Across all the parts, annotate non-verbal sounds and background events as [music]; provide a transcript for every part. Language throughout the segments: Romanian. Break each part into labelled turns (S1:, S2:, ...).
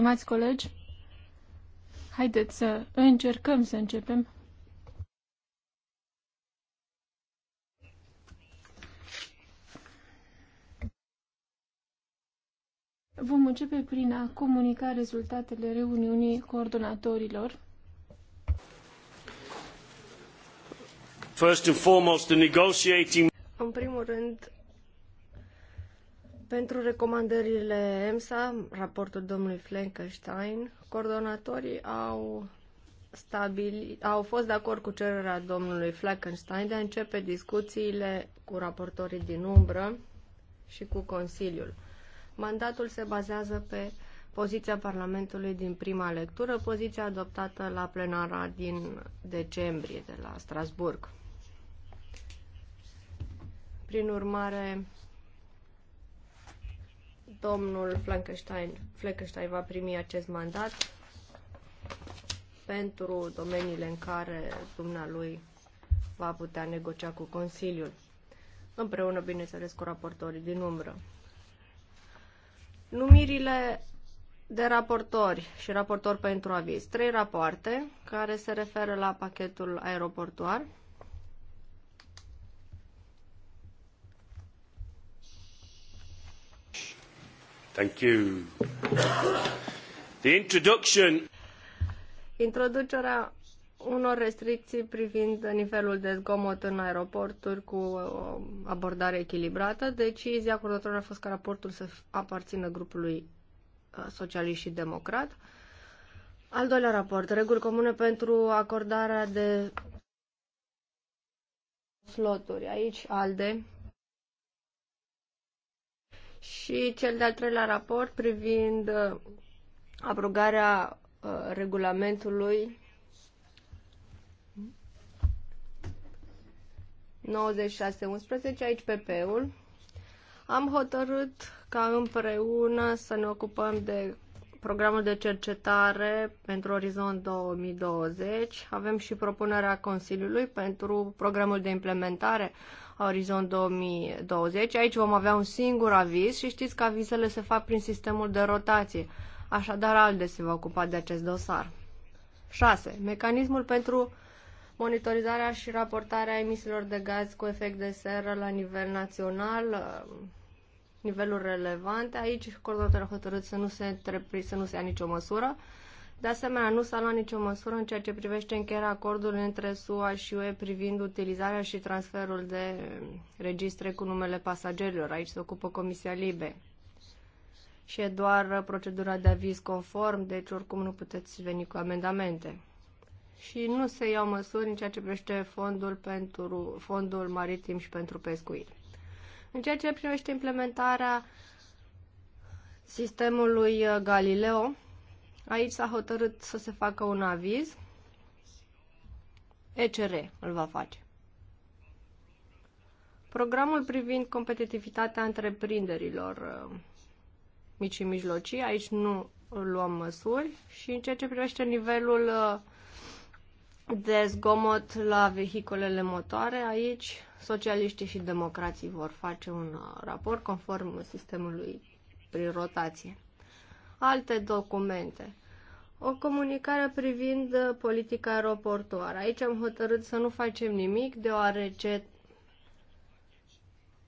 S1: stimați colegi. Haideți să încercăm să începem. Vom începe prin a comunica rezultatele reuniunii coordonatorilor.
S2: First and foremost, the negotiating...
S1: În primul rând,
S3: pentru recomandările EMSA, raportul domnului Flankenstein, coordonatorii au, stabili, au fost de acord cu cererea domnului Flankenstein de a începe discuțiile cu raportorii din umbră și cu Consiliul. Mandatul se bazează pe poziția Parlamentului din prima lectură, poziția adoptată la plenara din decembrie de la Strasburg. Prin urmare, Domnul Flankenstein, Flankenstein va primi acest mandat pentru domeniile în care dumnealui va putea negocia cu Consiliul, împreună, bineînțeles, cu raportorii din umbră. Numirile de raportori și raportor pentru aviz. Trei rapoarte care se referă la pachetul aeroportuar, Introducerea unor restricții privind nivelul de zgomot în aeroporturi cu o uh, abordare echilibrată. Decizia curătorului a fost ca raportul să aparțină grupului uh, socialist și democrat. Al doilea raport, reguli comune pentru acordarea de sloturi. Aici ALDE și cel de-al treilea raport privind uh, abrogarea uh, regulamentului 9611, aici PP-ul. Am hotărât ca împreună să ne ocupăm de programul de cercetare pentru Orizont 2020. Avem și propunerea Consiliului pentru programul de implementare Horizon 2020. Aici vom avea un singur aviz și știți că avizele se fac prin sistemul de rotație. Așadar, ALDE se va ocupa de acest dosar. 6. Mecanismul pentru monitorizarea și raportarea emisiilor de gaz cu efect de seră la nivel național, niveluri relevante. Aici, coordonatorul a hotărât să nu se întrepri, să nu se ia nicio măsură. De asemenea, nu s-a luat nicio măsură în ceea ce privește încheierea acordului între SUA și UE privind utilizarea și transferul de registre cu numele pasagerilor. Aici se ocupă Comisia Libe. Și e doar procedura de aviz conform, deci oricum nu puteți veni cu amendamente. Și nu se iau măsuri în ceea ce privește fondul, pentru, fondul maritim și pentru pescuit. În ceea ce privește implementarea sistemului uh, Galileo, Aici s-a hotărât să se facă un aviz. ECR îl va face. Programul privind competitivitatea întreprinderilor uh, mici și mijlocii, aici nu luăm măsuri și în ceea ce privește nivelul uh, de zgomot la vehiculele motoare, aici socialiștii și democrații vor face un uh, raport conform sistemului prin rotație alte documente. O comunicare privind uh, politica aeroportuară. Aici am hotărât să nu facem nimic, deoarece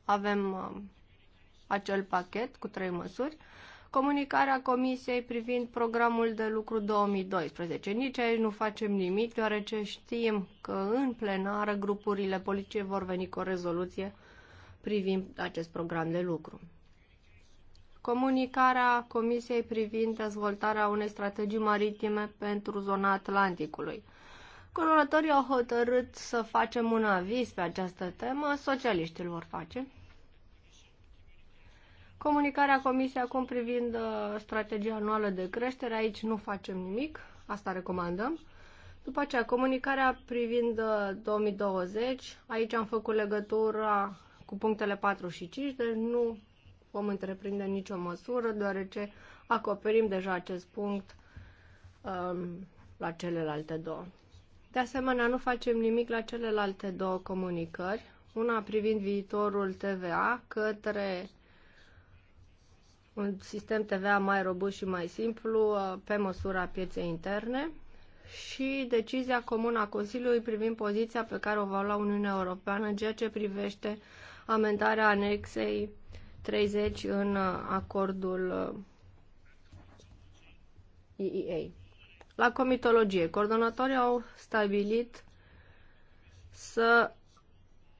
S3: avem um, acel pachet cu trei măsuri. Comunicarea Comisiei privind programul de lucru 2012. Nici aici nu facem nimic, deoarece știm că în plenară grupurile politice vor veni cu o rezoluție privind acest program de lucru comunicarea Comisiei privind dezvoltarea unei strategii maritime pentru zona Atlanticului. Colorătorii au hotărât să facem un aviz pe această temă, socialiștii îl vor face. Comunicarea Comisiei acum privind uh, strategia anuală de creștere, aici nu facem nimic, asta recomandăm. După aceea, comunicarea privind 2020, uh, aici am făcut legătura cu punctele 4 și 5, deci nu vom întreprinde nicio măsură, deoarece acoperim deja acest punct um, la celelalte două. De asemenea, nu facem nimic la celelalte două comunicări, una privind viitorul TVA către un sistem TVA mai robust și mai simplu uh, pe măsura pieței interne și decizia comună a Consiliului privind poziția pe care o va lua Uniunea Europeană în ceea ce privește amendarea anexei 30 în acordul EEA. Uh, la comitologie, coordonatorii au stabilit să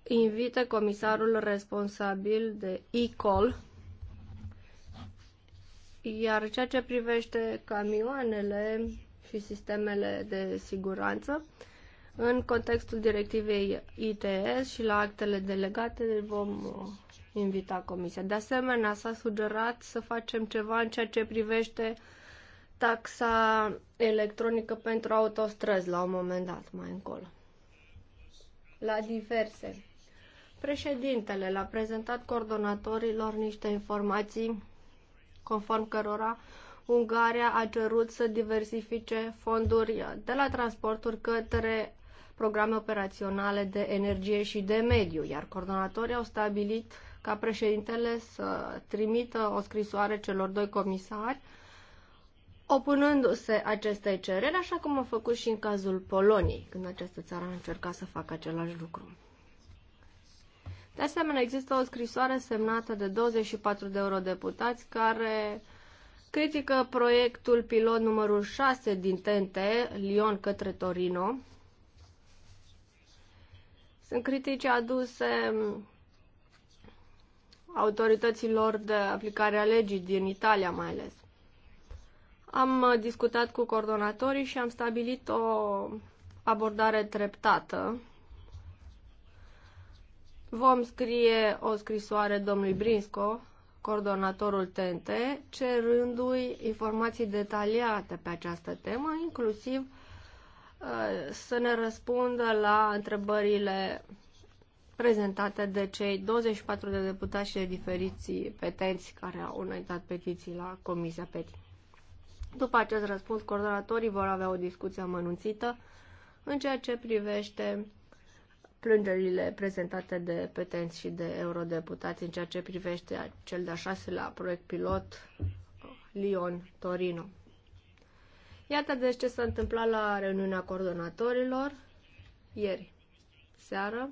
S3: invite comisarul responsabil de e-call, iar ceea ce privește camioanele și sistemele de siguranță, în contextul directivei ITS și la actele delegate vom uh, invita comisia. De asemenea, s-a sugerat să facem ceva în ceea ce privește taxa electronică pentru autostrăzi la un moment dat, mai încolo. La diverse. Președintele l-a prezentat coordonatorilor niște informații conform cărora Ungaria a cerut să diversifice fonduri de la transporturi către programe operaționale de energie și de mediu, iar coordonatorii au stabilit ca președintele să trimită o scrisoare celor doi comisari opunându-se acestei cereri, așa cum a făcut și în cazul Poloniei, când această țară a încercat să facă același lucru. De asemenea, există o scrisoare semnată de 24 de eurodeputați care critică proiectul pilot numărul 6 din TNT, Lyon către Torino. Sunt critici aduse autorităților de aplicare a legii din Italia mai ales. Am uh, discutat cu coordonatorii și am stabilit o abordare treptată. Vom scrie o scrisoare domnului Brinsco, coordonatorul TNT, cerându-i informații detaliate pe această temă, inclusiv uh, să ne răspundă la întrebările prezentate de cei 24 de deputați și de diferiți petenți care au înaintat petiții la Comisia Peti. După acest răspuns, coordonatorii vor avea o discuție amănunțită în ceea ce privește plângerile prezentate de petenți și de eurodeputați în ceea ce privește cel de-a șaselea proiect pilot Lyon-Torino. Iată deci ce s-a întâmplat la reuniunea coordonatorilor ieri seară.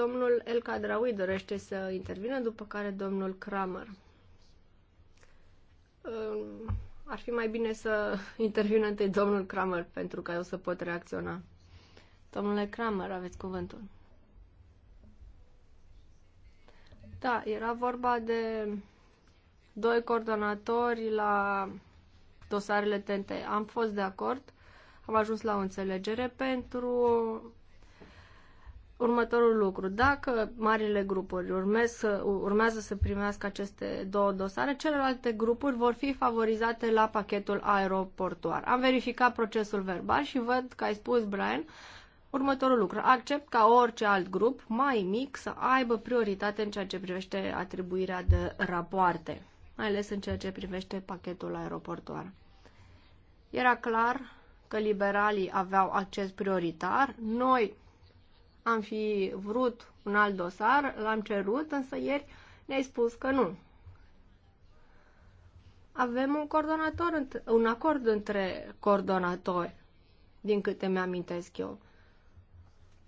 S3: Domnul El Cadraui dorește să intervină, după care domnul Kramer. Ar fi mai bine să [laughs] intervină întâi domnul Kramer pentru că eu să pot reacționa. Domnule Kramer, aveți cuvântul. Da, era vorba de doi coordonatori la dosarele TNT. Am fost de acord, am ajuns la o înțelegere pentru următorul lucru. Dacă marile grupuri urmează, urmează să primească aceste două dosare, celelalte grupuri vor fi favorizate la pachetul aeroportuar. Am verificat procesul verbal și văd că ai spus, Brian, următorul lucru. Accept ca orice alt grup mai mic să aibă prioritate în ceea ce privește atribuirea de rapoarte, mai ales în ceea ce privește pachetul aeroportuar. Era clar că liberalii aveau acces prioritar, noi am fi vrut un alt dosar, l-am cerut, însă ieri ne-ai spus că nu. Avem un coordonator, un acord între coordonatori, din câte mi-amintesc eu.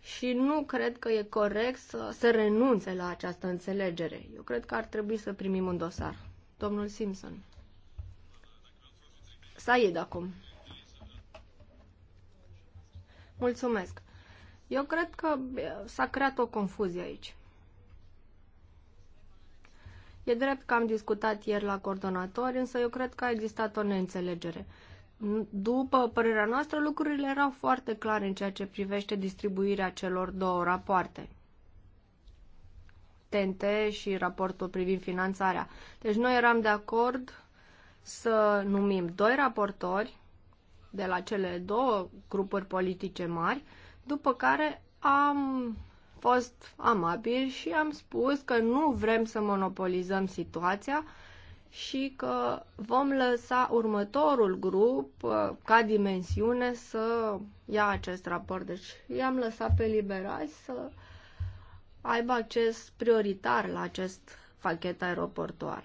S3: Și nu cred că e corect să se renunțe la această înțelegere. Eu cred că ar trebui să primim un dosar. Domnul Simpson. Said acum. Mulțumesc. Eu cred că s-a creat o confuzie aici. E drept că am discutat ieri la coordonatori, însă eu cred că a existat o neînțelegere. După părerea noastră, lucrurile erau foarte clare în ceea ce privește distribuirea celor două rapoarte. TNT și raportul privind finanțarea. Deci noi eram de acord să numim doi raportori de la cele două grupuri politice mari după care am fost amabil și am spus că nu vrem să monopolizăm situația și că vom lăsa următorul grup uh, ca dimensiune să ia acest raport. Deci i-am lăsat pe liberați să aibă acces prioritar la acest pachet aeroportuar.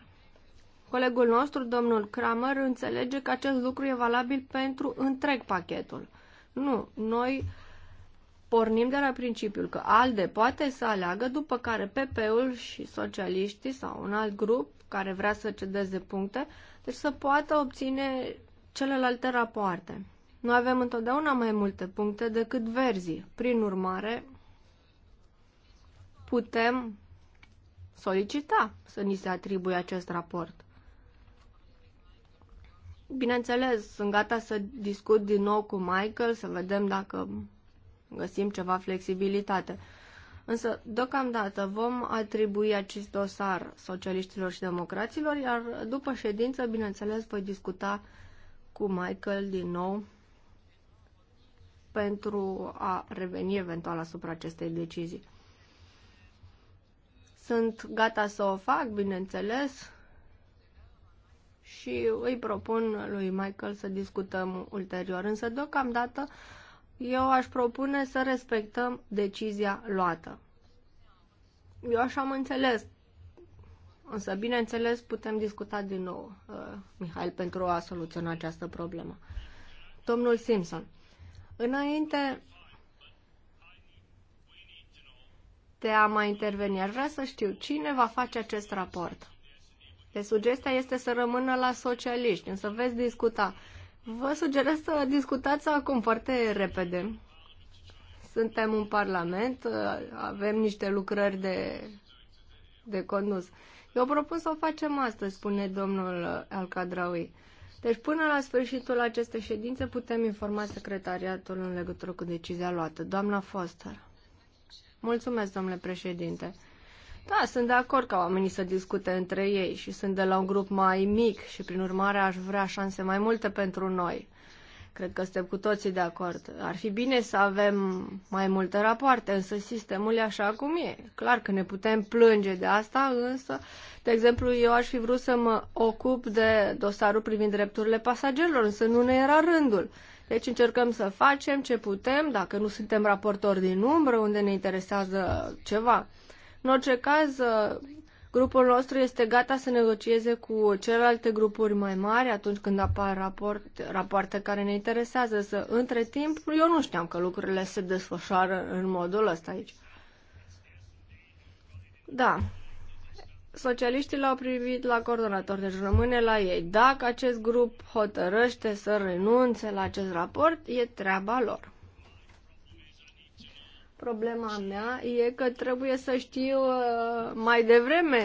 S3: Colegul nostru, domnul Kramer, înțelege că acest lucru e valabil pentru întreg pachetul. Nu, noi pornim de la principiul că ALDE poate să aleagă, după care PP-ul și socialiștii sau un alt grup care vrea să cedeze puncte, deci să poată obține celelalte rapoarte. Noi avem întotdeauna mai multe puncte decât verzii. Prin urmare, putem solicita să ni se atribuie acest raport. Bineînțeles, sunt gata să discut din nou cu Michael, să vedem dacă găsim ceva flexibilitate. Însă, deocamdată, vom atribui acest dosar socialiștilor și democraților, iar după ședință, bineînțeles, voi discuta cu Michael din nou pentru a reveni eventual asupra acestei decizii. Sunt gata să o fac, bineînțeles, și îi propun lui Michael să discutăm ulterior. Însă, deocamdată, eu aș propune să respectăm decizia luată. Eu așa am înțeles. Însă, bineînțeles, putem discuta din nou, uh, Mihail, pentru a soluționa această problemă. Domnul Simpson, înainte de a mai interveni, aș vrea să știu cine va face acest raport. De deci, sugestia este să rămână la socialiști, însă veți discuta. Uh, Vă sugerez să discutați acum foarte repede. Suntem un parlament, avem niște lucrări de, de condus. Eu propun să o facem astăzi, spune domnul Alcadraui. Deci până la sfârșitul acestei ședințe putem informa secretariatul în legătură cu decizia luată. Doamna Foster. Mulțumesc, domnule președinte. Da, sunt de acord ca oamenii să discute între ei și sunt de la un grup mai mic și prin urmare aș vrea șanse mai multe pentru noi. Cred că suntem cu toții de acord. Ar fi bine să avem mai multe rapoarte, însă sistemul e așa cum e. Clar că ne putem plânge de asta, însă, de exemplu, eu aș fi vrut să mă ocup de dosarul privind drepturile pasagerilor, însă nu ne era rândul. Deci încercăm să facem ce putem, dacă nu suntem raportori din umbră, unde ne interesează ceva. În orice caz, uh, grupul nostru este gata să negocieze cu celelalte grupuri mai mari atunci când apar raport, rapoarte care ne interesează, să între timp, eu nu știam că lucrurile se desfășoară în modul ăsta aici. Da, socialiștii l-au privit la coordonator, deci rămâne la ei. Dacă acest grup hotărăște să renunțe la acest raport, e treaba lor. Problema mea e că trebuie să știu uh, mai devreme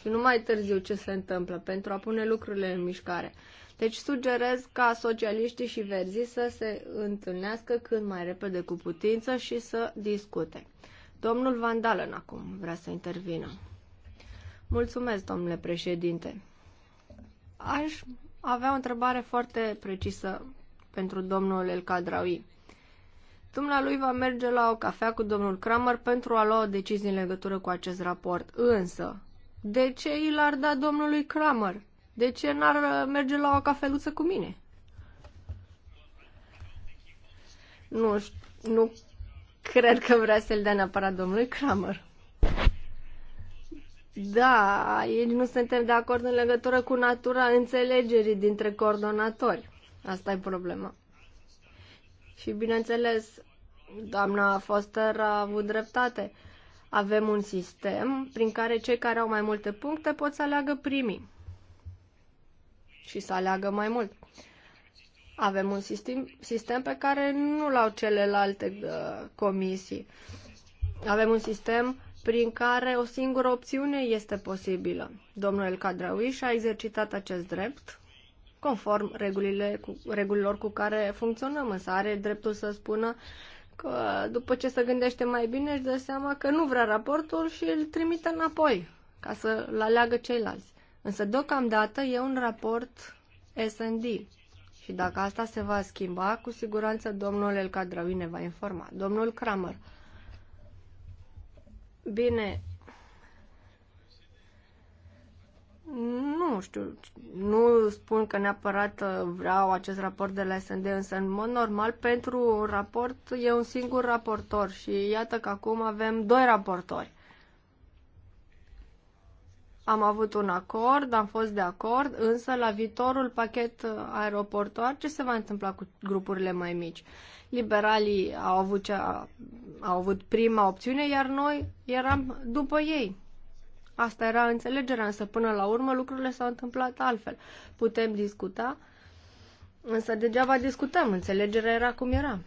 S3: și nu mai târziu ce se întâmplă pentru a pune lucrurile în mișcare. Deci sugerez ca socialiștii și verzii să se întâlnească cât mai repede cu putință și să discute. Domnul Vandalen acum vrea să intervină. Mulțumesc, domnule președinte. Aș avea o întrebare foarte precisă pentru domnul El Cadraui. Dumnealui va merge la o cafea cu domnul Kramer pentru a lua o decizie în legătură cu acest raport. Însă, de ce i l-ar da domnului Kramer? De ce n-ar uh, merge la o cafeluță cu mine? Nu, nu cred că vrea să-l dea neapărat domnului Kramer. Da, aici nu suntem de acord în legătură cu natura înțelegerii dintre coordonatori. Asta e problema. Și bineînțeles, doamna Foster a avut dreptate. Avem un sistem prin care cei care au mai multe puncte pot să aleagă primii și să aleagă mai mult. Avem un sistem, sistem pe care nu l-au celelalte uh, comisii. Avem un sistem prin care o singură opțiune este posibilă. Domnul El Cadraui și-a exercitat acest drept conform regulile cu, regulilor cu care funcționăm, însă are dreptul să spună că după ce se gândește mai bine își dă seama că nu vrea raportul și îl trimite înapoi ca să-l aleagă ceilalți. Însă deocamdată e un raport S&D și dacă asta se va schimba, cu siguranță domnul El Cadraui ne va informa. Domnul Kramer. Bine, Nu știu, nu spun că neapărat uh, vreau acest raport de la SND, însă în mod normal pentru un raport e un singur raportor și iată că acum avem doi raportori. Am avut un acord, am fost de acord, însă la viitorul pachet uh, aeroportuar ce se va întâmpla cu grupurile mai mici? Liberalii au avut, cea, au avut prima opțiune, iar noi eram după ei. Asta era înțelegerea, însă până la urmă lucrurile s-au întâmplat altfel. Putem discuta, însă degeaba discutăm, înțelegerea era cum era.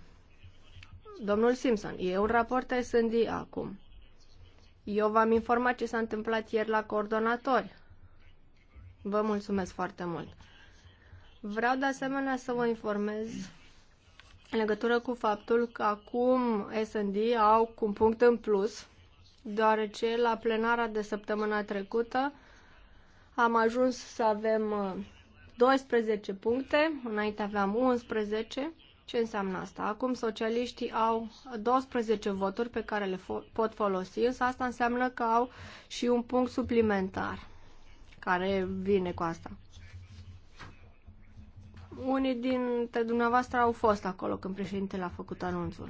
S3: Domnul Simpson, e un raport S&D acum. Eu v-am informat ce s-a întâmplat ieri la coordonatori. Vă mulțumesc foarte mult. Vreau de asemenea să vă informez în legătură cu faptul că acum S&D au cu un punct în plus deoarece la plenara de săptămâna trecută am ajuns să avem 12 uh, puncte, înainte aveam 11. Ce înseamnă asta? Acum socialiștii au 12 voturi pe care le pot folosi, însă asta înseamnă că au și un punct suplimentar care vine cu asta. Unii dintre dumneavoastră au fost acolo când președintele a făcut anunțul.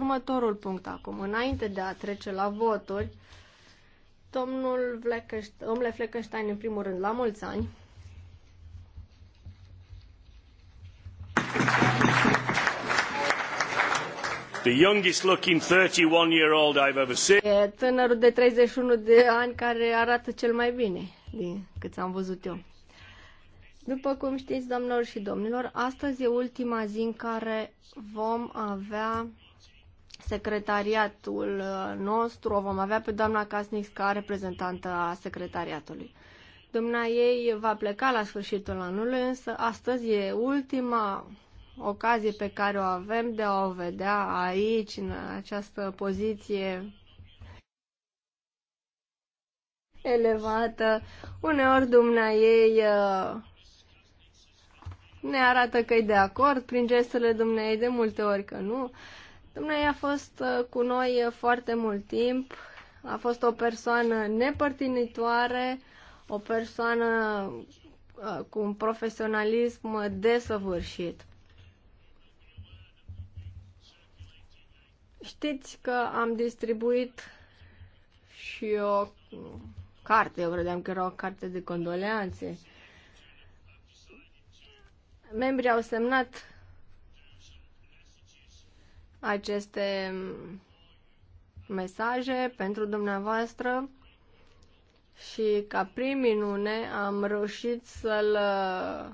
S3: Următorul punct acum, înainte de a trece la voturi, domnul Fleckenstein, domnule Fleckenstein, în primul rând, la mulți ani.
S2: The youngest looking 31 year old I've ever seen. E
S3: tânărul de 31 de ani care arată cel mai bine din cât am văzut eu. După cum știți, domnilor și domnilor, astăzi e ultima zi în care vom avea secretariatul uh, nostru, o vom avea pe doamna Casnix ca reprezentantă a secretariatului. Dumnea ei va pleca la sfârșitul anului, însă astăzi e ultima ocazie pe care o avem de a o vedea aici, în această poziție elevată. Uneori dumnea ei uh, ne arată că e de acord prin gesturile dumnei de multe ori că nu. Dumnezeu a fost uh, cu noi uh, foarte mult timp, a fost o persoană nepărtinitoare, o persoană uh, cu un profesionalism desăvârșit. Știți că am distribuit și o carte, eu credeam că era o carte de condoleanțe. Membrii au semnat aceste mesaje pentru dumneavoastră și ca prim minune am reușit să-l uh,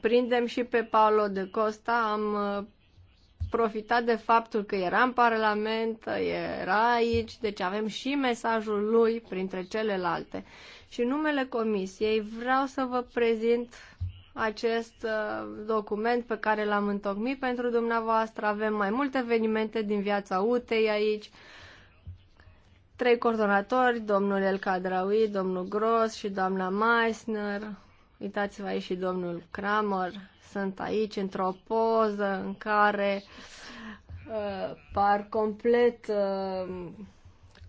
S3: prindem și pe Paolo de Costa. Am uh, profitat de faptul că era în Parlament, era aici, deci avem și mesajul lui printre celelalte. Și numele comisiei vreau să vă prezint acest uh, document pe care l-am întocmit pentru dumneavoastră. Avem mai multe evenimente din viața UTEI aici. Trei coordonatori, domnul El Cadraui, domnul Gros și doamna Meissner. Uitați-vă aici și domnul Kramer. Sunt aici într-o poză în care uh, par complet uh,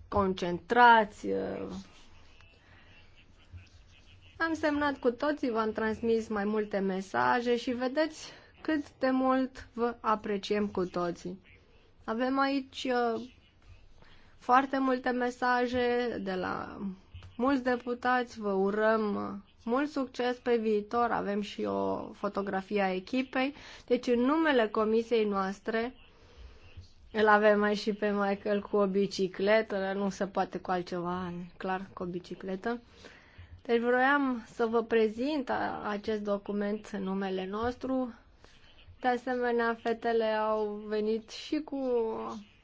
S3: concentrați, uh, am semnat cu toții, v-am transmis mai multe mesaje și vedeți cât de mult vă apreciem cu toții. Avem aici uh, foarte multe mesaje de la mulți deputați, vă urăm uh, mult succes pe viitor, avem și o fotografie a echipei. Deci în numele comisiei noastre îl avem mai și pe Michael cu o bicicletă, nu se poate cu altceva, clar, cu o bicicletă. Deci vroiam să vă prezint acest document în numele nostru. De asemenea, fetele au venit și cu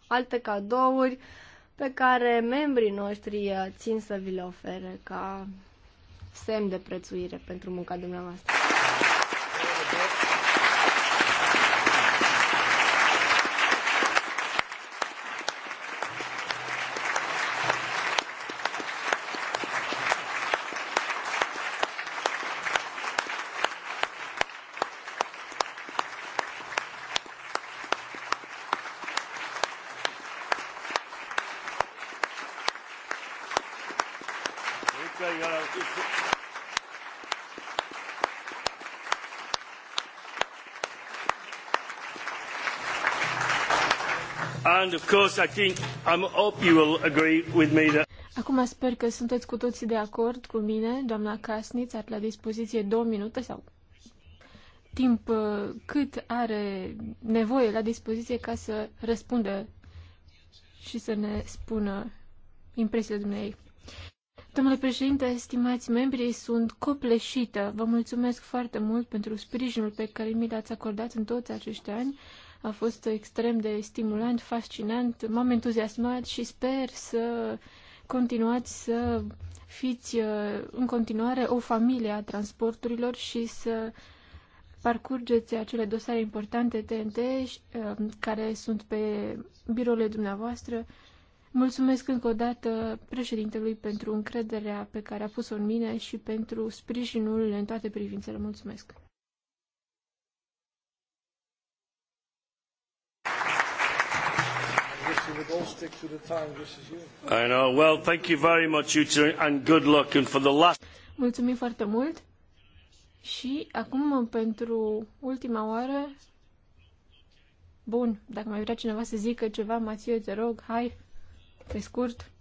S3: alte cadouri pe care membrii noștri uh, țin să vi le ofere ca semn de prețuire pentru munca dumneavoastră.
S2: And of course, I think I'm hope you will agree with me that
S1: Acum sper că sunteți cu toții de acord cu mine, doamna Casniț, are la dispoziție două minute sau timp uh, cât are nevoie la dispoziție ca să răspundă și să ne spună impresiile dumneavoastră. Domnule președinte, stimați membri, sunt copleșită. Vă mulțumesc foarte mult pentru sprijinul pe care mi l-ați acordat în toți acești ani. A fost extrem de stimulant, fascinant, m-am entuziasmat și sper să continuați să fiți uh, în continuare o familie a transporturilor și să parcurgeți acele dosare importante TNT uh, care sunt pe birole dumneavoastră. Mulțumesc încă o dată președintelui pentru încrederea pe care a pus-o în mine și pentru sprijinul în toate privințele. Mulțumesc!
S2: would all stick to the time, you. I know. Well, thank you very much, you two, and good luck. And for the last...
S1: Mulțumim foarte mult. Și acum, pentru ultima oară, Bun, dacă mai vrea cineva să zică ceva, Mathieu, te rog, hai, pe scurt.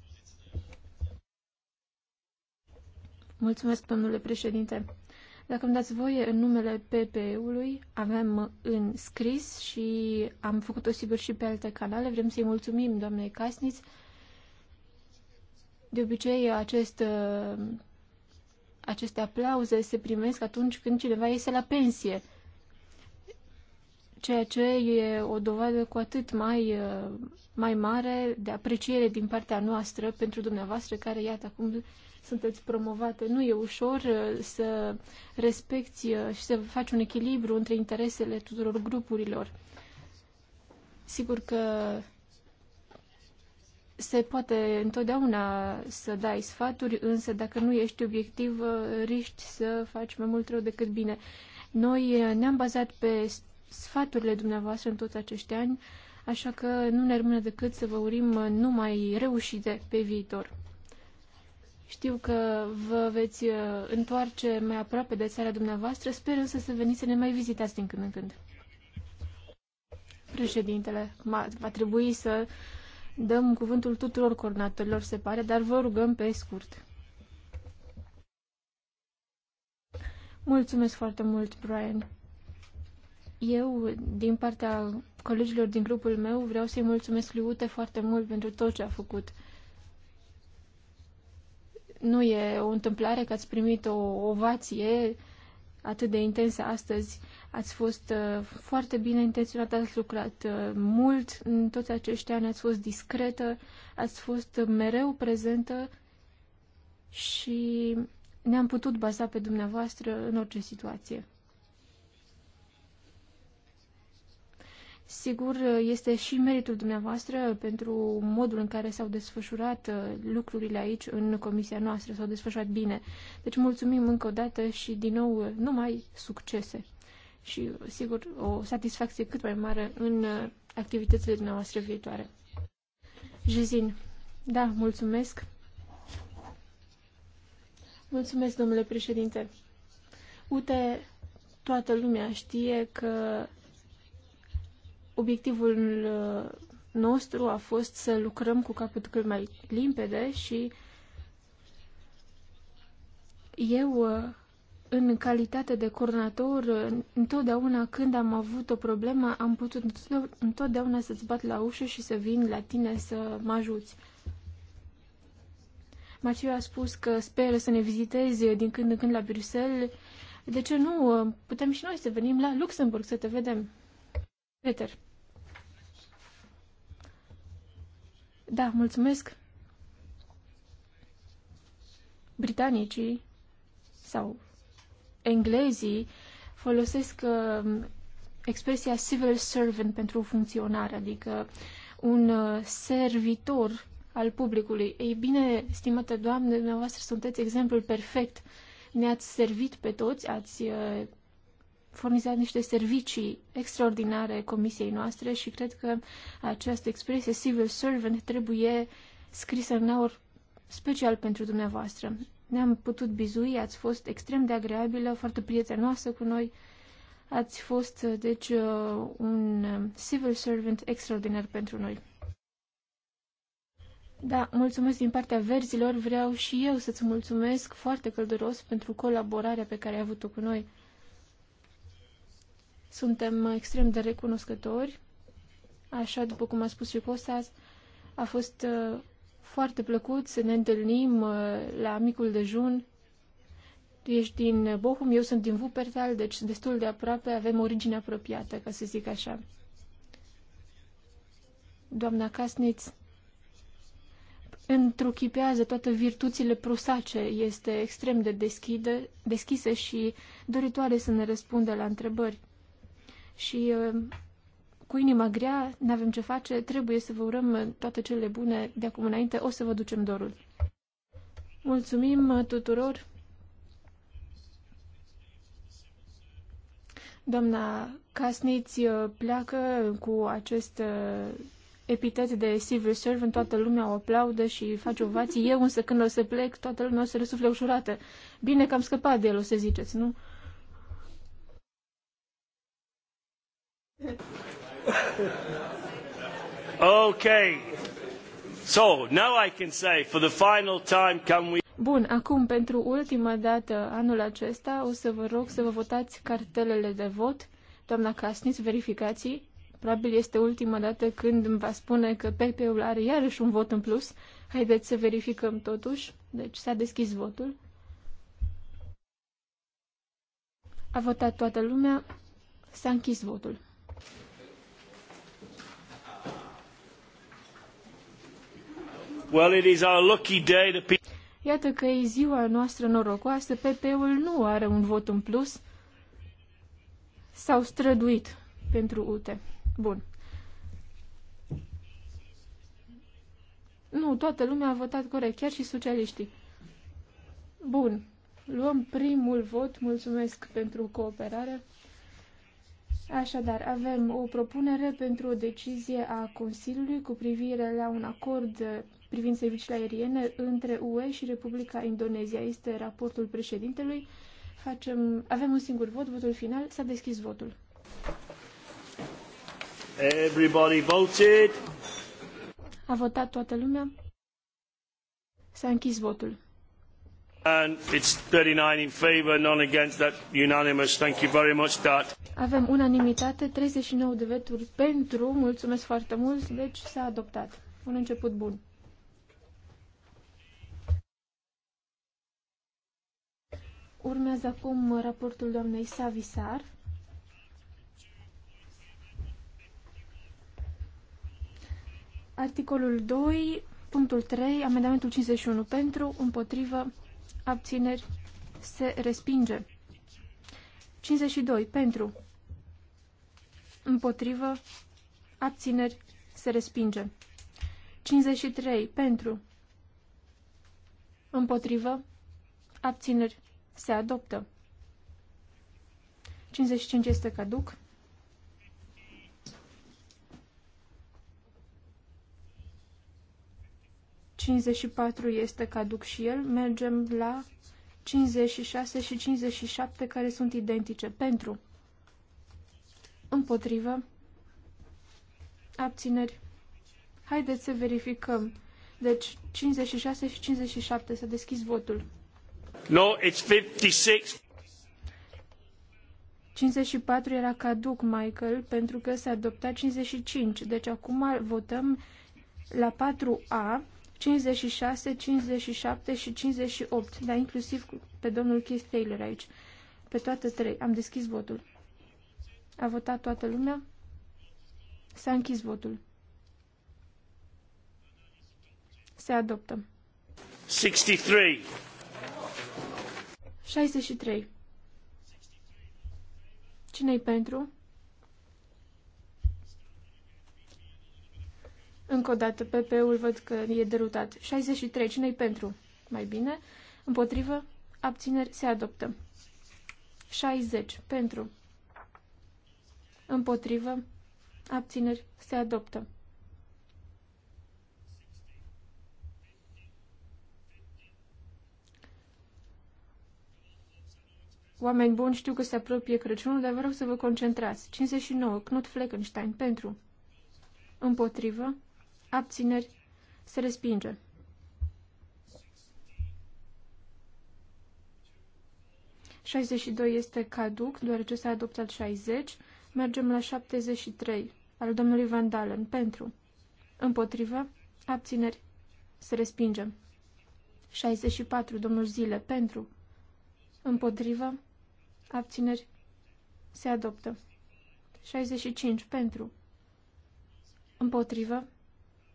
S1: Mulțumesc, domnule președinte. Dacă îmi dați voie, în numele PPE-ului avem în scris și am făcut-o sigur și pe alte canale. Vrem să-i mulțumim doamnei Casniț. De obicei, acest, aceste aplauze se primesc atunci când cineva iese la pensie, ceea ce e o dovadă cu atât mai, mai mare de apreciere din partea noastră pentru dumneavoastră, care, iată, acum sunteți promovate. Nu e ușor uh, să respecti uh, și să faci un echilibru între interesele tuturor grupurilor. Sigur că se poate întotdeauna să dai sfaturi, însă dacă nu ești obiectiv, uh, riști să faci mai mult rău decât bine. Noi ne-am bazat pe sfaturile dumneavoastră în toți acești ani, așa că nu ne rămâne decât să vă urim numai reușite pe viitor. Știu că vă veți uh, întoarce mai aproape de țara dumneavoastră, sper însă să veniți să ne mai vizitați din când în când. Președintele, va trebui să dăm cuvântul tuturor coordonatorilor, se pare, dar vă rugăm pe scurt. Mulțumesc foarte mult, Brian. Eu, din partea colegilor din grupul meu, vreau să-i mulțumesc lui Ute foarte mult pentru tot ce a făcut. Nu e o întâmplare că ați primit o ovație atât de intensă astăzi. Ați fost uh, foarte bine intenționat, ați lucrat uh, mult în toți acești ani, ați fost discretă, ați fost mereu prezentă și ne-am putut baza pe dumneavoastră în orice situație. Sigur, este și meritul dumneavoastră pentru modul în care s-au desfășurat uh, lucrurile aici în comisia noastră, s-au desfășurat bine. Deci mulțumim încă o dată și din nou uh, numai succese și, uh, sigur, o satisfacție cât mai mare în activitățile dumneavoastră viitoare. Jezin, da, mulțumesc. Mulțumesc, domnule președinte. Uite, toată lumea știe că Obiectivul uh, nostru a fost să lucrăm cu capul cât mai limpede și eu, uh, în calitate de coordonator, uh, întotdeauna când am avut o problemă, am putut întotdeauna să-ți bat la ușă și să vin la tine să mă ajuți. Marciu a spus că speră să ne vizitezi din când în când la Bruxelles. De ce nu? Putem și noi să venim la Luxemburg să te vedem. Peter. Da, mulțumesc. Britanicii sau englezii folosesc uh, expresia civil servant pentru funcționar, adică un uh, servitor al publicului. Ei bine, stimată doamnă, dumneavoastră sunteți exemplul perfect. Ne-ați servit pe toți, ați uh, furnizat niște servicii extraordinare comisiei noastre și cred că această expresie civil servant trebuie scrisă în aur special pentru dumneavoastră. Ne-am putut bizui, ați fost extrem de agreabilă, foarte prietenoasă cu noi. Ați fost, uh, deci, uh, un uh, civil servant extraordinar pentru noi. Da, mulțumesc din partea verzilor. Vreau și eu să-ți mulțumesc foarte călduros pentru colaborarea pe care ai avut-o cu noi. Suntem extrem de recunoscători. Așa, după cum a spus și Costas, a fost uh, foarte plăcut să ne întâlnim uh, la micul dejun. Tu ești din Bochum, eu sunt din Wuppertal, deci destul de aproape, avem origine apropiată, ca să zic așa. Doamna Casniț întruchipează toate virtuțile prusace, este extrem de deschide, deschisă și doritoare să ne răspundă la întrebări și uh, cu inima grea, nu avem ce face, trebuie să vă urăm toate cele bune de acum înainte, o să vă ducem dorul. Mulțumim tuturor! Doamna Casniți uh, pleacă cu acest uh, epitet de civil servant, toată lumea o aplaudă și face ovații. Eu însă când o să plec, toată lumea o să răsufle ușurată. Bine că am scăpat de el, o să ziceți, nu?
S2: Okay. So, now I can say for the final time can we
S1: Bun, acum pentru ultima dată anul acesta o să vă rog să vă votați cartelele de vot. Doamna Casniț, verificați. Probabil este ultima dată când îmi va spune că PP-ul are iarăși un vot în plus. Haideți să verificăm totuși. Deci s-a deschis votul. A votat toată lumea. S-a închis votul.
S2: Well, it is our lucky day to...
S1: Iată că e ziua noastră norocoasă, PP-ul nu are un vot în plus. S-au străduit pentru UTE. Bun. Nu, toată lumea a votat corect, chiar și socialiștii. Bun. Luăm primul vot. Mulțumesc pentru cooperare. Așadar, avem o propunere pentru o decizie a Consiliului cu privire la un acord privind serviciile aeriene între UE și Republica Indonezia. Este raportul președintelui. Facem, avem un singur vot, votul final. S-a deschis votul.
S2: Everybody voted.
S1: A votat toată lumea. S-a închis votul.
S2: And it's 39 in favor, none against that unanimous. Thank you very much, Dad.
S1: Avem unanimitate, 39 de veturi pentru, mulțumesc foarte mult, deci s-a adoptat. Un început bun. Urmează acum raportul doamnei Savisar. Articolul 2, punctul 3, amendamentul 51 pentru, împotrivă, abțineri, se respinge. 52 pentru, împotrivă, abțineri, se respinge. 53 pentru, împotrivă, abțineri, se adoptă. 55 este caduc. patru este caduc și el. Mergem la 56 și 57 care sunt identice. Pentru. Împotrivă. Abțineri. Haideți să verificăm. Deci 56 și 57 s-a deschis votul.
S2: 56.
S1: 54 era caduc, Michael, pentru că s-a adoptat 55. Deci acum votăm la 4A 56, 57 și 58, dar inclusiv pe domnul Keith Taylor aici. Pe toate trei. Am deschis votul. A votat toată lumea? S-a închis votul. Se adoptă.
S2: 63.
S1: 63. Cine-i pentru? Încă o dată, PP-ul văd că e derutat. 63. Cine-i pentru? Mai bine. Împotrivă? Abțineri se adoptă. 60. Pentru. Împotrivă? Abțineri se adoptă. Oameni buni, știu că se apropie Crăciunul, dar vă rog să vă concentrați. 59. Knut Fleckenstein. Pentru. Împotrivă. Abțineri. Se respinge. doi este caduc, deoarece s-a adoptat 60. Mergem la 73, al domnului Van Dalen. Pentru. Împotrivă. Abțineri. Se respinge. 64, domnul Zile. Pentru. Împotrivă. Abțineri. Se adoptă. 65. Pentru. Împotrivă.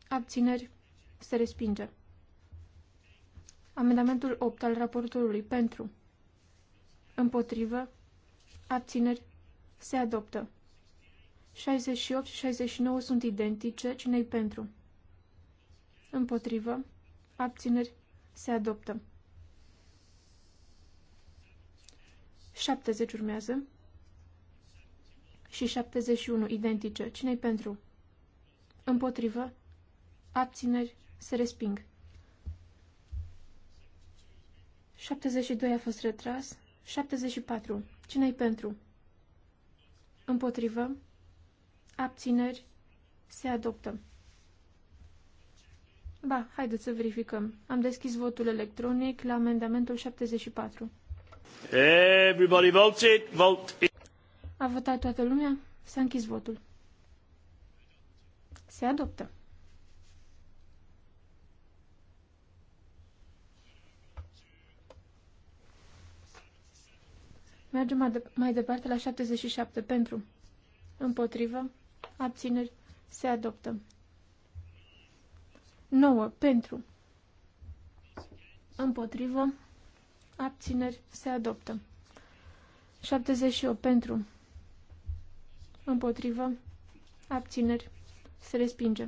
S1: Abțineri. Se respinge. Amendamentul 8 al raportorului. Pentru. Împotrivă. Abțineri. Se adoptă. 68 și 69 sunt identice. Cine-i pentru? Împotrivă. Abțineri. Se adoptă. 70 urmează. Și 71, identice. Cine-i pentru? Împotrivă. Abțineri. Se resping. 72 a fost retras. 74. Cine-i pentru? Împotrivă. Abțineri. Se adoptă. Ba, haideți să verificăm. Am deschis votul electronic la amendamentul 74.
S2: Everybody voted. Vote.
S1: A votat toată lumea? S-a închis votul. Se adoptă. Mergem mai departe la 77 pentru. Împotrivă. Abțineri. Se adoptă. 9 pentru. Împotrivă abțineri, se adoptă. 78 pentru, împotrivă, abțineri, se respinge.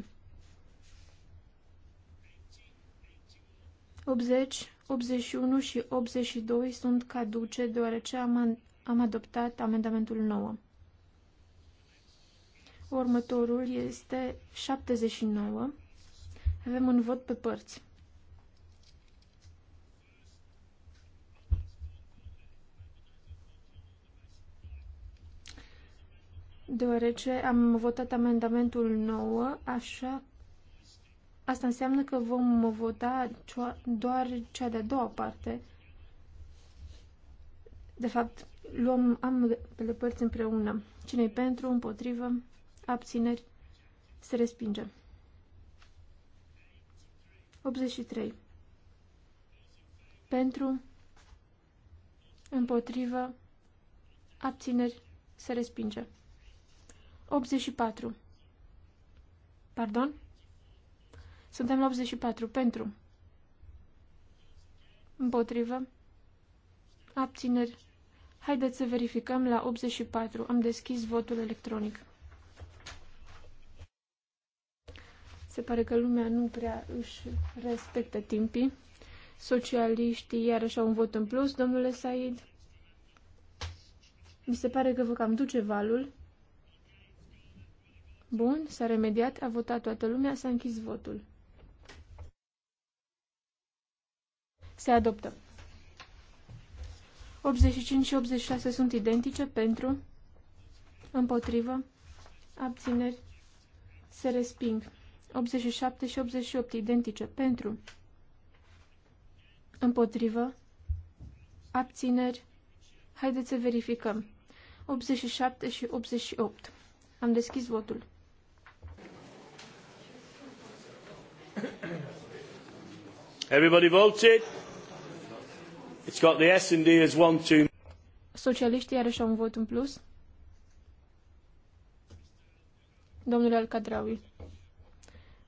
S1: 80, 81 și 82 sunt caduce deoarece am, am adoptat amendamentul 9. Următorul este 79. Avem un vot pe părți. deoarece am votat amendamentul 9, așa asta înseamnă că vom vota doar cea de-a doua parte. De fapt, luăm ambele părți împreună. Cine-i pentru, împotrivă, abțineri, se respinge. 83. Pentru, împotrivă, abțineri, se respinge. 84. Pardon? Suntem la 84. Pentru. Împotrivă. Abțineri. Haideți să verificăm la 84. Am deschis votul electronic. Se pare că lumea nu prea își respectă timpii. Socialiștii iarăși au un vot în plus, domnule Said. Mi se pare că vă cam duce valul. Bun, s-a remediat, a votat toată lumea, s-a închis votul. Se adoptă. 85 și 86 sunt identice pentru, împotrivă, abțineri, se resping. 87 și 88 identice pentru, împotrivă, abțineri, haideți să verificăm. 87 și 88. Am deschis votul.
S2: Everybody voted. It's got the S&D as one two.
S1: Socialiștii are și un vot în plus. Domnule Alcadraui,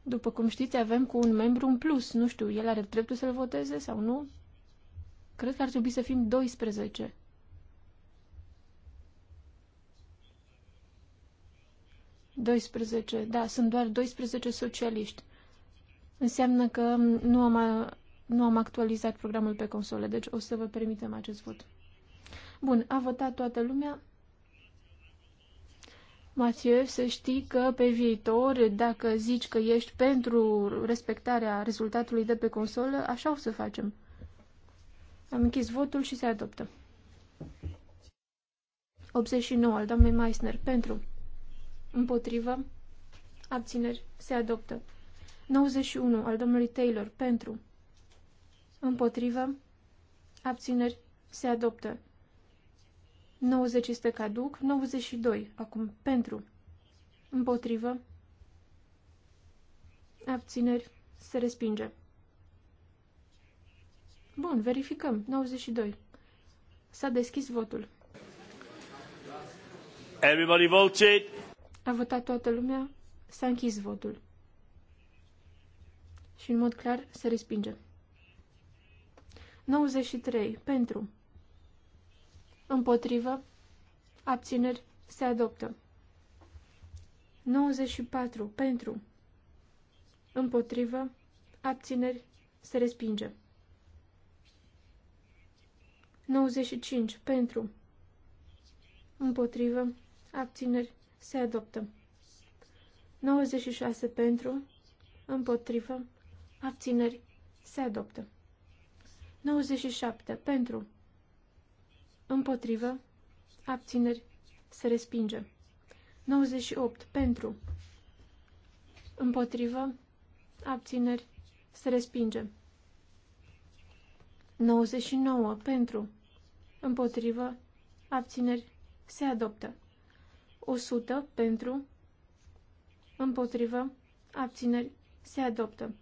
S1: după cum știți, avem cu un membru în plus. Nu știu, el are dreptul să-l voteze sau nu? Cred că ar trebui să fim 12. Doisprezece, da, sunt doar doisprezece socialiști. Înseamnă că nu am, nu am actualizat programul pe console, deci o să vă permitem acest vot. Bun, a votat toată lumea. Mathieu, să știi că pe viitor, dacă zici că ești pentru respectarea rezultatului de pe consolă, așa o să facem. Am închis votul și se adoptă. 89 al doamnei Meissner pentru. Împotrivă. Abțineri. Se adoptă. 91 al domnului Taylor pentru împotrivă abțineri se adoptă. 90 este caduc, 92 acum pentru împotrivă abțineri se respinge. Bun, verificăm. 92. S-a deschis votul.
S2: Everybody voted.
S1: A votat toată lumea. S-a închis votul și în mod clar se respinge. 93. Pentru. Împotrivă. Abțineri. Se adoptă. 94. Pentru. Împotrivă. Abțineri. Se respinge. 95. Pentru. Împotrivă. Abțineri. Se adoptă. 96. Pentru. Împotrivă abțineri, se adoptă. 97. Pentru, împotrivă, abțineri, se respinge. 98. Pentru, împotrivă, abțineri, se respinge. 99. Pentru, împotrivă, abțineri, se adoptă. 100. Pentru, împotrivă, abțineri, se adoptă.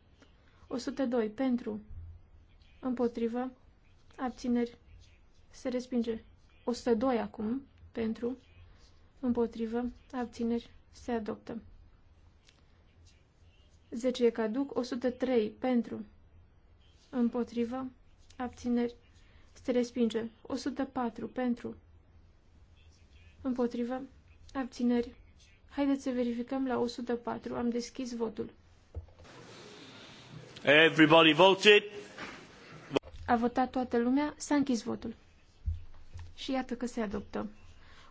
S1: 102 pentru, împotrivă, abțineri, se respinge. 102 acum, pentru, împotrivă, abțineri, se adoptă. 10 e caduc, 103 pentru, împotrivă, abțineri, se respinge. 104 pentru, împotrivă, abțineri. Haideți să verificăm la 104. Am deschis votul.
S2: Everybody voted.
S1: A votat toată lumea, s-a închis votul. Și iată că se adoptă.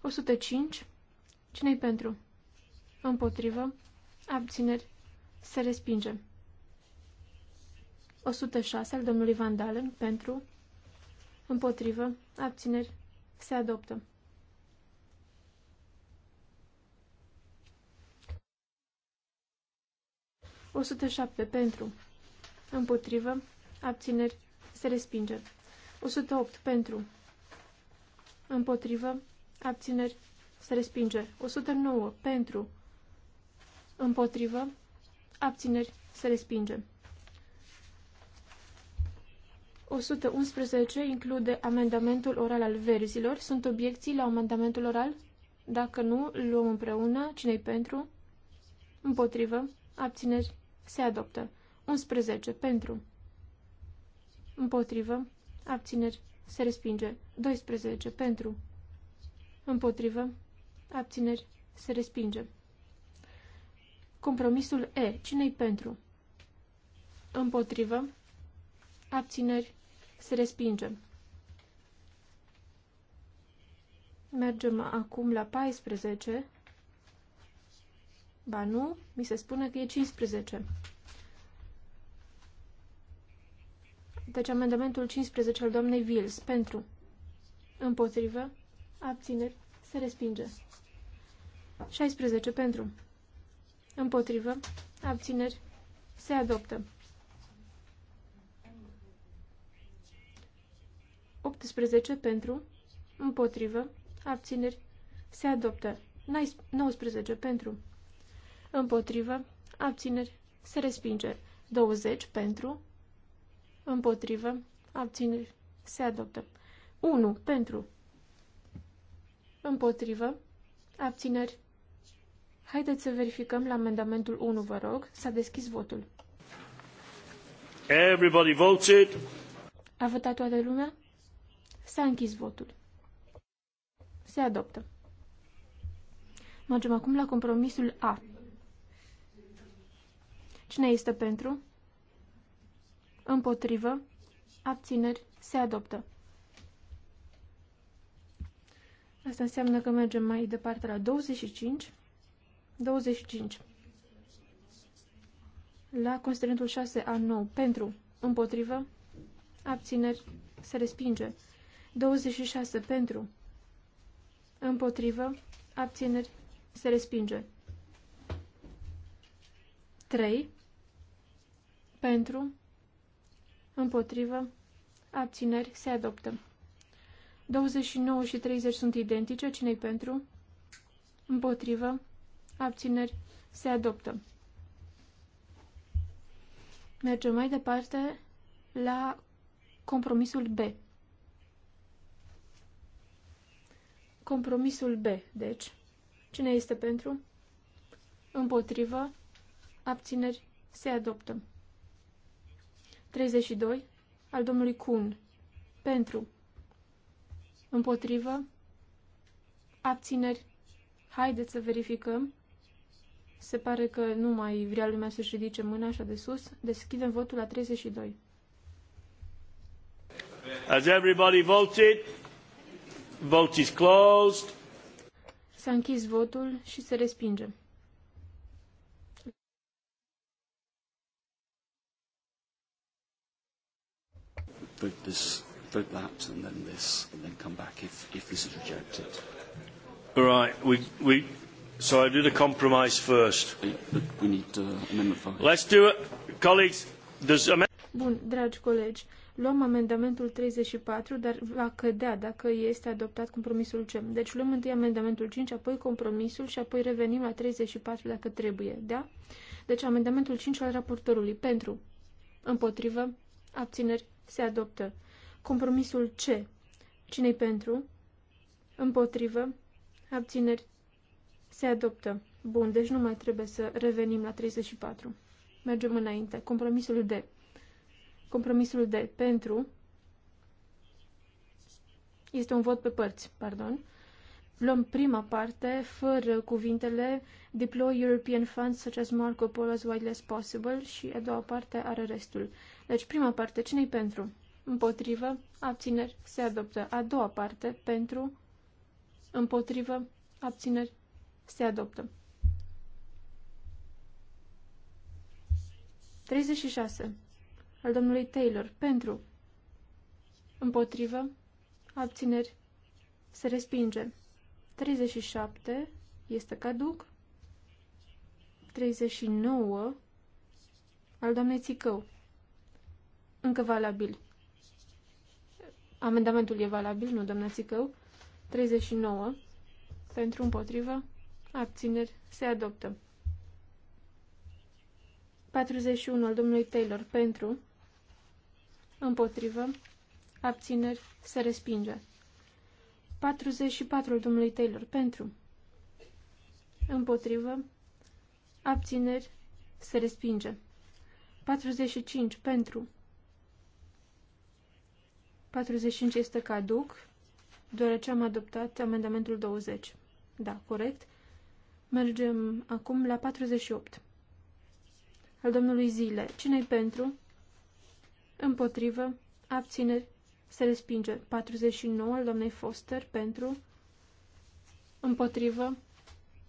S1: 105. Cine-i pentru? Împotrivă. Abțineri. Se respinge. 106 al domnului Van Dalen pentru. Împotrivă. Abțineri. Se adoptă. O 107 pentru împotrivă, abțineri, se respinge. 108 pentru, împotrivă, abțineri, se respinge. 109 pentru, împotrivă, abțineri, se respinge. 111 include amendamentul oral al verzilor. Sunt obiecții la amendamentul oral? Dacă nu, luăm împreună. Cine-i pentru? Împotrivă. Abțineri. Se adoptă. 11 pentru. Împotrivă. Abțineri. Se respinge. 12 pentru. Împotrivă. Abțineri. Se respinge. Compromisul E. Cine-i pentru? Împotrivă. Abțineri. Se respinge. Mergem acum la 14. Ba nu, mi se spune că e 15. Deci amendamentul 15 al doamnei Vils pentru împotrivă abțineri se respinge. 16 pentru împotrivă abțineri se adoptă. 18 pentru împotrivă abțineri se adoptă. 19 pentru împotrivă abțineri se respinge. 20 pentru împotrivă, abțineri, se adoptă. 1 pentru, împotrivă, abțineri. Haideți să verificăm la amendamentul 1, vă rog. S-a deschis votul.
S2: Everybody voted.
S1: A votat toată lumea? S-a închis votul. Se adoptă. Mergem acum la compromisul A. Cine este pentru? Împotrivă. Abțineri. Se adoptă. Asta înseamnă că mergem mai departe la 25. 25. La considerentul 6A9. Pentru. Împotrivă. Abțineri. Se respinge. 26. Pentru. Împotrivă. Abțineri. Se respinge. 3. Pentru împotrivă, abțineri, se adoptă. 29 și 30 sunt identice, cine pentru, împotrivă, abțineri, se adoptă. Mergem mai departe la compromisul B. Compromisul B, deci. Cine este pentru? Împotrivă, abțineri, se adoptă. 32 al domnului Kuhn. Pentru. Împotrivă. Abțineri. Haideți să verificăm. Se pare că nu mai vrea lumea să-și ridice mâna așa de sus. Deschidem votul la 32.
S2: Has everybody voted? Vote is closed.
S1: S-a închis votul și se respinge.
S2: vote this, vote that, and then this, and then come back if, if this is rejected. All right. We, we, so I do the compromise first. We need to amendment five. Let's do it, colleagues. There's amendment.
S1: Bun, dragi colegi, luăm amendamentul 34, dar va cădea dacă este adoptat compromisul CEM. Deci luăm întâi amendamentul 5, apoi compromisul și apoi revenim la 34 dacă trebuie, da? Deci amendamentul 5 al raportorului pentru, împotrivă, abțineri, se adoptă. Compromisul C. Cine-i pentru? Împotrivă? Abțineri? Se adoptă. Bun, deci nu mai trebuie să revenim la 34. Mergem înainte. Compromisul D. Compromisul D. Pentru. Este un vot pe părți, pardon. Luăm prima parte, fără cuvintele Deploy European funds such as Marco Polo as widely as possible și a doua parte are restul. Deci, prima parte, cine-i pentru? Împotrivă, abțineri, se adoptă. A doua parte, pentru, împotrivă, abțineri, se adoptă. 36. Al domnului Taylor, pentru, împotrivă, abțineri, se respinge. 37 este caduc. 39 al doamnei Țicău încă valabil. Amendamentul e valabil, nu, doamna Țicău? 39. Pentru împotrivă. Abțineri. Se adoptă. 41 al domnului Taylor. Pentru. Împotrivă. Abțineri. Se respinge. 44 al domnului Taylor. Pentru. Împotrivă. Abțineri. Se respinge. 45. Pentru. 45 este caduc, deoarece am adoptat amendamentul 20. Da, corect. Mergem acum la 48. Al domnului Zile. cine pentru? Împotrivă. Abțineri. Se respinge. 49 al doamnei Foster. Pentru. Împotrivă.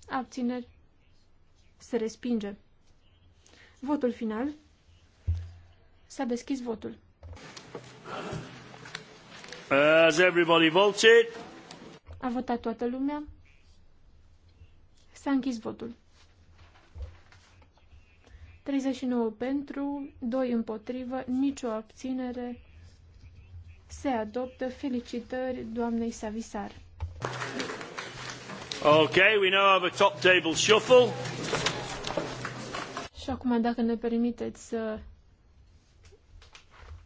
S1: Abțineri. Se respinge. Votul final. S-a deschis votul.
S2: Has everybody voted?
S1: A votat toată lumea. S-a închis votul. 39 pentru, 2 împotrivă, nicio abținere. Se adoptă. Felicitări doamnei Savisar.
S2: Okay, we now have a top table shuffle.
S1: Și acum, dacă ne permiteți să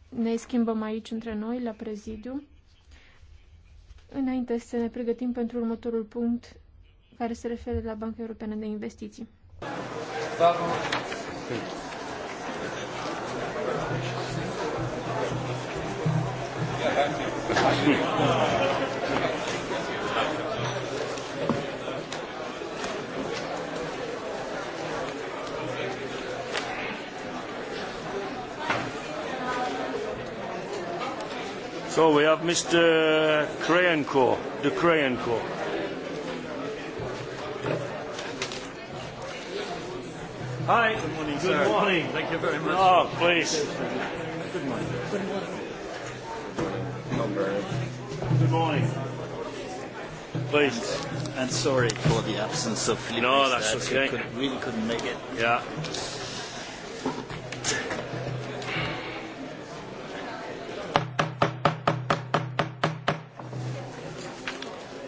S1: ne schimbăm aici între noi, la prezidiu. Înainte să ne pregătim pentru următorul punct care se referă la Banca Europeană de Investiții.
S2: Da, da. So we have Mr. Krayenko, the Krayenko. Hi. Good morning. Good sir. morning. Thank you very much. Oh, please. Good morning. Good morning. Please. And, sorry for the absence of Philippe. No, that's okay. really couldn't make it. Yeah.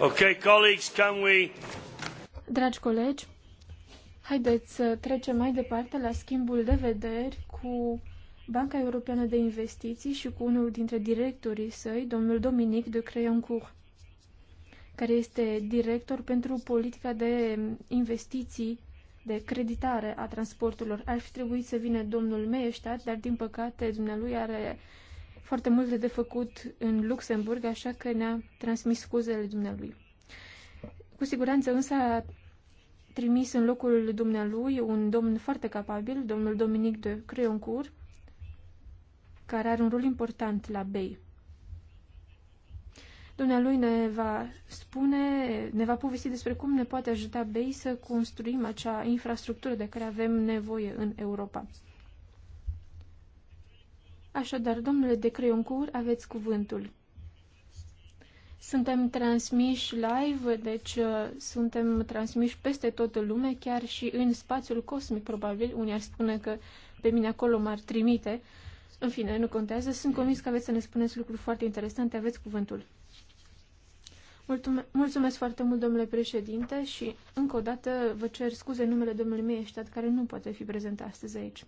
S2: Okay, colleagues, can we...
S1: Dragi colegi, haideți să trecem mai departe la schimbul de vederi cu Banca Europeană de Investiții și cu unul dintre directorii săi, domnul Dominic de Creioncourt, care este director pentru politica de investiții de creditare a transporturilor. Ar fi trebuit să vină domnul Meieștat, dar din păcate dumnealui are foarte multe de făcut în Luxemburg, așa că ne-a transmis scuzele dumnealui. Cu siguranță însă a trimis în locul dumnealui un domn foarte capabil, domnul Dominic de Creoncourt, care are un rol important la BEI. Dumnealui ne va spune, ne va povesti despre cum ne poate ajuta BEI să construim acea infrastructură de care avem nevoie în Europa. Așadar, domnule de Creioncur, aveți cuvântul. Suntem transmiși live, deci uh, suntem transmiși peste toată lume, chiar și în spațiul cosmic, probabil. Unii ar spune că pe mine acolo m-ar trimite. În fine, nu contează. Sunt convins că aveți să ne spuneți lucruri foarte interesante. Aveți cuvântul. Mulțume- mulțumesc foarte mult, domnule președinte, și încă o dată vă cer scuze numele domnului Mieștat, care nu poate fi prezent astăzi aici.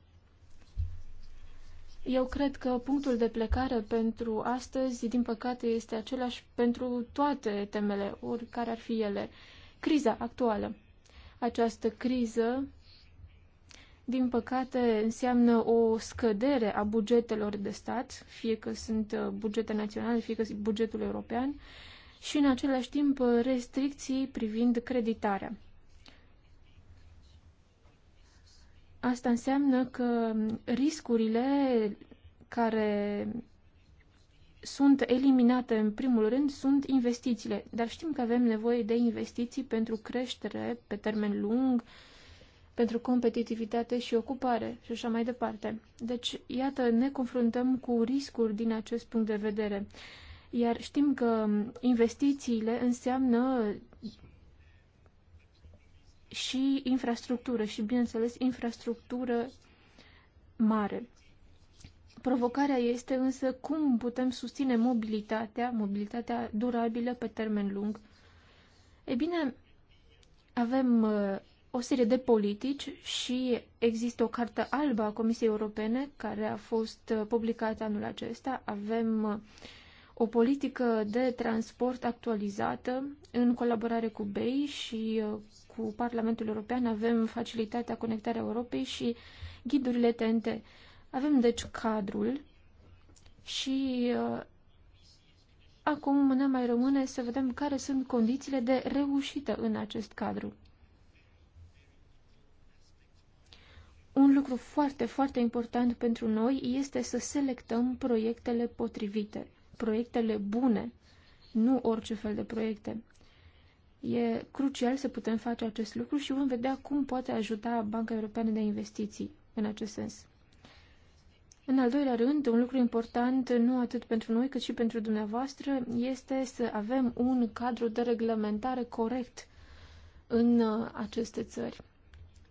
S1: Eu cred că punctul de plecare pentru astăzi, din păcate, este același pentru toate temele, oricare ar fi ele. Criza actuală. Această criză, din păcate, înseamnă o scădere a bugetelor de stat, fie că sunt uh, bugete naționale, fie că sunt bugetul european, și în același timp restricții privind creditarea. Asta înseamnă că riscurile care sunt eliminate în primul rând sunt investițiile, dar știm că avem nevoie de investiții pentru creștere pe termen lung, pentru competitivitate și ocupare și așa mai departe. Deci, iată, ne confruntăm cu riscuri din acest punct de vedere. Iar știm că investițiile înseamnă și infrastructură și, bineînțeles, infrastructură mare. Provocarea este însă cum putem susține mobilitatea, mobilitatea durabilă pe termen lung. E bine, avem uh, o serie de politici și există o carte albă a Comisiei Europene care a fost uh, publicată anul acesta. Avem uh, o politică de transport actualizată în colaborare cu BEI și cu Parlamentul European, avem facilitatea conectarea Europei și ghidurile TNT. Avem deci cadrul și uh, acum ne mai rămâne să vedem care sunt condițiile de reușită în acest cadru. Un lucru foarte, foarte important pentru noi este să selectăm proiectele potrivite, proiectele bune, nu orice fel de proiecte. E crucial să putem face acest lucru și vom vedea cum poate ajuta Banca Europeană de Investiții în acest sens. În al doilea rând, un lucru important, nu atât pentru noi, cât și pentru dumneavoastră, este să avem un cadru de reglementare corect în uh, aceste țări.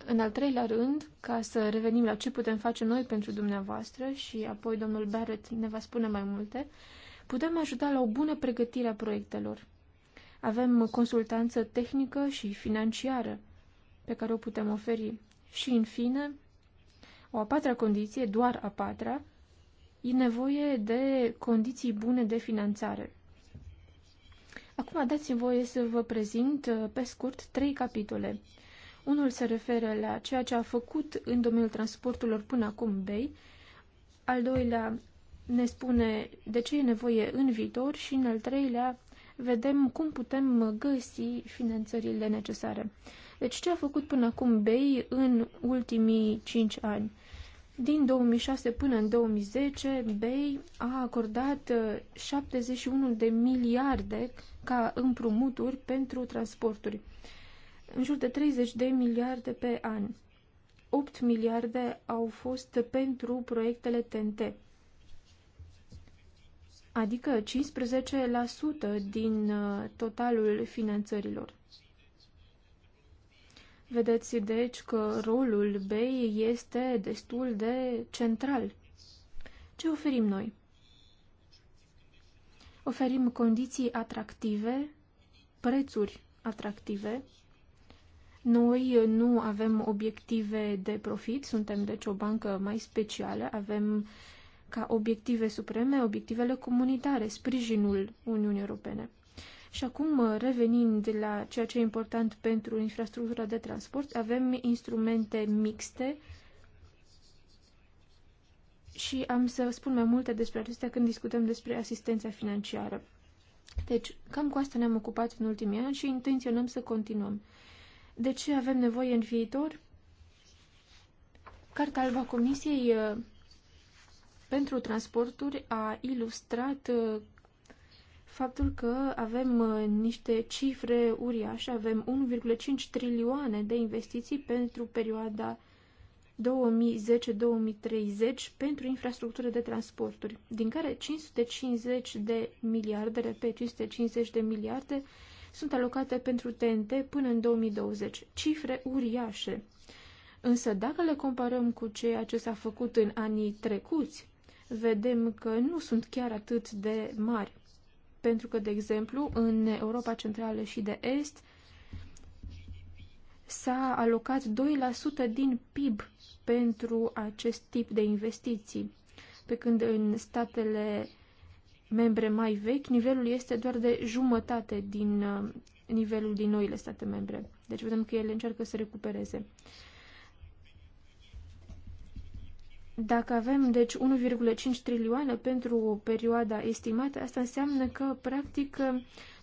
S1: În al treilea rând, ca să revenim la ce putem face noi pentru dumneavoastră și apoi domnul Barrett ne va spune mai multe, putem ajuta la o bună pregătire a proiectelor. Avem consultanță tehnică și financiară pe care o putem oferi. Și, în fine, o a patra condiție, doar a patra, e nevoie de condiții bune de finanțare. Acum dați-mi voie să vă prezint uh, pe scurt trei capitole. Unul se referă la ceea ce a făcut în domeniul transporturilor până acum BEI, al doilea ne spune de ce e nevoie în viitor și în al treilea vedem cum putem găsi finanțările necesare. Deci ce a făcut până acum BEI în ultimii 5 ani? Din 2006 până în 2010, BEI a acordat 71 uh, de miliarde ca împrumuturi pentru transporturi, în jur de 30 de miliarde pe an. 8 miliarde au fost pentru proiectele TNT adică 15% din uh, totalul finanțărilor. Vedeți, deci, că rolul BEI este destul de central. Ce oferim noi? Oferim condiții atractive, prețuri atractive. Noi nu avem obiective de profit, suntem deci o bancă mai specială, avem uh, ca obiective supreme obiectivele comunitare, sprijinul Uniunii Europene. Și acum, revenind la ceea ce e important pentru infrastructura de transport, avem instrumente mixte și am să spun mai multe despre acestea când discutăm despre asistența financiară. Deci, cam cu asta ne-am ocupat în ultimii ani și intenționăm să continuăm. De ce avem nevoie în viitor? Carta alba Comisiei uh, pentru transporturi a ilustrat uh, faptul că avem uh, niște cifre uriașe, avem 1,5 trilioane de investiții pentru perioada 2010-2030 pentru infrastructură de transporturi, din care 550 de miliarde, repet, 550 de miliarde sunt alocate pentru TNT până în 2020. Cifre uriașe. Însă dacă le comparăm cu ceea ce s-a făcut în anii trecuți, vedem că nu sunt chiar atât de mari. Pentru că, de exemplu, în Europa Centrală și de Est s-a alocat 2% din PIB pentru acest tip de investiții, pe când în statele membre mai vechi, nivelul este doar de jumătate din uh, nivelul din noile state membre. Deci vedem că ele încearcă să recupereze. Dacă avem, deci, 1,5 trilioane pentru o perioada estimată, asta înseamnă că, practic,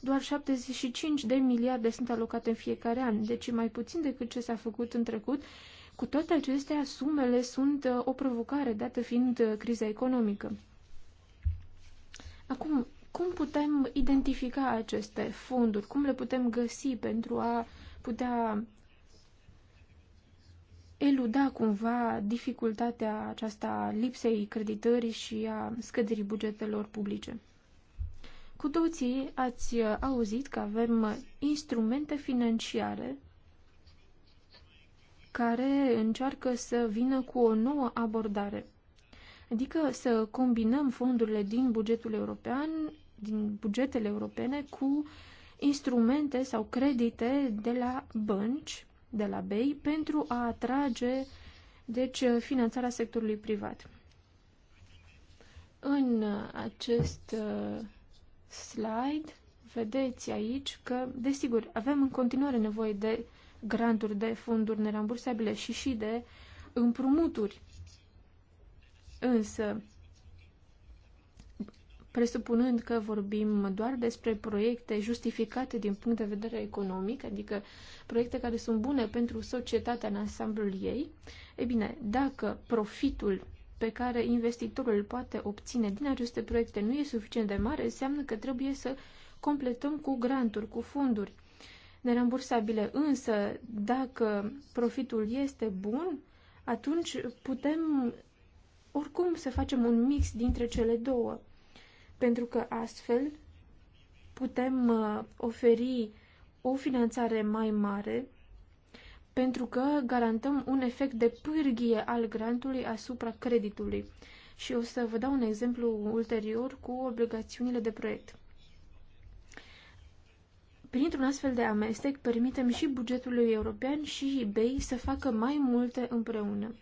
S1: doar 75 de miliarde sunt alocate în fiecare an, deci mai puțin decât ce s-a făcut în trecut. Cu toate acestea, sumele sunt uh, o provocare, dată fiind uh, criza economică. Acum, cum putem identifica aceste fonduri? Cum le putem găsi pentru a putea eluda cumva dificultatea aceasta lipsei creditării și a scăderii bugetelor publice. Cu toții ați auzit că avem instrumente financiare care încearcă să vină cu o nouă abordare. Adică să combinăm fondurile din bugetul european, din bugetele europene, cu instrumente sau credite de la bănci de la BEI pentru a atrage deci, finanțarea sectorului privat. În acest uh, slide vedeți aici că, desigur, avem în continuare nevoie de granturi, de fonduri nerambursabile și și de împrumuturi. Însă, presupunând că vorbim doar despre proiecte justificate din punct de vedere economic, adică proiecte care sunt bune pentru societatea în ansamblul ei, e bine, dacă profitul pe care investitorul îl poate obține din aceste proiecte nu e suficient de mare, înseamnă că trebuie să completăm cu granturi, cu fonduri nerambursabile. Însă, dacă profitul este bun, atunci putem oricum să facem un mix dintre cele două pentru că astfel putem uh, oferi o finanțare mai mare pentru că garantăm un efect de pârghie al grantului asupra creditului. Și o să vă dau un exemplu ulterior cu obligațiunile de proiect. Printr-un astfel de amestec, permitem și bugetului european și eBay să facă mai multe împreună.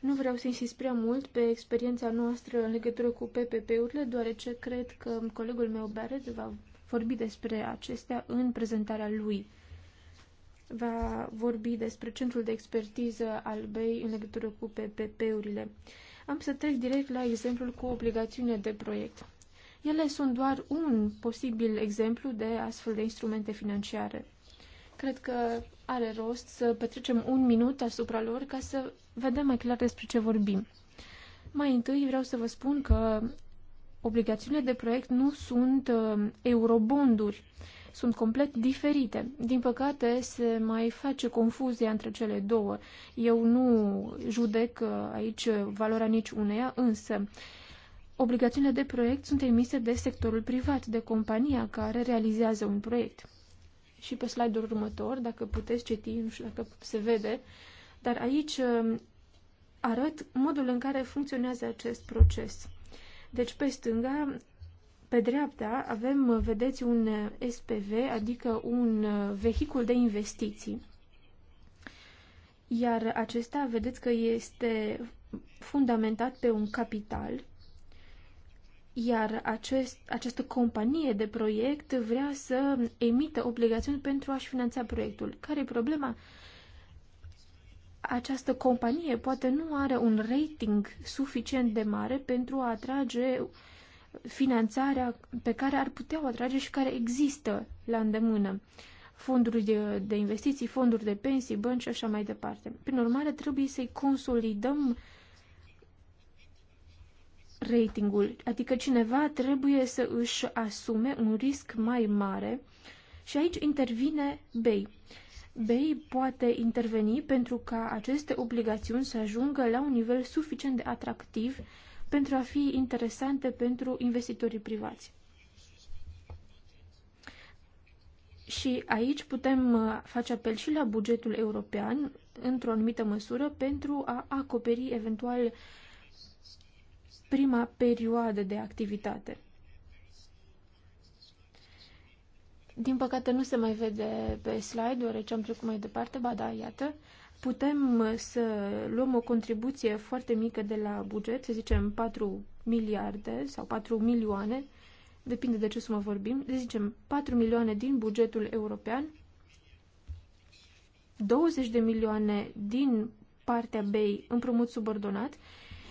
S1: Nu vreau să insist prea mult pe experiența noastră în legătură cu PPP-urile, deoarece cred că colegul meu Barrett va vorbi despre acestea în prezentarea lui. Va vorbi despre centrul de expertiză al BEI în legătură cu PPP-urile. Am să trec direct la exemplul cu obligațiune de proiect. Ele sunt doar un posibil exemplu de astfel de instrumente financiare. Cred că are rost să petrecem un minut asupra lor ca să vedem mai clar despre ce vorbim. Mai întâi vreau să vă spun că obligațiunile de proiect nu sunt uh, eurobonduri, sunt complet diferite. Din păcate, se mai face confuzia între cele două. Eu nu judec uh, aici valoarea nici uneia, însă obligațiunile de proiect sunt emise de sectorul privat, de compania care realizează un proiect. Și pe slide-ul următor, dacă puteți citi, nu știu dacă se vede, uh, dar aici um, arăt modul în care funcționează acest proces. Deci pe stânga, pe dreapta, avem, uh, vedeți, un uh, SPV, adică un uh, vehicul de investiții. Iar acesta, vedeți că este fundamentat pe un capital, iar acest, această companie de proiect vrea să emită obligațiuni pentru a-și finanța proiectul. Care e problema? această companie poate nu are un rating suficient de mare pentru a atrage finanțarea pe care ar putea o atrage și care există la îndemână. Fonduri de, de investiții, fonduri de pensii, bănci și așa mai departe. Prin urmare, trebuie să-i consolidăm ratingul, adică cineva trebuie să își asume un risc mai mare și aici intervine BEI. BEI poate interveni pentru ca aceste obligațiuni să ajungă la un nivel suficient de atractiv pentru a fi interesante pentru investitorii privați. Și aici putem uh, face apel și la bugetul european, într-o anumită măsură, pentru a acoperi eventual prima perioadă de activitate. Din păcate nu se mai vede pe slide, deoarece am trecut mai departe, ba da, iată. Putem uh, să luăm o contribuție foarte mică de la buget, să zicem 4 miliarde sau 4 milioane, depinde de ce sumă vorbim, să zicem 4 milioane din bugetul european, 20 de milioane din partea BEI împrumut subordonat,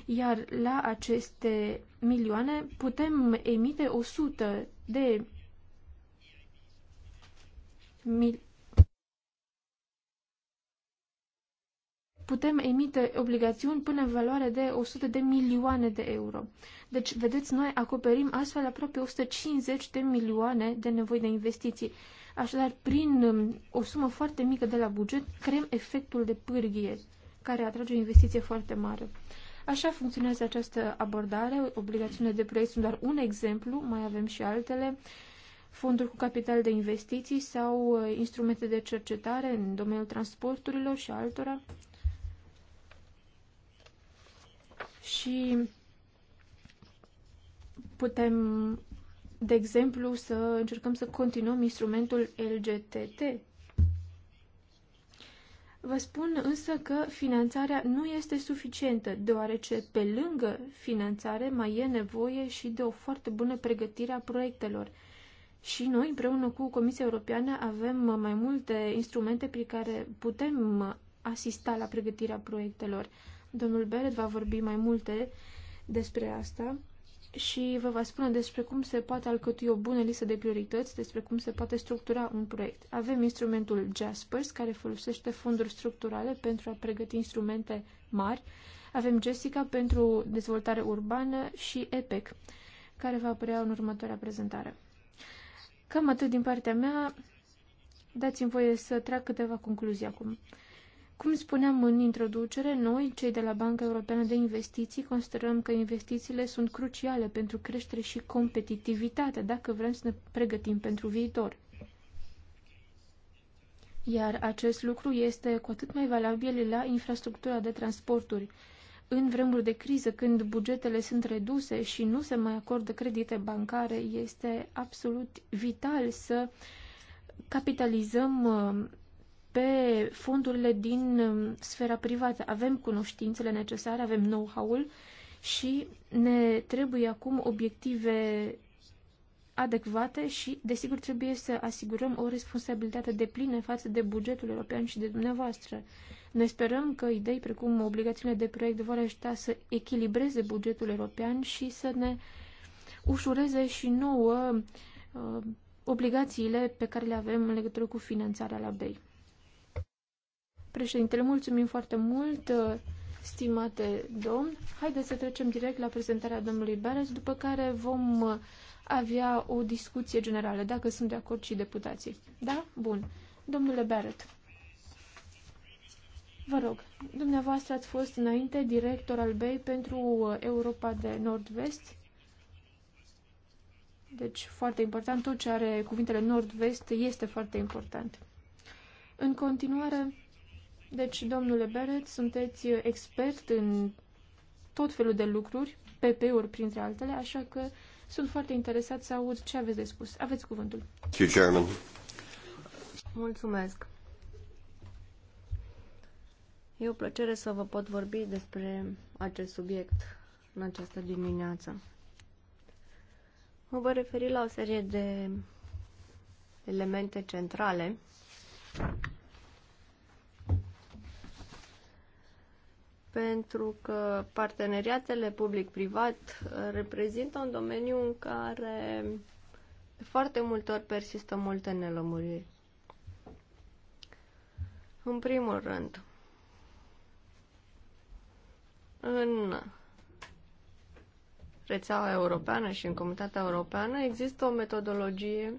S1: iar la aceste milioane putem emite 100 de mil... putem emite obligațiuni până în valoare de 100 de milioane de euro. Deci, vedeți, noi acoperim astfel aproape 150 de milioane de nevoi de investiții. Așadar, prin um, o sumă foarte mică de la buget, creăm efectul de pârghie, care atrage o investiție foarte mare. Așa funcționează această abordare. Obligațiunile de proiect sunt doar un exemplu, mai avem și altele. Uh, fonduri cu capital de investiții sau uh, instrumente de cercetare în domeniul transporturilor și altora. Și putem, de exemplu, să încercăm să continuăm instrumentul LGTT. Vă spun însă că finanțarea nu este suficientă, deoarece pe lângă finanțare mai e nevoie și de o foarte bună pregătire a proiectelor – și noi, împreună cu Comisia Europeană, avem mai multe instrumente prin care putem asista la pregătirea proiectelor. Domnul Beret va vorbi mai multe despre asta și vă va spune despre cum se poate alcătui o bună listă de priorități, despre cum se poate structura un proiect. Avem instrumentul Jaspers, care folosește fonduri structurale pentru a pregăti instrumente mari. Avem Jessica pentru dezvoltare urbană și EPEC, care va apărea în următoarea prezentare. Cam atât din partea mea. Dați-mi voie să trag câteva concluzii acum. Cum spuneam în introducere, noi, cei de la Banca Europeană de Investiții, considerăm că investițiile sunt cruciale pentru creștere și competitivitate dacă vrem să ne pregătim pentru viitor. Iar acest lucru este cu atât mai valabil la infrastructura de transporturi, în vremuri de criză, când bugetele sunt reduse și nu se mai acordă credite bancare, este absolut vital să capitalizăm uh, pe fondurile din um, sfera privată. Avem cunoștințele necesare, avem know-how-ul și ne trebuie acum obiective adecvate și, desigur, trebuie să asigurăm o responsabilitate deplină față de bugetul european și de dumneavoastră. Ne sperăm că idei precum obligațiile de proiect vor ajuta să echilibreze bugetul european și să ne ușureze și nouă uh, obligațiile pe care le avem în legătură cu finanțarea la BEI. Președintele, mulțumim foarte mult, uh, stimate domn. Haideți să trecem direct la prezentarea domnului Beres, după care vom uh, avea o discuție generală, dacă sunt de acord și deputații. Da? Bun. Domnule Barrett. Vă rog, dumneavoastră ați fost înainte director al BEI pentru uh, Europa de Nord-Vest. Deci, foarte important, tot ce are cuvintele Nord-Vest este foarte important. În continuare, deci, domnule Beret, sunteți uh, expert în tot felul de lucruri, PP-uri printre altele, așa că sunt foarte interesat să aud ce aveți de spus. Aveți cuvântul. Mulțumesc. E o
S3: plăcere să vă pot vorbi despre acest subiect în această dimineață. Mă voi referi la o serie de elemente centrale pentru că parteneriatele public-privat reprezintă un domeniu în care de foarte multe ori persistă multe nelămuriri. În primul rând, în rețeaua europeană și în comunitatea europeană există o metodologie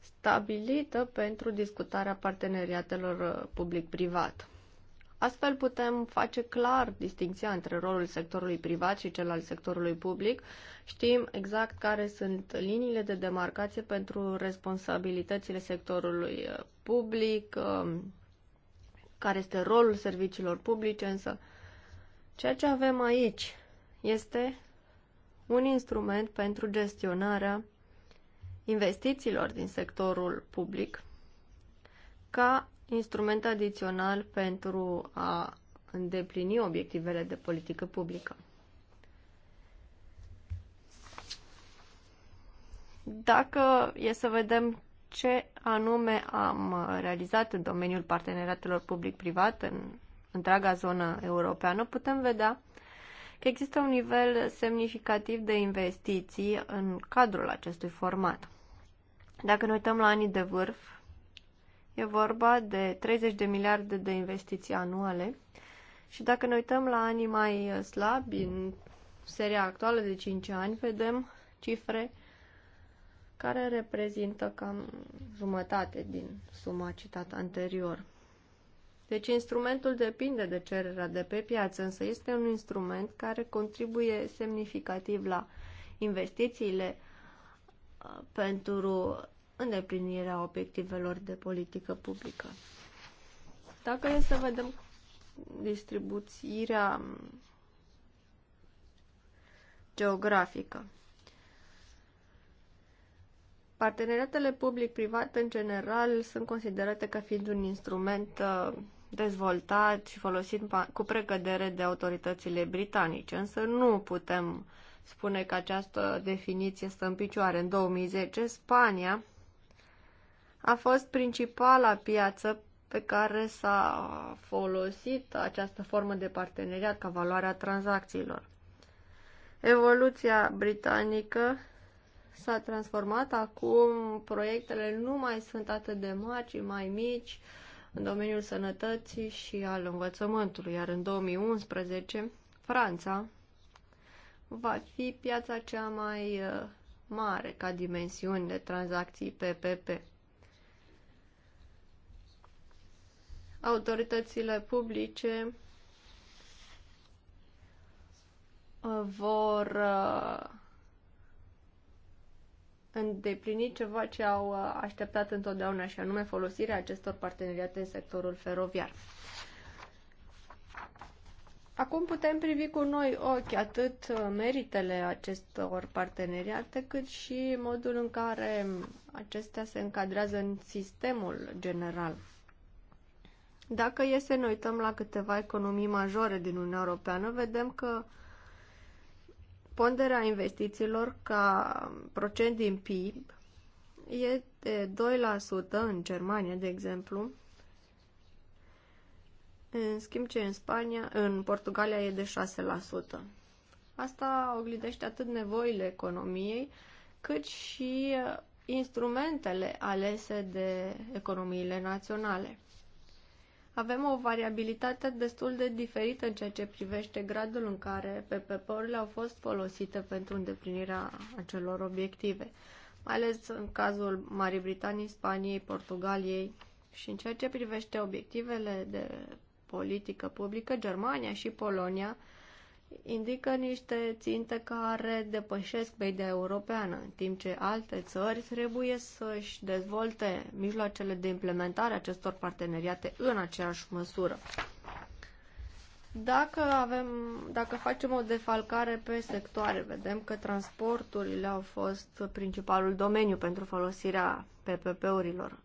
S3: stabilită pentru discutarea parteneriatelor uh, public-privat. Astfel putem face clar distinția între rolul sectorului privat și cel al sectorului public. Știm exact care sunt liniile de demarcație pentru responsabilitățile sectorului uh, public, uh, care este rolul serviciilor publice, însă Ceea ce avem aici este un instrument pentru gestionarea investițiilor din sectorul public ca instrument adițional pentru a îndeplini obiectivele de politică publică. Dacă e să vedem ce anume am realizat în domeniul parteneriatelor public-privat în întreaga zonă europeană, putem vedea că există un nivel semnificativ de investiții în cadrul acestui format. Dacă ne uităm la anii de vârf, e vorba de 30 de miliarde de investiții anuale și dacă ne uităm la anii mai slabi, în seria actuală de 5 ani, vedem cifre care reprezintă cam jumătate din suma citată anterior. Deci instrumentul depinde de cererea de pe piață, însă este un instrument care contribuie semnificativ la investițiile uh, pentru îndeplinirea obiectivelor de politică publică. Dacă e să vedem distribuirea um, geografică. Parteneriatele public-privat, în general, sunt considerate ca fiind un instrument uh, dezvoltat și folosit cu precădere de autoritățile britanice, însă nu putem spune că această definiție stă în picioare. În 2010, Spania a fost principala piață pe care s-a folosit această formă de parteneriat ca valoarea tranzacțiilor. Evoluția britanică s-a transformat acum, proiectele nu mai sunt atât de mari, ci mai mici, uh, în domeniul sănătății și al învățământului, iar în 2011 Franța va fi piața cea mai uh, mare ca dimensiuni de tranzacții PPP. Autoritățile publice uh, vor uh, îndeplini ceva ce au uh, așteptat întotdeauna și anume folosirea acestor parteneriate în sectorul feroviar. Acum putem privi cu noi ochi atât uh, meritele acestor parteneriate, cât și modul în care acestea se încadrează în sistemul general. Dacă e să ne uităm la câteva economii majore din Uniunea Europeană, vedem că uh, Ponderea investițiilor ca procent din PIB e de 2% în Germania, de exemplu. În schimb ce în Spania, în Portugalia e de 6%. Asta oglindește atât nevoile economiei, cât și uh, instrumentele alese de economiile naționale avem o variabilitate destul de diferită în ceea ce privește gradul în care PPP-urile au fost folosite pentru îndeplinirea acelor obiective, mai ales în cazul Marii Britanii, Spaniei, Portugaliei și în ceea ce privește obiectivele de politică publică, Germania și Polonia indică niște ținte care depășesc media europeană, în timp ce alte țări trebuie să-și dezvolte mijloacele de implementare acestor parteneriate în aceeași măsură. Dacă, avem, dacă facem o defalcare pe sectoare, vedem că transporturile au fost principalul domeniu pentru folosirea PPP-urilor.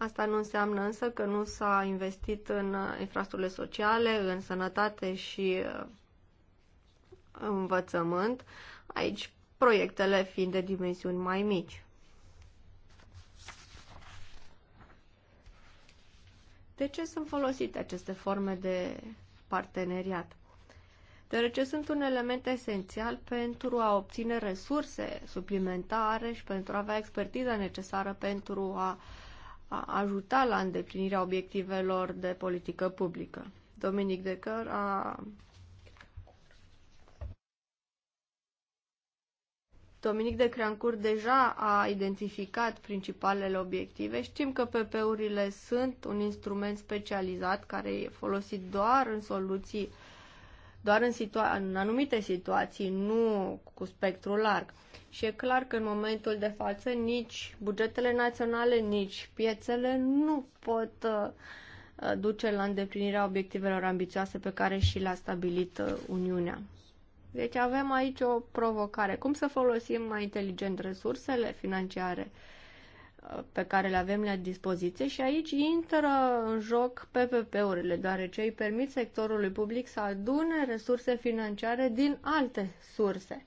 S3: Asta nu înseamnă însă că nu s-a investit în infrastructurile sociale, în sănătate și uh, învățământ, aici proiectele fiind de dimensiuni mai mici. De ce sunt folosite aceste forme de parteneriat? Deoarece sunt un element esențial pentru a obține resurse suplimentare și pentru a avea expertiza necesară pentru a uh, a ajuta la îndeplinirea obiectivelor de politică publică. Dominic Căr a Dominic de Creancur deja a identificat principalele obiective. Știm că PP-urile sunt un instrument specializat care e folosit doar în soluții uh, doar în, situa- în anumite situații, nu cu spectru larg. Și e clar că în momentul de față nici bugetele naționale, nici piețele nu pot uh, uh, duce la îndeplinirea obiectivelor ambițioase pe care și le-a stabilit uh, Uniunea. Deci avem aici o provocare. Cum să folosim mai inteligent resursele financiare uh, pe care le avem la dispoziție și aici intră în joc PPP-urile, deoarece îi permit sectorului public să adune resurse financiare din alte surse,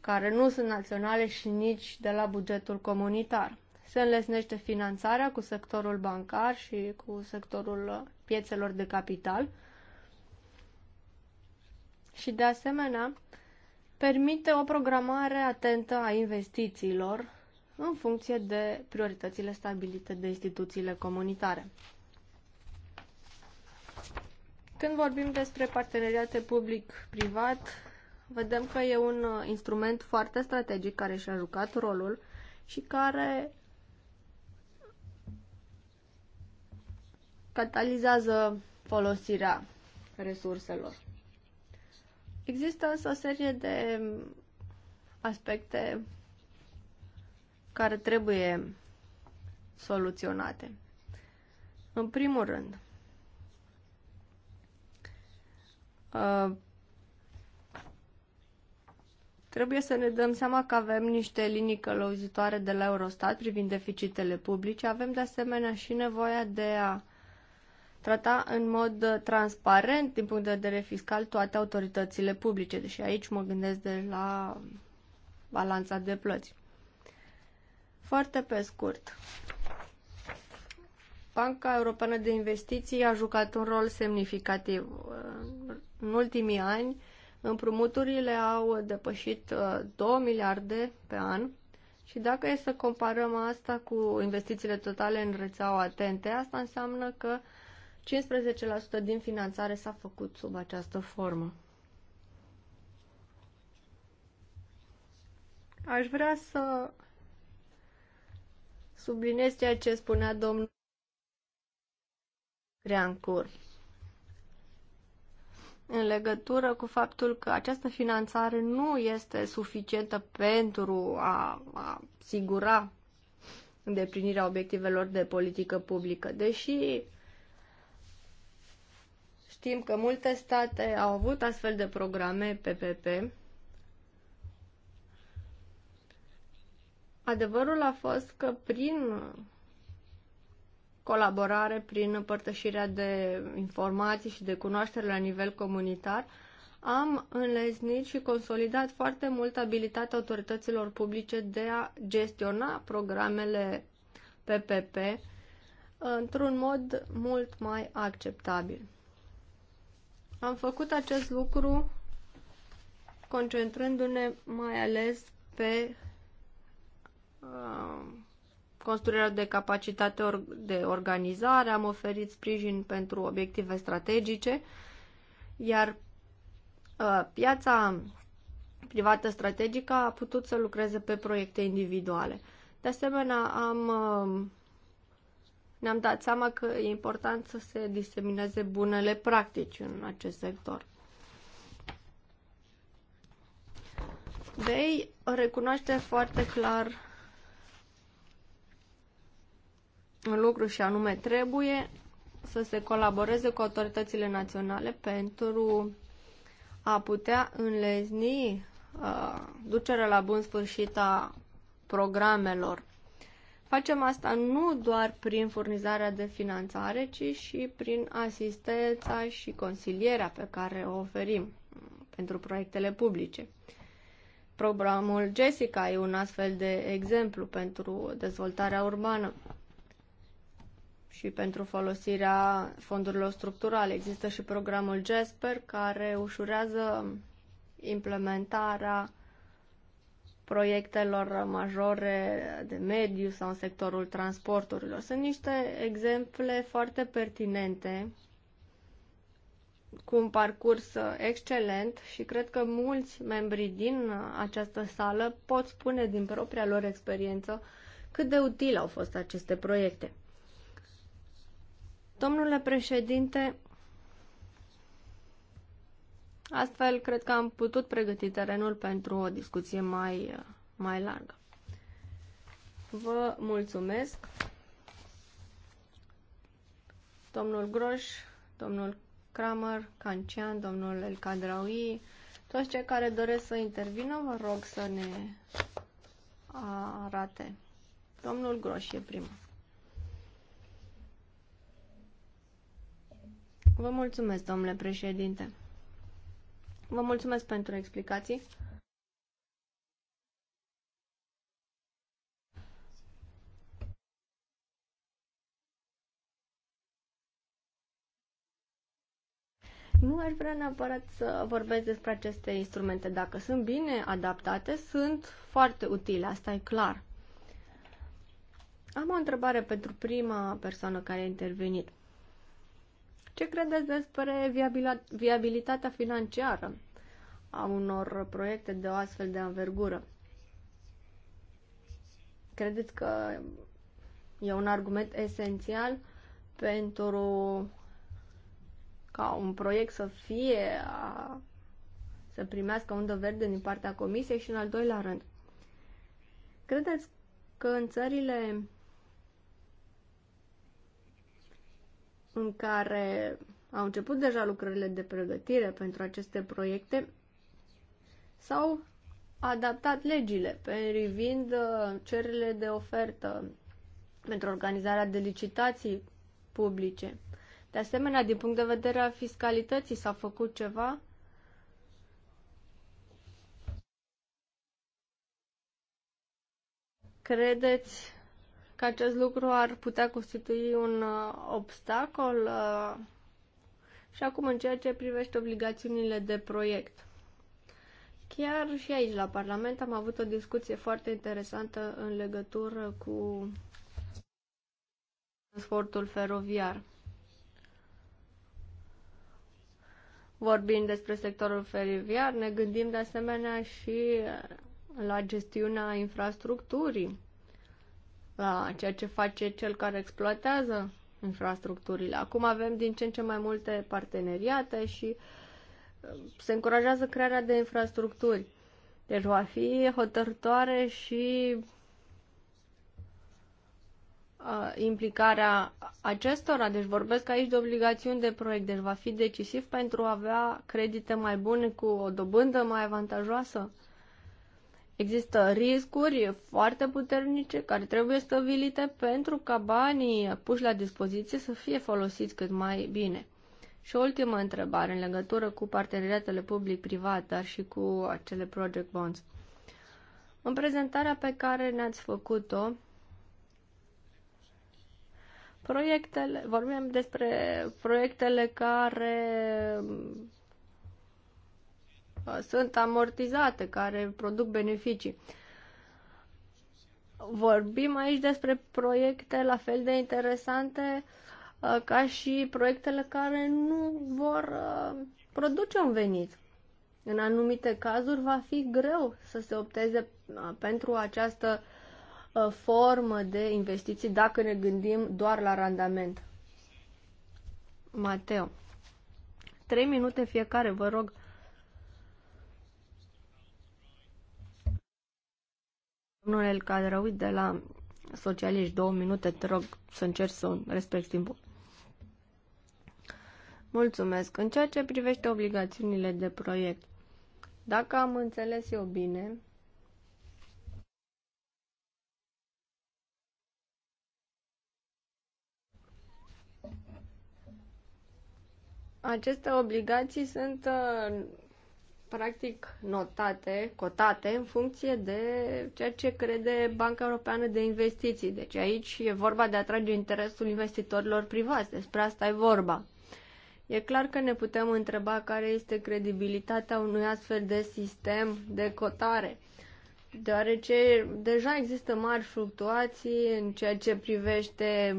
S3: care nu sunt naționale și nici de la bugetul comunitar. Se înlesnește finanțarea cu sectorul bancar și cu sectorul piețelor de capital și, de asemenea, permite o programare atentă a investițiilor în funcție de prioritățile stabilite de instituțiile comunitare. Când vorbim despre parteneriate public-privat, vedem că e un uh, instrument foarte strategic care și-a jucat rolul și care catalizează folosirea resurselor. Există însă o serie de um, aspecte care trebuie soluționate. În primul rând, uh, trebuie să ne dăm seama că avem niște linii călăuzitoare de la Eurostat privind deficitele publice. Avem de asemenea și nevoia de a trata în mod transparent din punct de vedere fiscal toate autoritățile publice. Deși aici mă gândesc de la balanța de plăți. Foarte pe scurt. Banca Europeană de Investiții a jucat un rol semnificativ. În ultimii ani, împrumuturile au depășit 2 uh, miliarde pe an și dacă e să comparăm asta cu investițiile totale în rețeaua atente, asta înseamnă că 15% din finanțare s-a făcut sub această formă. Aș vrea să Sublinez ceea ce spunea domnul Reancur. în legătură cu faptul că această finanțare nu este suficientă pentru a asigura îndeplinirea obiectivelor de politică publică, deși știm că multe state au avut astfel de programe PPP, Adevărul a fost că prin colaborare, prin împărtășirea de informații și de cunoaștere la nivel comunitar, am înleznit și consolidat foarte mult abilitatea autorităților publice de a gestiona programele PPP într-un mod mult mai acceptabil. Am făcut acest lucru concentrându-ne mai ales pe Uh, construirea de capacitate de organizare, am oferit sprijin pentru obiective strategice, iar uh, piața privată strategică a putut să lucreze pe proiecte individuale. De asemenea, am, uh, ne-am dat seama că e important să se disemineze bunele practici în acest sector. Bei recunoaște foarte clar un lucru și anume trebuie să se colaboreze cu autoritățile naționale pentru a putea înlezni uh, ducerea la bun sfârșit a programelor. Facem asta nu doar prin furnizarea de finanțare, ci și prin asistența și consilierea pe care o oferim pentru proiectele publice. Programul Jessica e un astfel de exemplu pentru dezvoltarea urbană și pentru folosirea fondurilor structurale. Există și programul Jasper care ușurează implementarea proiectelor majore de mediu sau în sectorul transporturilor. Sunt niște exemple foarte pertinente cu un parcurs excelent și cred că mulți membri din această sală pot spune din propria lor experiență cât de util au fost aceste proiecte. Domnule președinte, astfel cred că am putut pregăti terenul pentru o discuție mai, mai largă. Vă mulțumesc. Domnul Groș, domnul Kramer, Cancian, domnul El Cadraui, toți cei care doresc să intervină, vă rog să ne arate. Domnul Groș e primul. Vă mulțumesc, domnule președinte. Vă mulțumesc pentru explicații. Nu aș vrea neapărat să vorbesc despre aceste instrumente. Dacă sunt bine adaptate, sunt foarte utile, asta e clar. Am o întrebare pentru prima persoană care a intervenit. Ce credeți despre viabilitatea financiară a unor proiecte de o astfel de anvergură? Credeți că e un argument esențial pentru ca un proiect să fie a, să primească undă verde din partea comisiei și în al doilea rând. Credeți că în țările în care au început deja lucrările de pregătire pentru aceste proiecte, s-au adaptat legile privind uh, cererile de ofertă pentru organizarea de licitații publice. De asemenea, din punct de vedere al fiscalității s-a făcut ceva credeți că acest lucru ar putea constitui un uh, obstacol uh, și acum în ceea ce privește obligațiunile de proiect. Chiar și aici la Parlament am avut o discuție foarte interesantă în legătură cu transportul feroviar. Vorbind despre sectorul feroviar, ne gândim de asemenea și la gestiunea infrastructurii ceea ce face cel care exploatează infrastructurile. Acum avem din ce în ce mai multe parteneriate și uh, se încurajează crearea de infrastructuri. Deci va fi hotărătoare și uh, implicarea acestora. Deci vorbesc aici de obligațiuni de proiect. Deci va fi decisiv pentru a avea credite mai bune cu o dobândă mai avantajoasă. Există riscuri foarte puternice care trebuie stabilite pentru ca banii puși la dispoziție să fie folosiți cât mai bine. Și o ultimă întrebare în legătură cu parteneriatele public-privat, dar și cu acele project bonds. În prezentarea pe care ne-ați făcut-o, proiectele, vorbim despre proiectele care sunt amortizate, care produc beneficii. Vorbim aici despre proiecte la fel de interesante uh, ca și proiectele care nu vor uh, produce un venit. În anumite cazuri va fi greu să se opteze uh, pentru această formă de investiții dacă ne gândim doar la randament. Mateo, trei minute fiecare, vă rog. Domnul El Cadraui de la Socialiști, două minute, te rog să încerci să respecti timpul. Mulțumesc. În ceea ce privește obligațiunile de proiect, dacă am înțeles eu bine, aceste obligații sunt uh, practic notate, cotate în funcție de ceea ce crede Banca Europeană de Investiții. Deci aici e vorba de a atrage interesul investitorilor privați, despre asta e vorba. E clar că ne putem întreba care este credibilitatea unui astfel de sistem de cotare, deoarece deja există mari fluctuații în ceea ce privește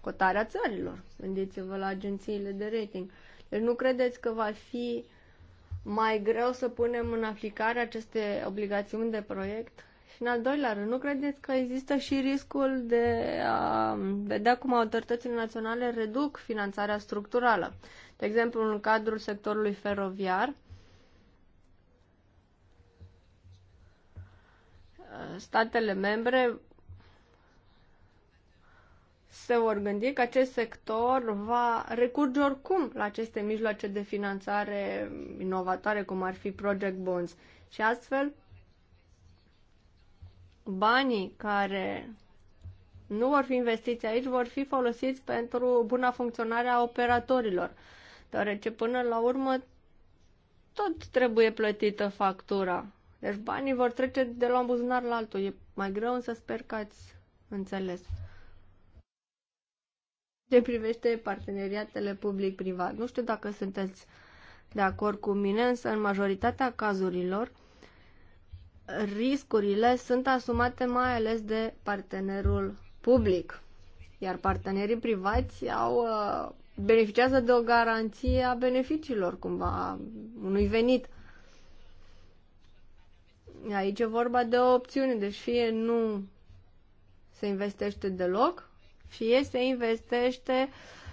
S3: cotarea țărilor. Gândiți-vă la agențiile de rating. Deci nu credeți că va fi mai greu să punem în aplicare aceste obligațiuni de proiect? Și în al doilea rând, nu credeți că există și riscul de a vedea cum autoritățile naționale reduc finanțarea structurală? De exemplu, în cadrul sectorului feroviar, statele membre se vor gândi că acest sector va recurge oricum la aceste mijloace de finanțare inovatoare, cum ar fi Project Bonds. Și astfel, banii care nu vor fi investiți aici vor fi folosiți pentru buna funcționare a operatorilor, deoarece până la urmă tot trebuie plătită factura. Deci banii vor trece de la un buzunar la altul. E mai greu, însă sper că ați înțeles ce privește parteneriatele public-privat. Nu știu dacă sunteți de acord cu mine, însă în majoritatea cazurilor riscurile sunt asumate mai ales de partenerul public, iar partenerii privați au uh, beneficiază de o garanție a beneficiilor cumva unui venit. Aici e vorba de o opțiune, deci fie nu se investește deloc, fie se investește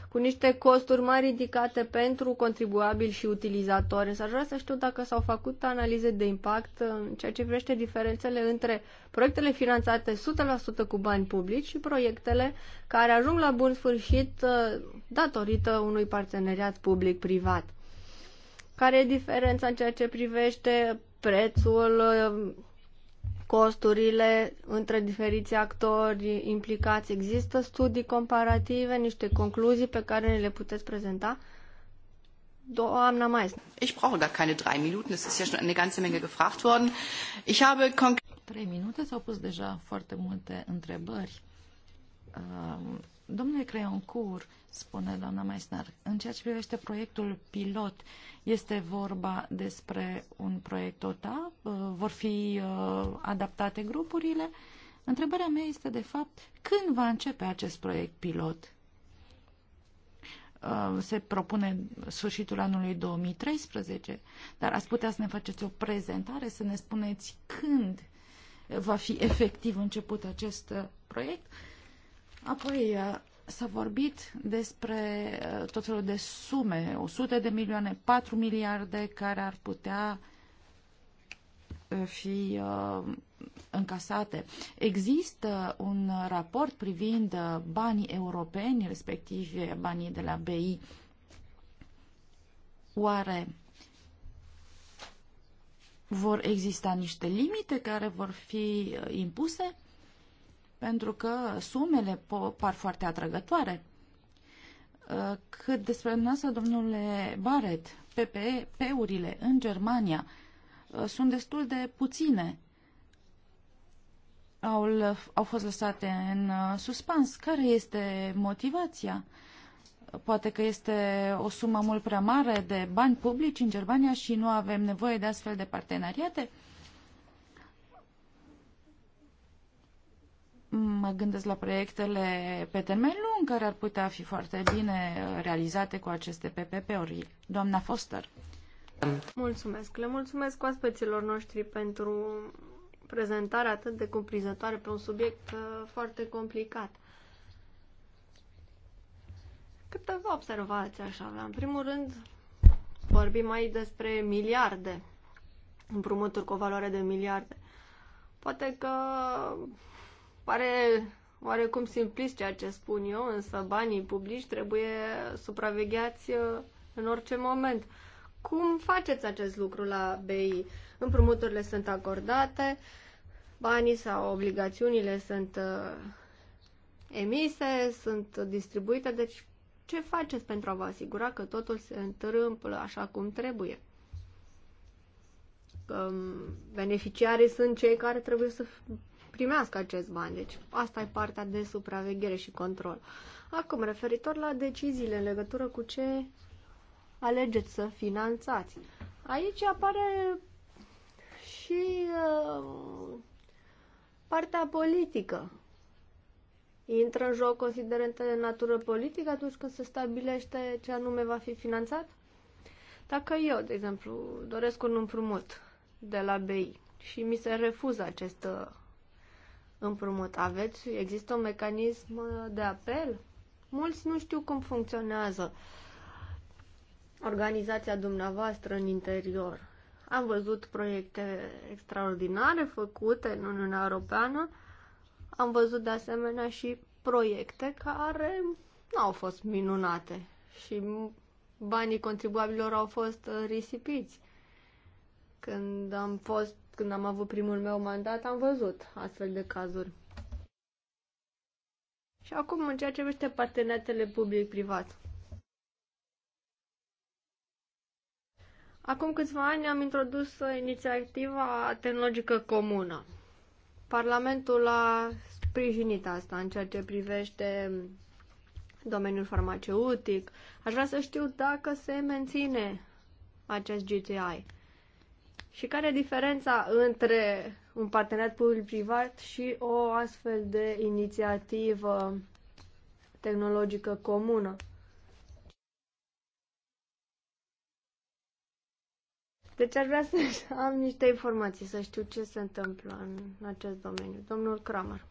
S3: cu niște costuri mai ridicate pentru contribuabili și utilizatori. Însă aș vrea să știu dacă s-au făcut analize de impact în ceea ce privește diferențele între proiectele finanțate 100% cu bani publici și proiectele care ajung la bun sfârșit uh, datorită unui parteneriat public-privat. Care e diferența în ceea ce privește prețul, uh, costurile între diferiți actori implicați? Există studii comparative, niște concluzii pe care ne le puteți prezenta? Doamna Meisner. Ich brauche gar keine drei Minuten, es ist ja schon eine
S4: ganze Menge gefragt worden. Ich habe Trei minute s-au pus deja foarte multe întrebări. Uh, domnule Creioncur, spune doamna Meissner. În ceea ce privește proiectul pilot, este vorba despre un proiect OTA? Uh, vor fi uh, adaptate grupurile? Întrebarea mea este, de fapt, când va începe acest proiect pilot? Uh, se propune sfârșitul anului 2013, dar ați putea să ne faceți o prezentare, să ne spuneți când va fi efectiv început acest proiect. Apoi, S-a vorbit despre uh, tot felul de sume, 100 de milioane, 4 miliarde care ar putea uh, fi uh, încasate. Există un raport privind banii europeni, respectiv banii de la BI. Oare vor exista niște limite care vor fi impuse? pentru că sumele par foarte atrăgătoare. Uh, cât despre dumneavoastră, domnule Baret, PPE-urile în Germania uh, sunt destul de puține. Au, au fost lăsate în uh, suspans. Care este motivația? Poate că este o sumă mult prea mare de bani publici în Germania și nu avem nevoie de astfel de parteneriate? Mă gândesc la proiectele pe termen lung care ar putea fi foarte bine uh, realizate cu aceste PPP-uri. Doamna Foster.
S3: Mulțumesc. Le mulțumesc oaspeților noștri pentru prezentarea atât de cuprinzătoare pe un subiect uh, foarte complicat. Câteva observații aș avea. În primul rând, vorbim aici despre miliarde, împrumuturi cu o valoare de miliarde. Poate că Pare oarecum simplist ceea ce spun eu, însă banii publici trebuie supravegheați uh, în orice moment. Cum faceți acest lucru la BI? Împrumuturile sunt acordate, banii sau obligațiunile sunt uh, emise, sunt distribuite, deci ce faceți pentru a vă asigura că totul se întâmplă așa cum trebuie? Că um, beneficiarii sunt cei care trebuie să primească acest bani. Deci asta e partea de supraveghere și control. Acum, referitor la deciziile în legătură cu ce alegeți să finanțați. Aici apare și uh, partea politică. Intră în joc considerente de natură politică atunci când se stabilește ce anume va fi finanțat? Dacă eu, de exemplu, doresc un împrumut de la BI și mi se refuză acest uh, împrumut. Aveți, există un mecanism de apel? Mulți nu știu cum funcționează organizația dumneavoastră în interior. Am văzut proiecte extraordinare făcute în Uniunea Europeană. Am văzut de asemenea și proiecte care nu au fost minunate și banii contribuabilor au fost risipiți. Când am fost când am avut primul meu mandat, am văzut astfel de cazuri. Și acum, în ceea ce privește parteneriatele public-privat. Acum câțiva ani am introdus inițiativa tehnologică comună. Parlamentul a sprijinit asta în ceea ce privește domeniul farmaceutic. Aș vrea să știu dacă se menține acest GTI. Și care e diferența între un parteneriat public-privat și o astfel de inițiativă tehnologică comună? Deci aș vrea să [laughs] am niște informații, să știu ce se întâmplă în acest domeniu. Domnul Kramer.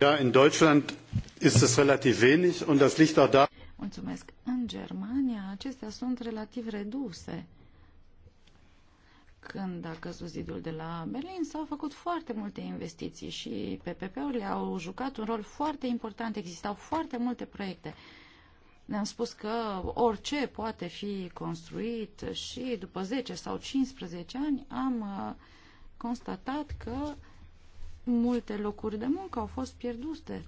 S4: Ja,
S2: in Deutschland ist es relativ wenig und das liegt auch da.
S4: Mulțumesc. În Germania acestea sunt relativ reduse când a căzut zidul de la Berlin, s-au făcut foarte multe investiții și PPP-urile au jucat un rol foarte important. Existau foarte multe proiecte. Ne-am spus că orice poate fi construit și după 10 sau 15 ani am uh, constatat că multe locuri de muncă au fost pierdute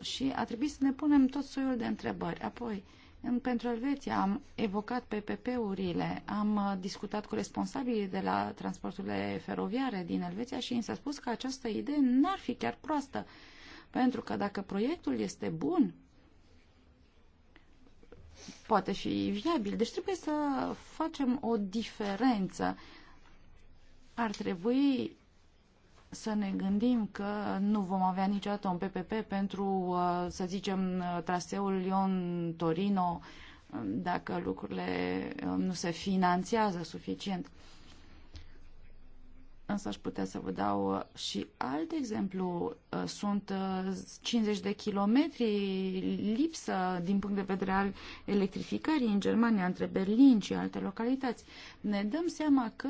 S4: și a trebuit să ne punem tot soiul de întrebări. Apoi, uh, pentru Elveția am evocat PPP-urile, am uh, discutat cu responsabilii de la transporturile feroviare din Elveția și mi s-a spus că această idee n-ar fi chiar proastă, pentru că dacă proiectul este bun, poate fi viabil. Deci trebuie să facem o diferență. Ar trebui să ne gândim că nu vom avea niciodată un PPP pentru, uh, să zicem, uh, traseul Lyon-Torino uh, dacă lucrurile nu se finanțează suficient însă aș putea să vă dau uh, și alt exemplu. Uh, sunt 50 uh, de kilometri lipsă din punct de vedere al electrificării în Germania, între Berlin și alte localități. Ne dăm seama că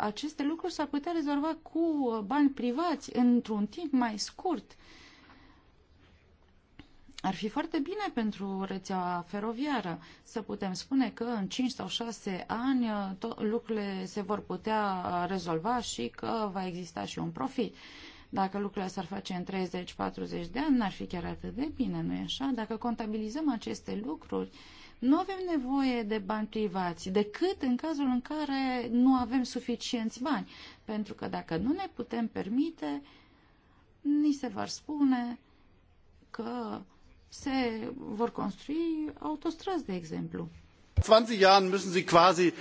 S4: aceste lucruri s-ar putea rezolva cu bani privați într-un timp mai scurt ar fi foarte bine pentru rețeaua feroviară să putem spune că în 5 sau 6 ani uh, lucrurile se vor putea uh, rezolva și că va exista și un profit. Dacă lucrurile s-ar face în 30-40 de ani, n-ar fi chiar atât de bine, nu-i așa? Dacă contabilizăm aceste lucruri, nu avem nevoie de bani privați, decât în cazul în care nu avem suficienți bani. Pentru că dacă nu ne putem permite, ni se va spune că se vor construi autostrăzi, de exemplu. 20 ani müssen sie quasi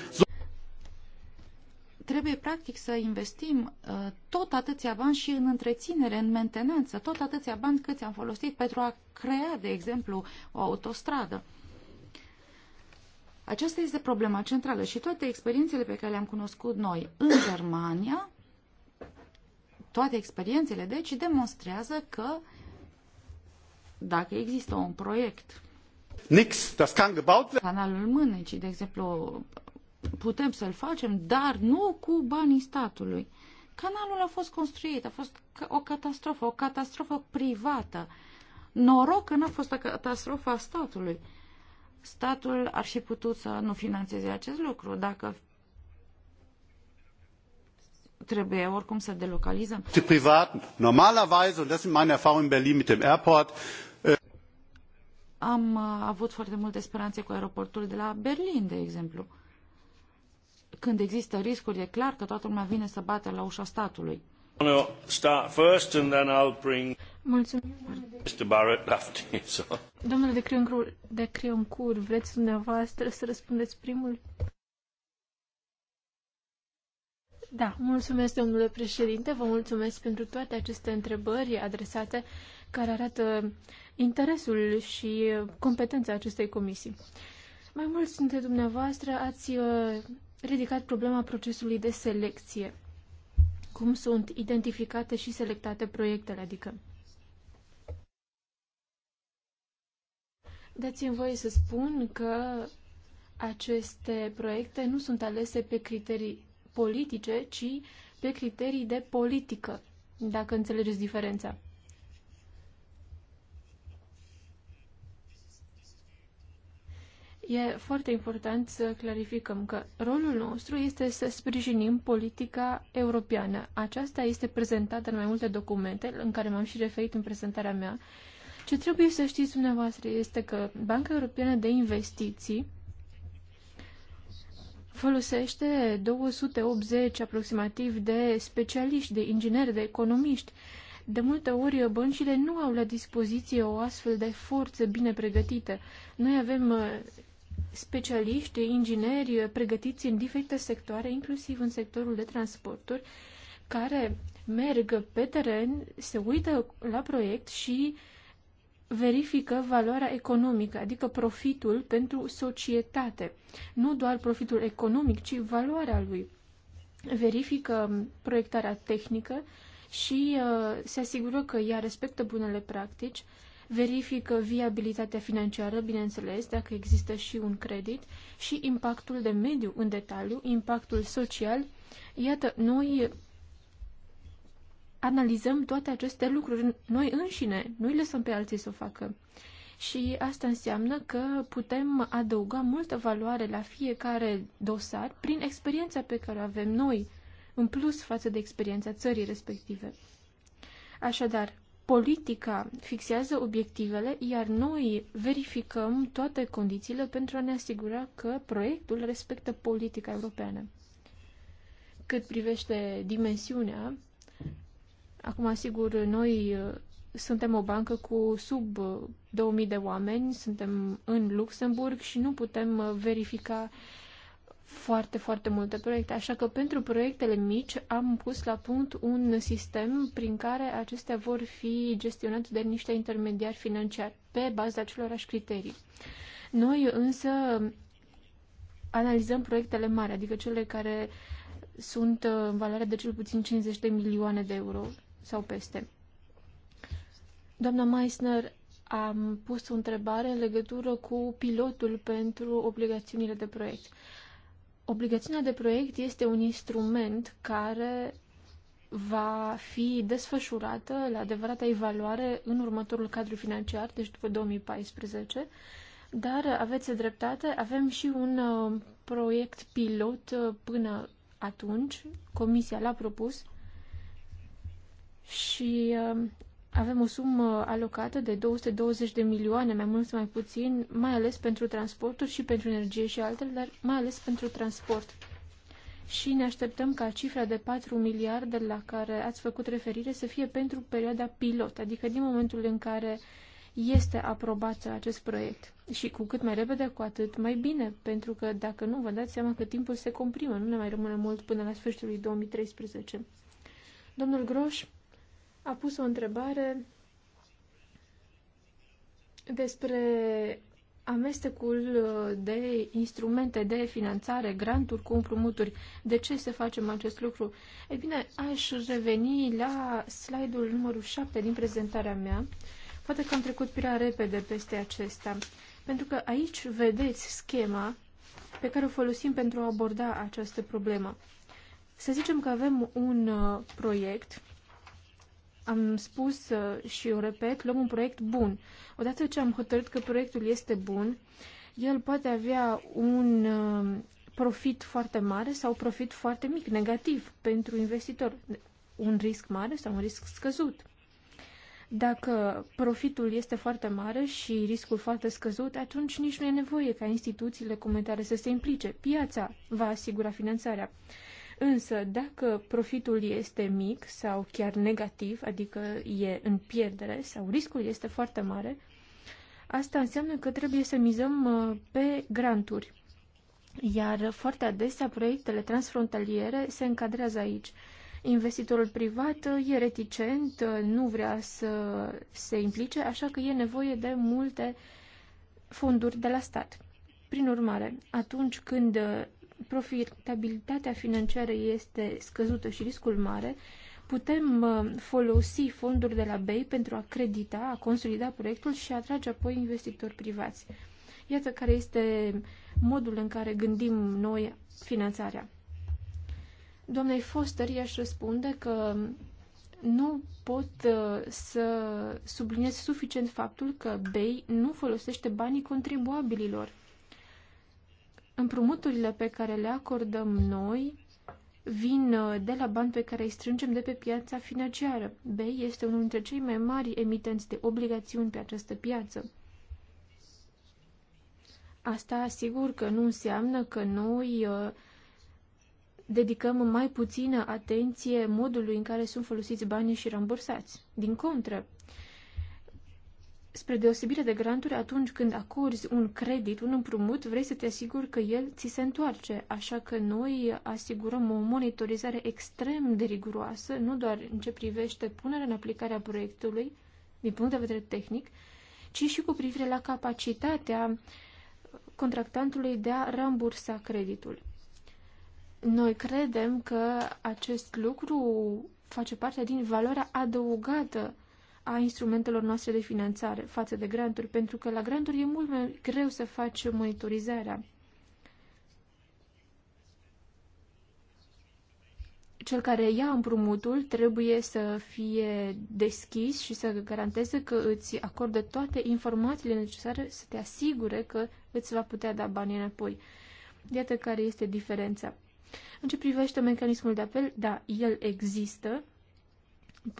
S4: Trebuie practic să investim uh, tot atâția bani și în întreținere, în mentenanță, tot atâția bani cât am folosit pentru a crea, de exemplu, o autostradă. Aceasta este problema centrală și toate experiențele pe care le-am cunoscut noi în Germania, toate experiențele, deci, demonstrează că uh, dacă există un proiect. Nix, das kann gebaut werden. Canalul Mânecii, de exemplu, putem să-l facem, dar nu cu banii statului. Canalul a fost construit, a fost o catastrofă, o catastrofă privată. Noroc că n-a fost o catastrofă a statului. Statul ar fi putut să nu financeze acest lucru dacă trebuie oricum să delocalizăm. Privat, normalerweise, und das sind meine Erfahrungen in Berlin mit dem Airport, am uh, avut foarte multe speranțe cu aeroportul de la Berlin, de exemplu. Când există riscuri, e clar că toată lumea vine să bate la ușa statului.
S1: Mulțumim. Domnule de Crioncur, de Crioncur, vreți dumneavoastră să răspundeți primul? Da, mulțumesc, domnule președinte, vă mulțumesc pentru toate aceste întrebări adresate care arată interesul și competența acestei comisii. Mai mulți dintre dumneavoastră ați uh, ridicat problema procesului de selecție. Cum sunt identificate și selectate proiectele, adică Dați-mi voie să spun că aceste proiecte nu sunt alese pe criterii politice, ci pe criterii de politică, dacă înțelegeți diferența. E foarte important să clarificăm că rolul nostru este să sprijinim politica europeană. Aceasta este prezentată în mai multe documente, în care m-am și referit în prezentarea mea. Ce trebuie să știți dumneavoastră este că Banca Europeană de Investiții folosește 280 aproximativ de specialiști, de ingineri, de economiști. De multe ori, băncile nu au la dispoziție o astfel de forță bine pregătită. Noi avem specialiști, ingineri eh, pregătiți în diferite sectoare, inclusiv în sectorul de transporturi, care merg pe teren, se uită la proiect și verifică valoarea economică, adică profitul pentru societate. Nu doar profitul economic, ci valoarea lui. Verifică proiectarea tehnică și uh, se asigură că ea respectă bunele practici verifică viabilitatea financiară, bineînțeles, dacă există și un credit, și impactul de mediu în detaliu, impactul social. Iată, noi analizăm toate aceste lucruri noi înșine, nu îi lăsăm pe alții să o facă. Și asta înseamnă că putem adăuga multă valoare la fiecare dosar prin experiența pe care o avem noi, în plus față de experiența țării respective. Așadar, Politica fixează obiectivele, iar noi verificăm toate condițiile pentru a ne asigura că proiectul respectă politica europeană. Cât privește dimensiunea, acum asigur noi uh, suntem o bancă cu sub 2000 uh, de oameni, suntem în Luxemburg și nu putem uh, verifica uh, foarte, foarte multe proiecte. Așa că pentru proiectele mici am pus la punct un sistem prin care acestea vor fi gestionate de niște intermediari financiari pe baza acelorași criterii. Noi însă analizăm proiectele mari, adică cele care sunt în valoare de cel puțin 50 de milioane de euro sau peste. Doamna Meissner, am pus o întrebare în legătură cu pilotul pentru obligațiunile de proiect. Obligațiunea de proiect este un instrument care va fi desfășurată la adevărata evaluare în următorul cadru financiar, deci după 2014, dar aveți dreptate, avem și un uh, proiect pilot uh, până atunci, Comisia l-a propus și uh, avem o sumă alocată de 220 de milioane, mai mult sau mai puțin, mai ales pentru transporturi și pentru energie și altele, dar mai ales pentru transport. Și ne așteptăm ca cifra de 4 miliarde la care ați făcut referire să fie pentru perioada pilot, adică din momentul în care este aprobat acest proiect. Și cu cât mai repede, cu atât mai bine, pentru că dacă nu, vă dați seama că timpul se comprimă, nu ne mai rămâne mult până la sfârșitul lui 2013. Domnul Groș, a pus o întrebare despre amestecul uh, de instrumente de finanțare, granturi cu împrumuturi. De ce se facem acest lucru? Ei bine, aș reveni la slide-ul numărul 7 din prezentarea mea. Poate că am trecut prea repede peste acesta, pentru că aici vedeți schema pe care o folosim pentru a aborda această problemă. Să zicem că avem un uh, proiect am spus uh, și eu repet, luăm un proiect bun. Odată ce am hotărât că proiectul este bun, el poate avea un uh, profit foarte mare sau profit foarte mic, negativ pentru investitor. Un risc mare sau un risc scăzut. Dacă profitul este foarte mare și riscul foarte scăzut, atunci nici nu e nevoie ca instituțiile comentare să se implice. Piața va asigura finanțarea. Însă, dacă profitul este mic sau chiar negativ, adică e în pierdere sau riscul este foarte mare, asta înseamnă că trebuie să mizăm uh, pe granturi. Iar foarte adesea proiectele transfrontaliere se încadrează aici. Investitorul privat uh, e reticent, uh, nu vrea să se implice, așa că e nevoie de multe fonduri de la stat. Prin urmare, atunci când profitabilitatea financiară este scăzută și riscul mare, putem uh, folosi fonduri de la BEI pentru a credita, a consolida proiectul și a atrage apoi investitori privați. Iată care este modul în care gândim noi finanțarea. Doamnei Foster i-aș răspunde că nu pot uh, să subliniez suficient faptul că BEI nu folosește banii contribuabililor împrumuturile pe care le acordăm noi vin uh, de la bani pe care îi strângem de pe piața financiară. B este unul dintre cei mai mari emitenți de obligațiuni pe această piață. Asta asigur că nu înseamnă că noi uh, dedicăm mai puțină atenție modului în care sunt folosiți banii și rambursați. Din contră, spre deosebire de granturi, atunci când acorzi un credit, un împrumut, vrei să te asiguri că el ți se întoarce. Așa că noi asigurăm o monitorizare extrem de riguroasă, nu doar în ce privește punerea în aplicare a proiectului, din punct de vedere tehnic, ci și cu privire la capacitatea contractantului de a rambursa creditul. Noi credem că acest lucru face parte din valoarea adăugată a instrumentelor noastre de finanțare față de granturi, pentru că la granturi e mult mai greu să faci monitorizarea. Cel care ia împrumutul trebuie să fie deschis și să garanteze că îți acordă toate informațiile necesare să te asigure că îți va putea da banii înapoi. Iată care este diferența. În ce privește mecanismul de apel, da, el există,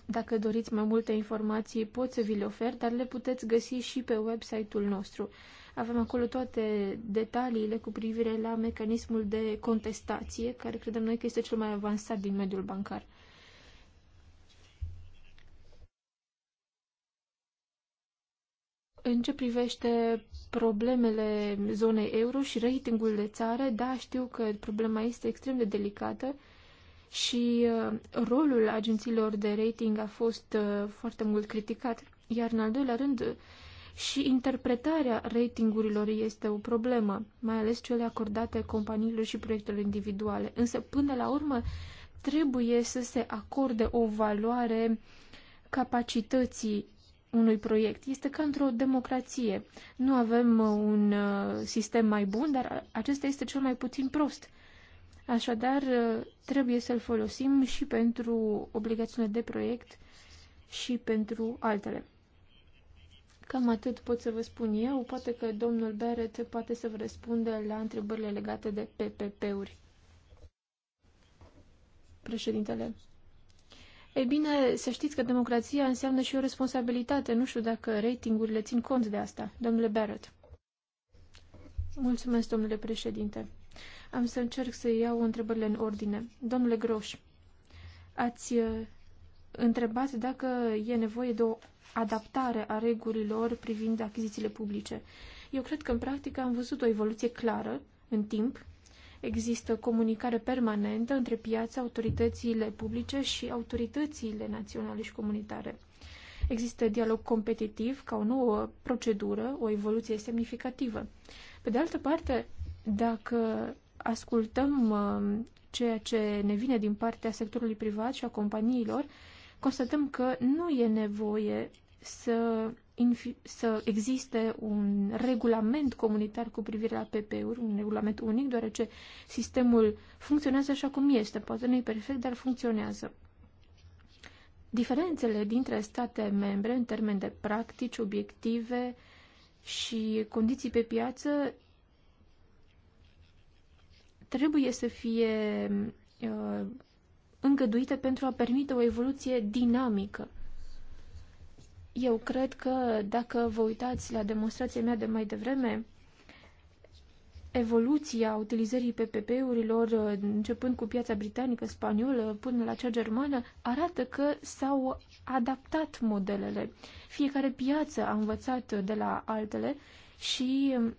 S1: dacă doriți mai multe informații, pot să vi le ofer, dar le puteți găsi și pe website-ul nostru. Avem acolo toate detaliile cu privire la mecanismul de contestație, care credem noi că este cel mai avansat din mediul bancar. În ce privește problemele zonei euro și ratingul de țară, da, știu că problema este extrem de delicată și uh, rolul agențiilor de rating a fost uh, foarte mult criticat, iar în al doilea rând și interpretarea ratingurilor este o problemă, mai ales cele acordate companiilor și proiectelor individuale. Însă, până la urmă, trebuie să se acorde o valoare capacității unui proiect. Este ca într-o democrație. Nu avem uh, un sistem mai bun, dar acesta este cel mai puțin prost. Așadar, trebuie să-l folosim și pentru obligațiunile de proiect și pentru altele. Cam atât pot să vă spun eu. Poate că domnul Beret poate să vă răspundă la întrebările legate de PPP-uri. Președintele. Ei bine, să știți că democrația înseamnă și o responsabilitate. Nu știu dacă ratingurile țin cont de asta. Domnule Barrett. Mulțumesc, domnule președinte. Am să încerc să iau întrebările în ordine. Domnule Groș, ați uh, întrebat dacă e nevoie de o adaptare a regulilor privind achizițiile publice. Eu cred că în practică am văzut o evoluție clară în timp. Există comunicare permanentă între piața, autoritățile publice și autoritățile naționale și comunitare. Există dialog competitiv ca o nouă procedură, o evoluție semnificativă. Pe de altă parte, dacă ascultăm um, ceea ce ne vine din partea sectorului privat și a companiilor, constatăm că nu e nevoie să, să existe un regulament comunitar cu privire la PP-uri, un regulament unic, deoarece sistemul funcționează așa cum este. Poate nu e perfect, dar funcționează. Diferențele dintre state membre în termen de practici, obiective și condiții pe piață trebuie să fie uh, îngăduite pentru a permite o evoluție dinamică. Eu cred că dacă vă uitați la demonstrația mea de mai devreme, evoluția utilizării PPP-urilor, uh, începând cu piața britanică, spaniolă, până la cea germană, arată că s-au adaptat modelele. Fiecare piață a învățat de la altele și um,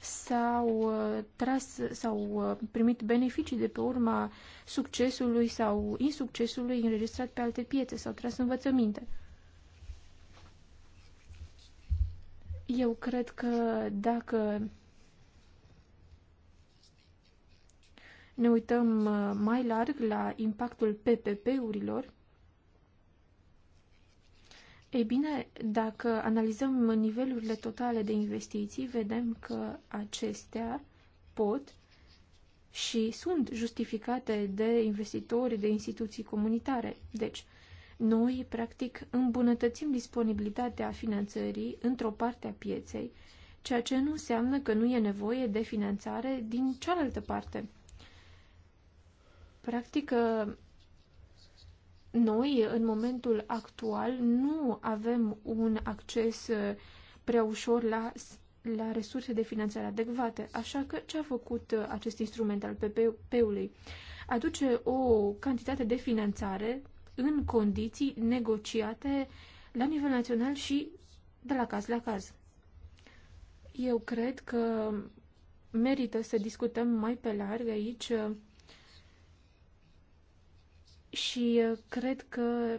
S1: s-au uh, tras, s-au uh, primit beneficii de pe urma succesului sau insuccesului înregistrat pe alte piețe, s-au tras învățăminte. Eu cred că dacă ne uităm uh, mai larg la impactul PPP-urilor, ei bine, dacă analizăm nivelurile totale de investiții, vedem că acestea pot și sunt justificate de investitori, de instituții comunitare. Deci, noi, practic, îmbunătățim disponibilitatea finanțării într-o parte a pieței, ceea ce nu înseamnă că nu e nevoie de finanțare din cealaltă parte. Practic, noi, în momentul actual, nu avem un acces uh, prea ușor la, la resurse de finanțare adecvate, așa că ce a făcut uh, acest instrument al PPP-ului? Aduce o cantitate de finanțare în condiții negociate la nivel național și de la caz la caz. Eu cred că merită să discutăm mai pe larg aici uh, și uh, cred că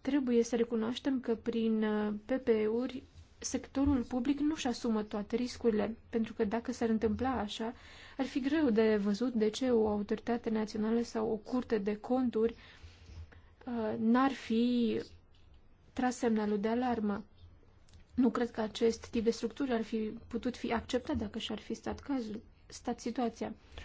S1: trebuie să recunoaștem că prin uh, PPE-uri sectorul public nu-și asumă toate riscurile, pentru că dacă s-ar întâmpla așa, ar fi greu de văzut de ce o autoritate națională sau o curte de conturi uh, n-ar fi tras semnalul de alarmă. Nu cred că acest tip de structuri ar fi putut fi acceptat dacă și-ar fi stat cazul, stat situația. Uh,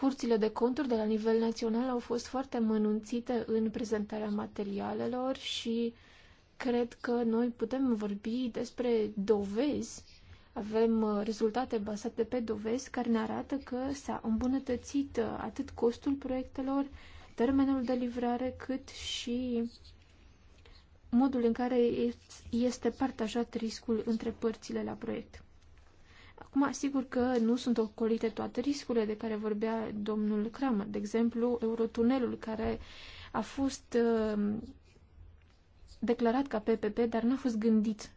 S1: Curțile de conturi de la nivel național au fost foarte mănunțite în prezentarea materialelor și cred că noi putem vorbi despre dovezi. Avem uh, rezultate bazate pe dovezi care ne arată că s-a îmbunătățit uh, atât costul proiectelor, termenul de livrare, cât și modul în care este partajat riscul între părțile la proiect. Acum, sigur că nu sunt ocolite toate riscurile de care vorbea domnul Kramer. De exemplu, Eurotunelul, care a fost uh, declarat ca PPP, dar n-a fost gândit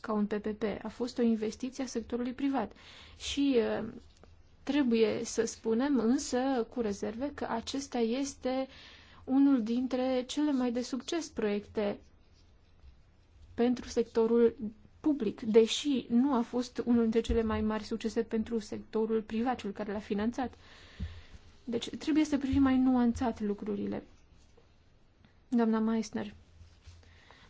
S1: ca un PPP. A fost o investiție a sectorului privat. Și uh, trebuie să spunem, însă, cu rezerve, că acesta este unul dintre cele mai de succes proiecte pentru sectorul public, deși nu a fost unul dintre cele mai mari succese pentru sectorul privat, cel care l-a finanțat. Deci trebuie să privim mai nuanțat lucrurile. Doamna Meissner,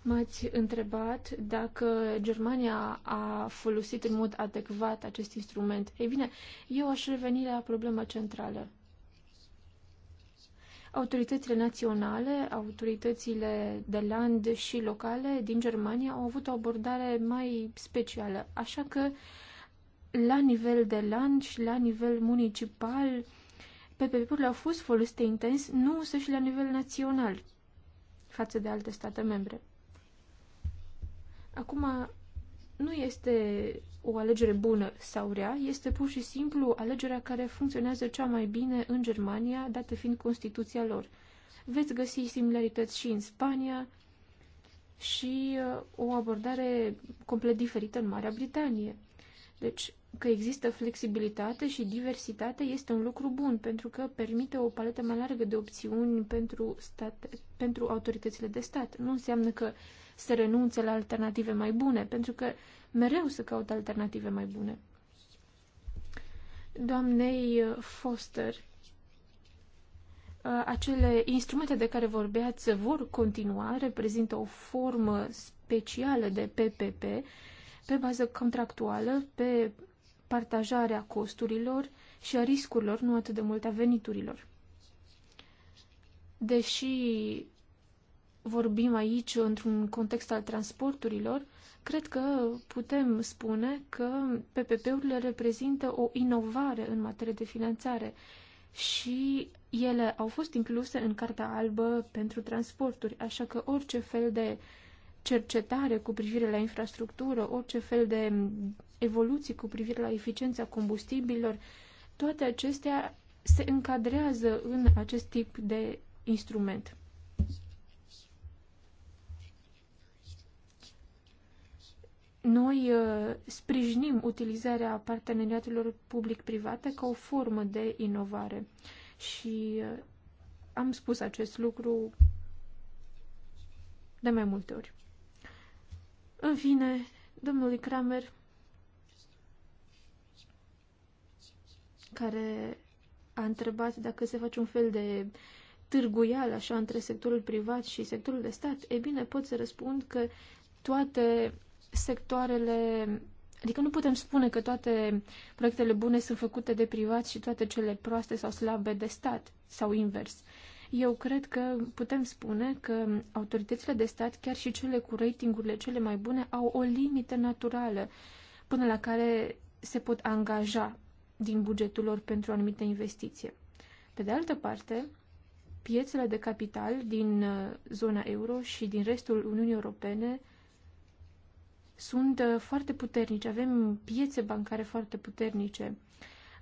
S1: m-ați întrebat dacă Germania a folosit în mod adecvat acest instrument. Ei bine, eu aș reveni la problema centrală. Autoritățile naționale, autoritățile de land și locale din Germania au avut o abordare mai specială, așa că la nivel de land și la nivel municipal PPP-urile au fost folosite intens, nu însă și la nivel național față de alte state membre. Acum, nu este o alegere bună sau rea, este pur și simplu alegerea care funcționează cea mai bine în Germania, dată fiind Constituția lor. Veți găsi similarități și în Spania și uh, o abordare complet diferită în Marea Britanie. Deci, că există flexibilitate și diversitate este un lucru bun, pentru că permite o paletă mai largă de opțiuni pentru, state, pentru autoritățile de stat. Nu înseamnă că se renunță la alternative mai bune, pentru că mereu să caut alternative mai bune. Doamnei Foster, acele instrumente de care vorbeați vor continua, reprezintă o formă specială de PPP pe bază contractuală, pe partajarea costurilor și a riscurilor, nu atât de mult a veniturilor. Deși vorbim aici într-un context al transporturilor, Cred că putem spune că PPP-urile reprezintă o inovare în materie de finanțare și ele au fost incluse în Carta Albă pentru transporturi, așa că orice fel de cercetare cu privire la infrastructură, orice fel de evoluții cu privire la eficiența combustibililor, toate acestea se încadrează în acest tip de instrument. Noi uh, sprijinim utilizarea parteneriatelor public-private ca o formă de inovare și uh, am spus acest lucru de mai multe ori. În fine, domnului Kramer, care a întrebat dacă se face un fel de târguială așa între sectorul privat și sectorul de stat, e bine, pot să răspund că toate sectoarele, adică nu putem spune că toate proiectele bune sunt făcute de privat și toate cele proaste sau slabe de stat sau invers. Eu cred că putem spune că autoritățile de stat, chiar și cele cu ratingurile cele mai bune, au o limită naturală până la care se pot angaja din bugetul lor pentru o anumită investiție. Pe de altă parte, piețele de capital din uh, zona euro și din restul Uniunii Europene sunt uh, foarte puternice. Avem piețe bancare foarte puternice.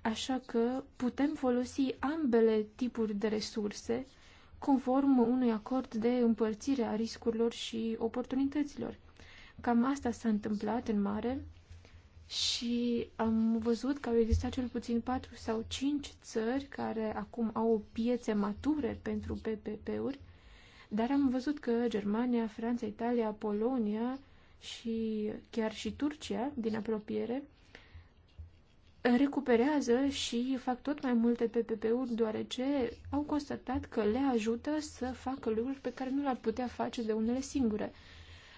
S1: Așa că putem folosi ambele tipuri de resurse conform unui acord de împărțire a riscurilor și oportunităților. Cam asta s-a întâmplat în mare și am văzut că au existat cel puțin 4 sau 5 țări care acum au piețe mature pentru PPP-uri, dar am văzut că Germania, Franța, Italia, Polonia și chiar și Turcia, din apropiere, recuperează și fac tot mai multe PPP-uri, deoarece au constatat că le ajută să facă lucruri pe care nu le-ar putea face de unele singure.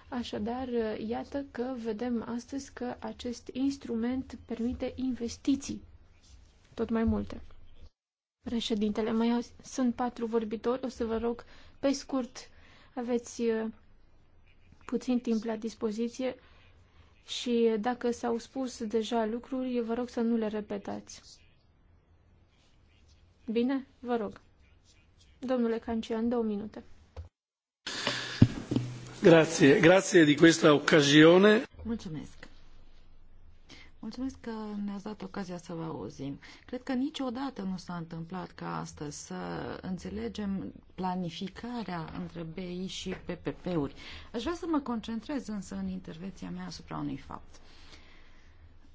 S1: Așadar, iată că vedem astăzi că acest instrument permite investiții tot mai multe. Președintele, mai sunt patru vorbitori, o să vă rog pe scurt, aveți puțin timp la dispoziție și dacă s-au spus deja lucruri, vă rog să nu le repetați. Bine? Vă rog. Domnule Cancian, două minute.
S2: Grazie, grazie di questa occasione.
S4: Mulțumesc. Mulțumesc că ne-ați dat ocazia să vă auzim. Cred că niciodată nu s-a întâmplat ca astăzi să înțelegem planificarea între BI și PPP-uri. Aș vrea să mă concentrez însă în intervenția mea asupra unui fapt.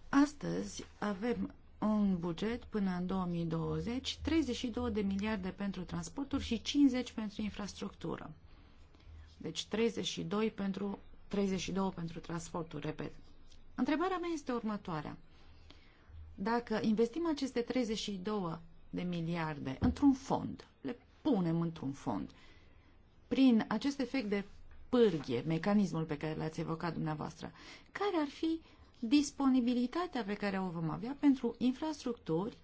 S4: Astăzi avem un buget până în 2020, 32 de miliarde pentru transporturi și 50 pentru infrastructură. Deci 32 pentru 32 pentru transporturi, repet. Întrebarea mea este următoarea. Dacă investim aceste 32 de miliarde într-un fond, le punem într-un fond, prin acest efect de pârghie, mecanismul pe care l-ați evocat dumneavoastră, care ar fi disponibilitatea pe care o vom avea pentru infrastructuri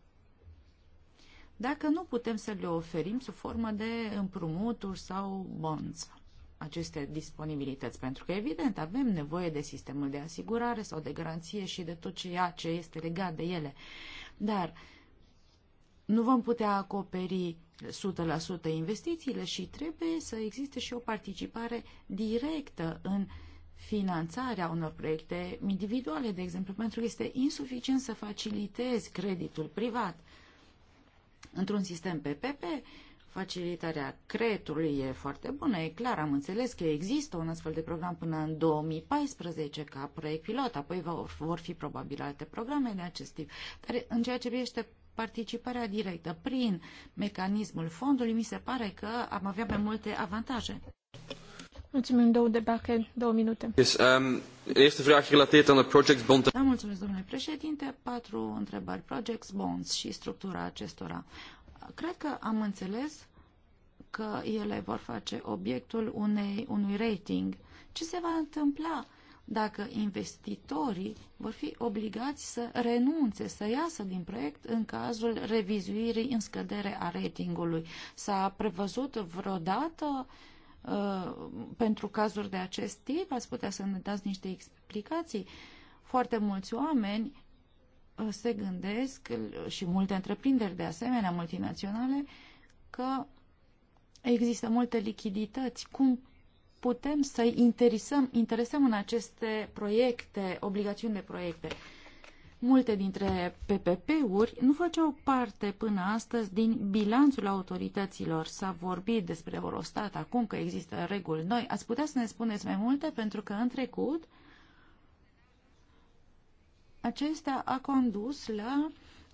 S4: dacă nu putem să le oferim sub formă de împrumuturi sau bonds aceste disponibilități, pentru că, evident, avem nevoie de sistemul de asigurare sau de garanție și de tot ceea ce este legat de ele. Dar nu vom putea acoperi 100% investițiile și trebuie să existe și o participare directă în finanțarea unor proiecte individuale, de exemplu, pentru că este insuficient să facilitezi creditul privat. Într-un sistem PPP, Facilitarea cretului e foarte bună, e clar, am înțeles că există un astfel de program până în 2014 ca proiect pilot, apoi vor fi probabil alte programe de acest tip. Dar în ceea ce privește participarea directă prin mecanismul fondului, mi se pare că am avea mai multe avantaje. Mulțumim, două de bache, două minute. Yes, um, eerste vraag Project Bonds. Da, mulțumesc, domnule președinte. Patru întrebări. Project Bonds și structura acestora. Cred că am înțeles că ele vor face obiectul unei, unui rating. Ce se va întâmpla dacă investitorii vor fi obligați să renunțe, să iasă din proiect în cazul revizuirii în scădere a ratingului? S-a prevăzut vreodată uh, pentru cazuri de acest tip? Ați putea să ne dați niște explicații? Foarte mulți oameni se gândesc și multe întreprinderi de asemenea multinaționale că există multe lichidități. Cum putem să interesăm, interesăm în aceste proiecte, obligațiuni de proiecte? Multe dintre PPP-uri nu făceau parte până astăzi din bilanțul autorităților. S-a vorbit despre Eurostat acum că există reguli noi. Ați putea să ne spuneți mai multe pentru că în trecut uh, acesta a condus la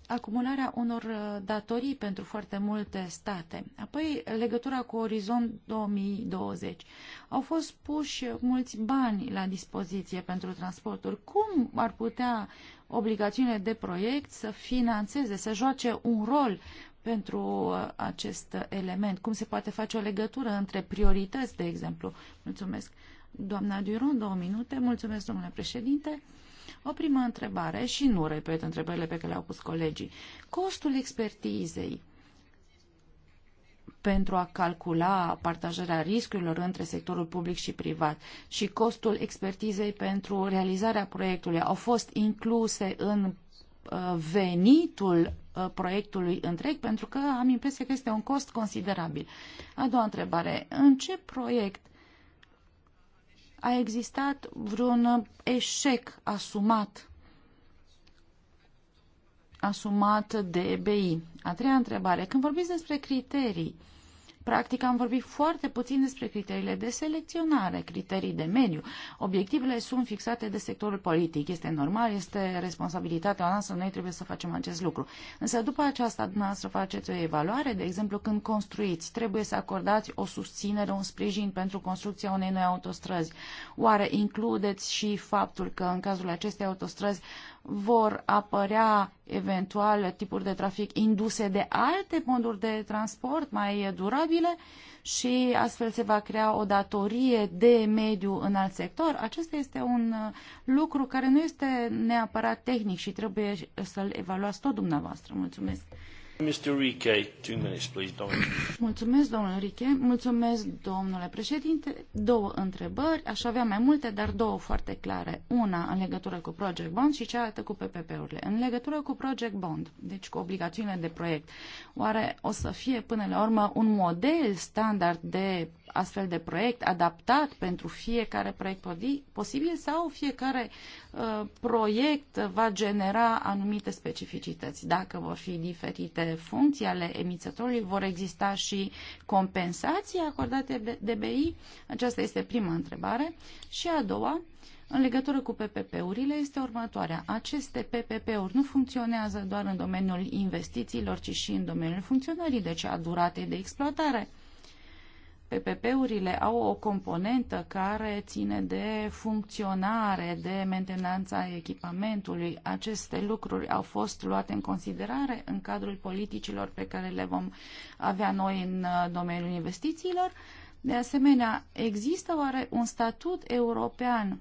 S4: acumularea unor uh, datorii pentru foarte multe state. Apoi, legătura cu Orizont 2020. Au fost puși mulți bani la dispoziție pentru transporturi. Cum ar putea obligațiunile de proiect să financeze, să joace un rol pentru uh, acest element? Cum se poate face o legătură între priorități, de exemplu? Mulțumesc. Doamna Duron, două minute. Mulțumesc, domnule președinte. O primă întrebare, și nu repet întrebările pe care le-au pus colegii. Costul expertizei pentru a calcula partajarea riscurilor între sectorul public și privat și costul expertizei pentru realizarea proiectului au fost incluse în uh, venitul uh, proiectului întreg, pentru că am impresia că este un cost considerabil. A doua întrebare, în ce proiect a existat vreun eșec asumat asumat de BI. A treia întrebare. Când vorbiți despre criterii, practic am vorbit foarte puțin despre criteriile de selecționare, criterii de mediu. Obiectivele sunt fixate de sectorul politic. Este normal, este responsabilitatea noastră, noi trebuie să facem acest lucru. Însă după aceasta dumneavoastră faceți o evaluare, de exemplu când construiți, trebuie să acordați o susținere, un sprijin pentru construcția unei noi autostrăzi. Oare includeți și faptul că în cazul acestei autostrăzi vor apărea eventual tipuri de trafic induse de alte moduri de transport mai durabile și astfel se va crea o datorie de mediu în alt sector. Acesta este un lucru care nu este neapărat tehnic și trebuie să-l evaluați tot dumneavoastră.
S2: Mulțumesc! Mulțumesc,
S4: domnule Mulțumesc, domnule președinte. Două întrebări. Aș avea mai multe, dar două foarte clare. Una în legătură cu Project Bond și cealaltă cu PPP-urile. În legătură cu Project Bond, deci cu obligațiunile de proiect, oare o să fie până la urmă un model standard de astfel de proiect adaptat pentru fiecare proiect posibil sau fiecare uh, proiect va genera anumite specificități. Dacă vor fi diferite funcții ale emițătorului, vor exista și compensații acordate DBI? Aceasta este prima întrebare. Și a doua, în legătură cu PPP-urile este următoarea. Aceste PPP-uri nu funcționează doar în domeniul investițiilor, ci și în domeniul funcționării, deci a duratei de exploatare. PPP-urile au o componentă care ține de funcționare, de mentenanța echipamentului. Aceste lucruri au fost luate în considerare în cadrul politicilor pe care le vom avea noi în uh, domeniul investițiilor. De asemenea, există oare un statut european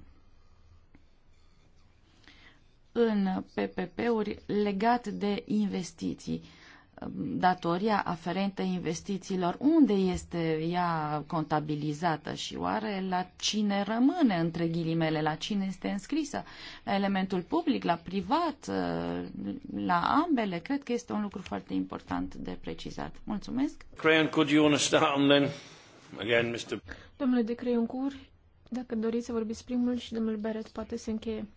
S4: în PPP-uri legat de investiții? datoria aferentă investițiilor, unde este ea contabilizată și oare la cine rămâne, între ghilimele, la cine este înscrisă, la elementul public, la privat, la ambele, cred că este un lucru foarte important de precizat.
S2: Mulțumesc. Crayon, could you start on then? Again, Mr.
S4: Domnule de Creioncur,
S1: dacă doriți să vorbiți primul și domnul Beret poate să încheie.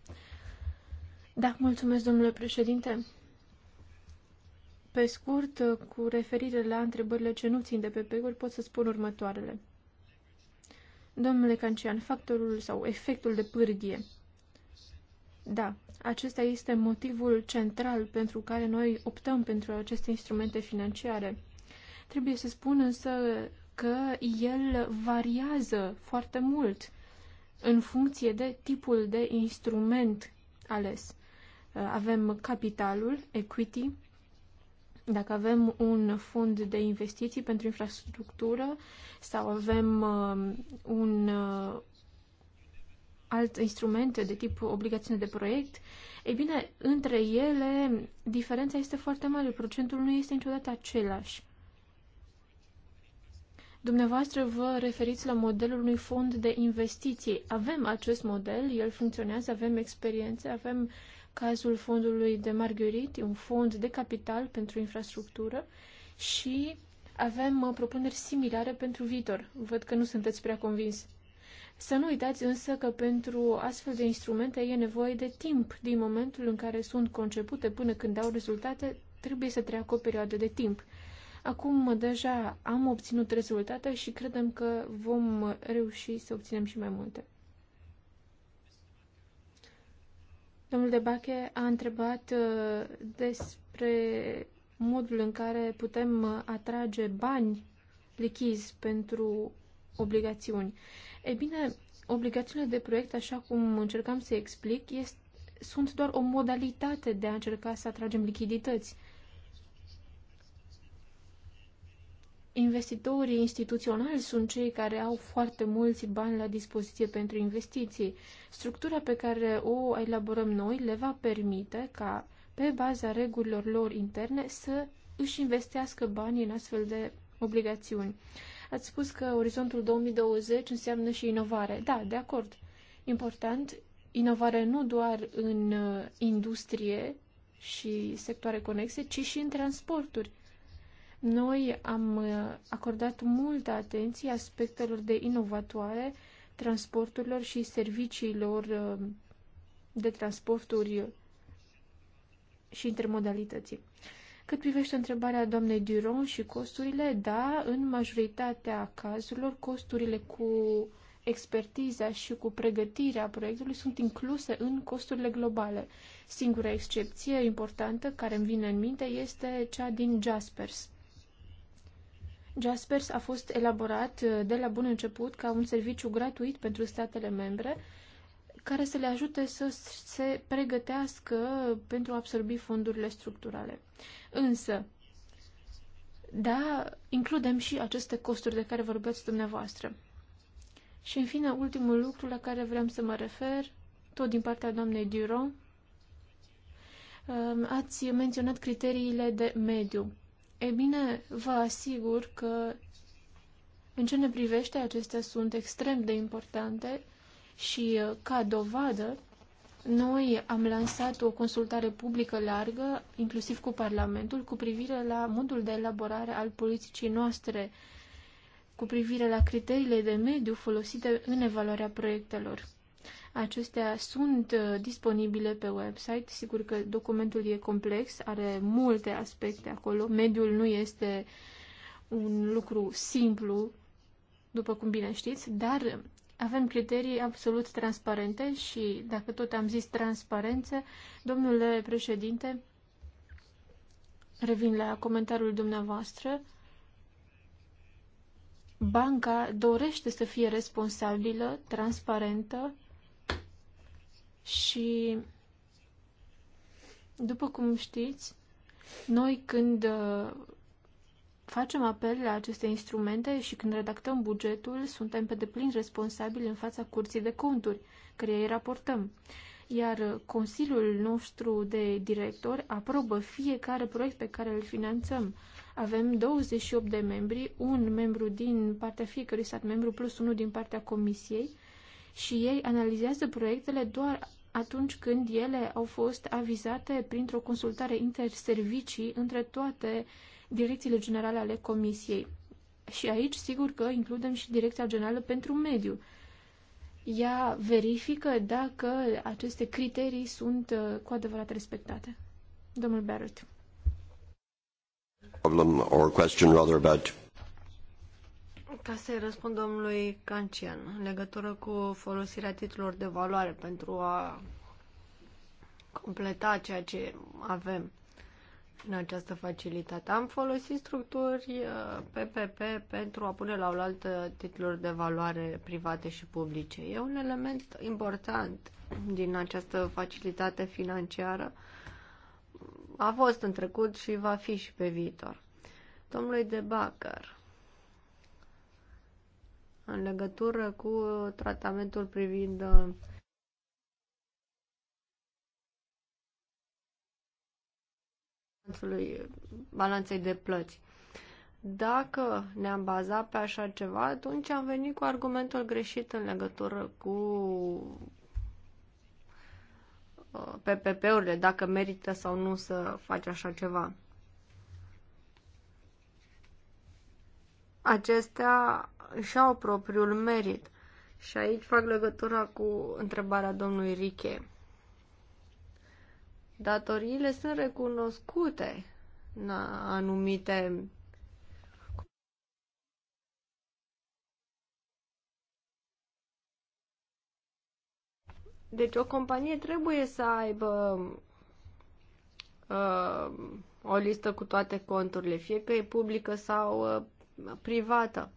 S1: Da, mulțumesc, domnule președinte. Pe scurt, cu referire la întrebările ce nu țin de pe uri pot să spun următoarele. Domnule Cancian, factorul sau efectul de pârghie. Da, acesta este motivul central pentru care noi optăm pentru aceste instrumente financiare. Trebuie să spun însă că el variază foarte mult în funcție de tipul de instrument ales. Avem capitalul, equity, dacă avem un fond de investiții pentru infrastructură sau avem uh, un uh, alt instrument de tip obligațiune de proiect, ei bine, între ele diferența este foarte mare, procentul nu este niciodată același. Dumneavoastră vă referiți la modelul unui fond de investiții. Avem acest model, el funcționează, avem experiențe, avem cazul fondului de Marguerite, un fond de capital pentru infrastructură și avem uh, propuneri similare pentru viitor. Văd că nu sunteți prea convins. Să nu uitați însă că pentru astfel de instrumente e nevoie de timp. Din momentul în care sunt concepute până când dau rezultate, trebuie să treacă o perioadă de timp. Acum uh, deja am obținut rezultate și credem că vom uh, reuși să obținem și mai multe. Domnul Bache a întrebat uh, despre modul în care putem uh, atrage bani lichizi pentru obligațiuni. Ei bine, obligațiile de proiect, așa cum încercam să explic, este, sunt doar o modalitate de a încerca să atragem lichidități. Investitorii instituționali sunt cei care au foarte mulți bani la dispoziție pentru investiții. Structura pe care o elaborăm noi le va permite ca, pe baza regulilor lor interne, să își investească banii în astfel de obligațiuni. Ați spus că orizontul 2020 înseamnă și inovare. Da, de acord. Important, inovare nu doar în uh, industrie și sectoare conexe, ci și în transporturi. Noi am uh, acordat multă atenție aspectelor de inovatoare, transporturilor și serviciilor uh, de transporturi și intermodalității. Cât privește întrebarea doamnei Duron și costurile, da, în majoritatea cazurilor, costurile cu expertiza și cu pregătirea proiectului sunt incluse în costurile globale. Singura excepție importantă care îmi vine în minte este cea din Jaspers. Jaspers a fost elaborat uh, de la bun început ca un serviciu gratuit pentru statele membre care să le ajute să se pregătească pentru a absorbi fondurile structurale. Însă, da, includem și aceste costuri de care vorbeați dumneavoastră. Și, în fine, ultimul lucru la care vreau să mă refer, tot din partea doamnei Duron, um, ați menționat criteriile de mediu. E bine, vă asigur că în ce ne privește acestea sunt extrem de importante și uh, ca dovadă noi am lansat o consultare publică largă, inclusiv cu Parlamentul, cu privire la modul de elaborare al politicii noastre, cu privire la criteriile de mediu folosite în evaluarea proiectelor. Acestea sunt uh, disponibile pe website. Sigur că documentul e complex, are multe aspecte acolo. Mediul nu este un lucru simplu, după cum bine știți, dar avem criterii absolut transparente și, dacă tot am zis transparență, domnule președinte, revin la comentariul dumneavoastră, banca dorește să fie responsabilă, transparentă și, după cum știți, noi când uh, facem apel la aceste instrumente și când redactăm bugetul, suntem pe deplin responsabili în fața curții de conturi, care îi raportăm. Iar uh, Consiliul nostru de directori aprobă fiecare proiect pe care îl finanțăm. Avem 28 de membri, un membru din partea fiecărui stat membru plus unul din partea Comisiei și ei analizează proiectele doar atunci când ele au fost avizate printr-o consultare interservicii între toate direcțiile generale ale Comisiei. Și aici, sigur că includem și Direcția Generală pentru Mediu. Ea verifică dacă aceste criterii sunt uh, cu adevărat respectate. Domnul Barrett.
S5: Problem or question rather about
S3: ca să-i răspund domnului Cancian, în legătură cu folosirea titlurilor de valoare pentru a completa ceea ce avem în această facilitate. Am folosit structuri PPP uh, pentru a pune la oaltă titluri de valoare private și publice. E un element important din această facilitate financiară. A fost în trecut și va fi și pe viitor. Domnului De Bacăr, în legătură cu tratamentul privind uh, balanței de plăți. Dacă ne-am bazat pe așa ceva, atunci am venit cu argumentul greșit în legătură cu uh, PPP-urile, dacă merită sau nu să faci așa ceva. Acestea își au propriul merit. Și aici fac legătura cu întrebarea domnului Riche. Datoriile sunt recunoscute în anumite Deci o companie trebuie să aibă uh, o listă cu toate conturile, fie că e publică sau uh, privată.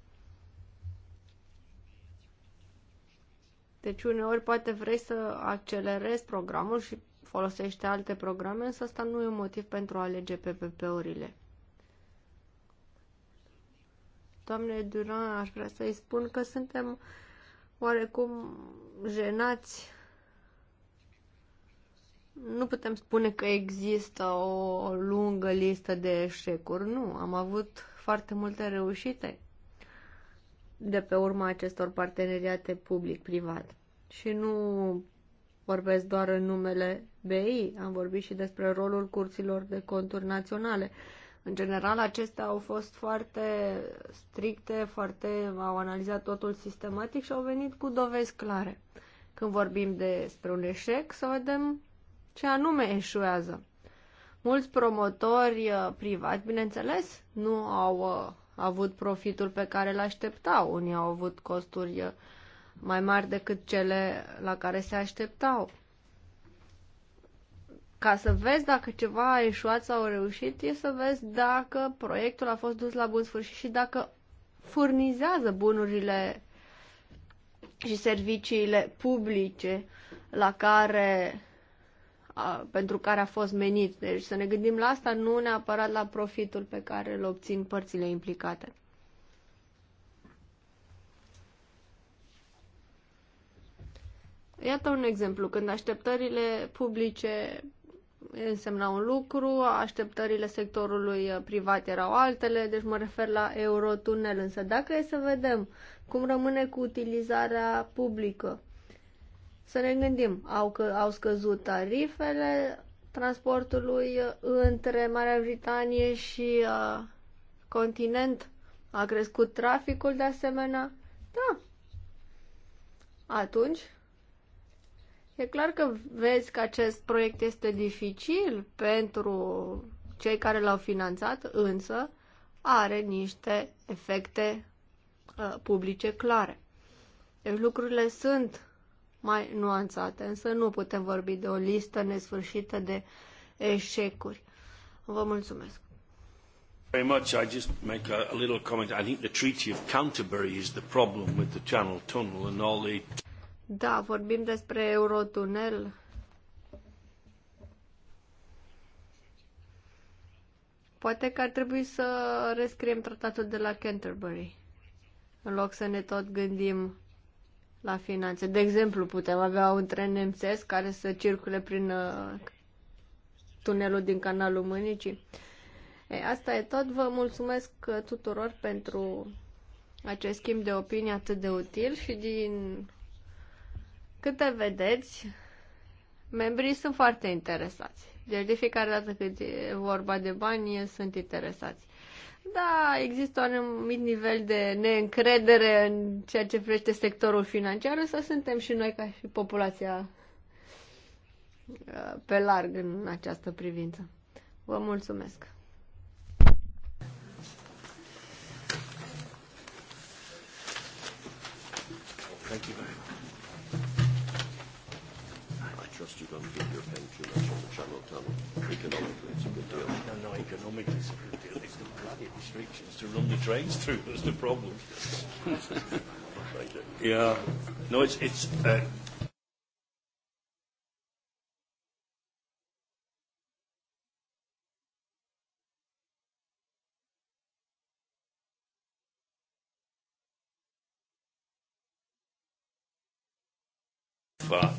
S3: Deci uneori poate vrei să accelerezi programul și folosești alte programe, însă asta nu e un motiv pentru a alege PPP-urile. Doamne Duran, aș vrea să-i spun că suntem oarecum jenați. Nu putem spune că există o lungă listă de eșecuri, nu. Am avut foarte multe reușite de pe urma acestor parteneriate public-privat. Și nu vorbesc doar în numele BI, am vorbit și despre rolul curților de conturi naționale. În general, acestea au fost foarte stricte, foarte au analizat totul sistematic și au venit cu dovezi clare. Când vorbim despre un eșec, să vedem ce anume eșuează. Mulți promotori uh, privați, bineînțeles, nu au uh, avut profitul pe care îl așteptau, unii au avut costuri eh, mai mari decât cele la care se așteptau. Ca să vezi dacă ceva a ieșuat sau a reușit, e să vezi dacă proiectul a fost dus la bun sfârșit și dacă furnizează bunurile și serviciile publice la care pentru care a fost menit. Deci să ne gândim la asta, nu neapărat la profitul pe care îl obțin părțile implicate. Iată un exemplu. Când așteptările publice însemna un lucru, așteptările sectorului privat erau altele, deci mă refer la Eurotunel. Însă dacă e să vedem cum rămâne cu utilizarea publică, să ne gândim, au, că, au scăzut tarifele transportului între Marea Britanie și uh, continent, a crescut traficul de asemenea. Da. Atunci, e clar că vezi că acest proiect este dificil pentru cei care l-au finanțat, însă are niște efecte uh, publice clare. Deci lucrurile sunt mai nuanțate, însă nu putem vorbi de o listă nesfârșită de eșecuri. Vă mulțumesc.
S2: Very much. I just make a, a little comment. I think the Treaty of Canterbury is the problem with the Channel Tunnel and all the...
S3: Da, vorbim despre Eurotunnel. Poate că ar trebui să rescriem tratatul de la Canterbury. În loc să ne tot gândim la finanțe. De exemplu, putem avea un tren nemțesc care să circule prin uh, tunelul din canalul Mânicii. E, asta e tot. Vă mulțumesc uh, tuturor pentru acest schimb de opinie atât de util și din câte vedeți, membrii sunt foarte interesați. Deci de fiecare dată când e vorba de bani, sunt interesați. Da, există un anumit nivel de neîncredere în ceea ce privește sectorul financiar, însă suntem și noi ca și populația uh, pe larg în această privință. Vă mulțumesc!
S5: Thank you very much. trust you don't put your pen too much on the Channel Tunnel. Economically,
S2: it's a good deal. No, no, economically it's a good deal. It's the bloody restrictions to run the trains through that's the problem. [laughs] Yeah. No, it's... it's uh, war.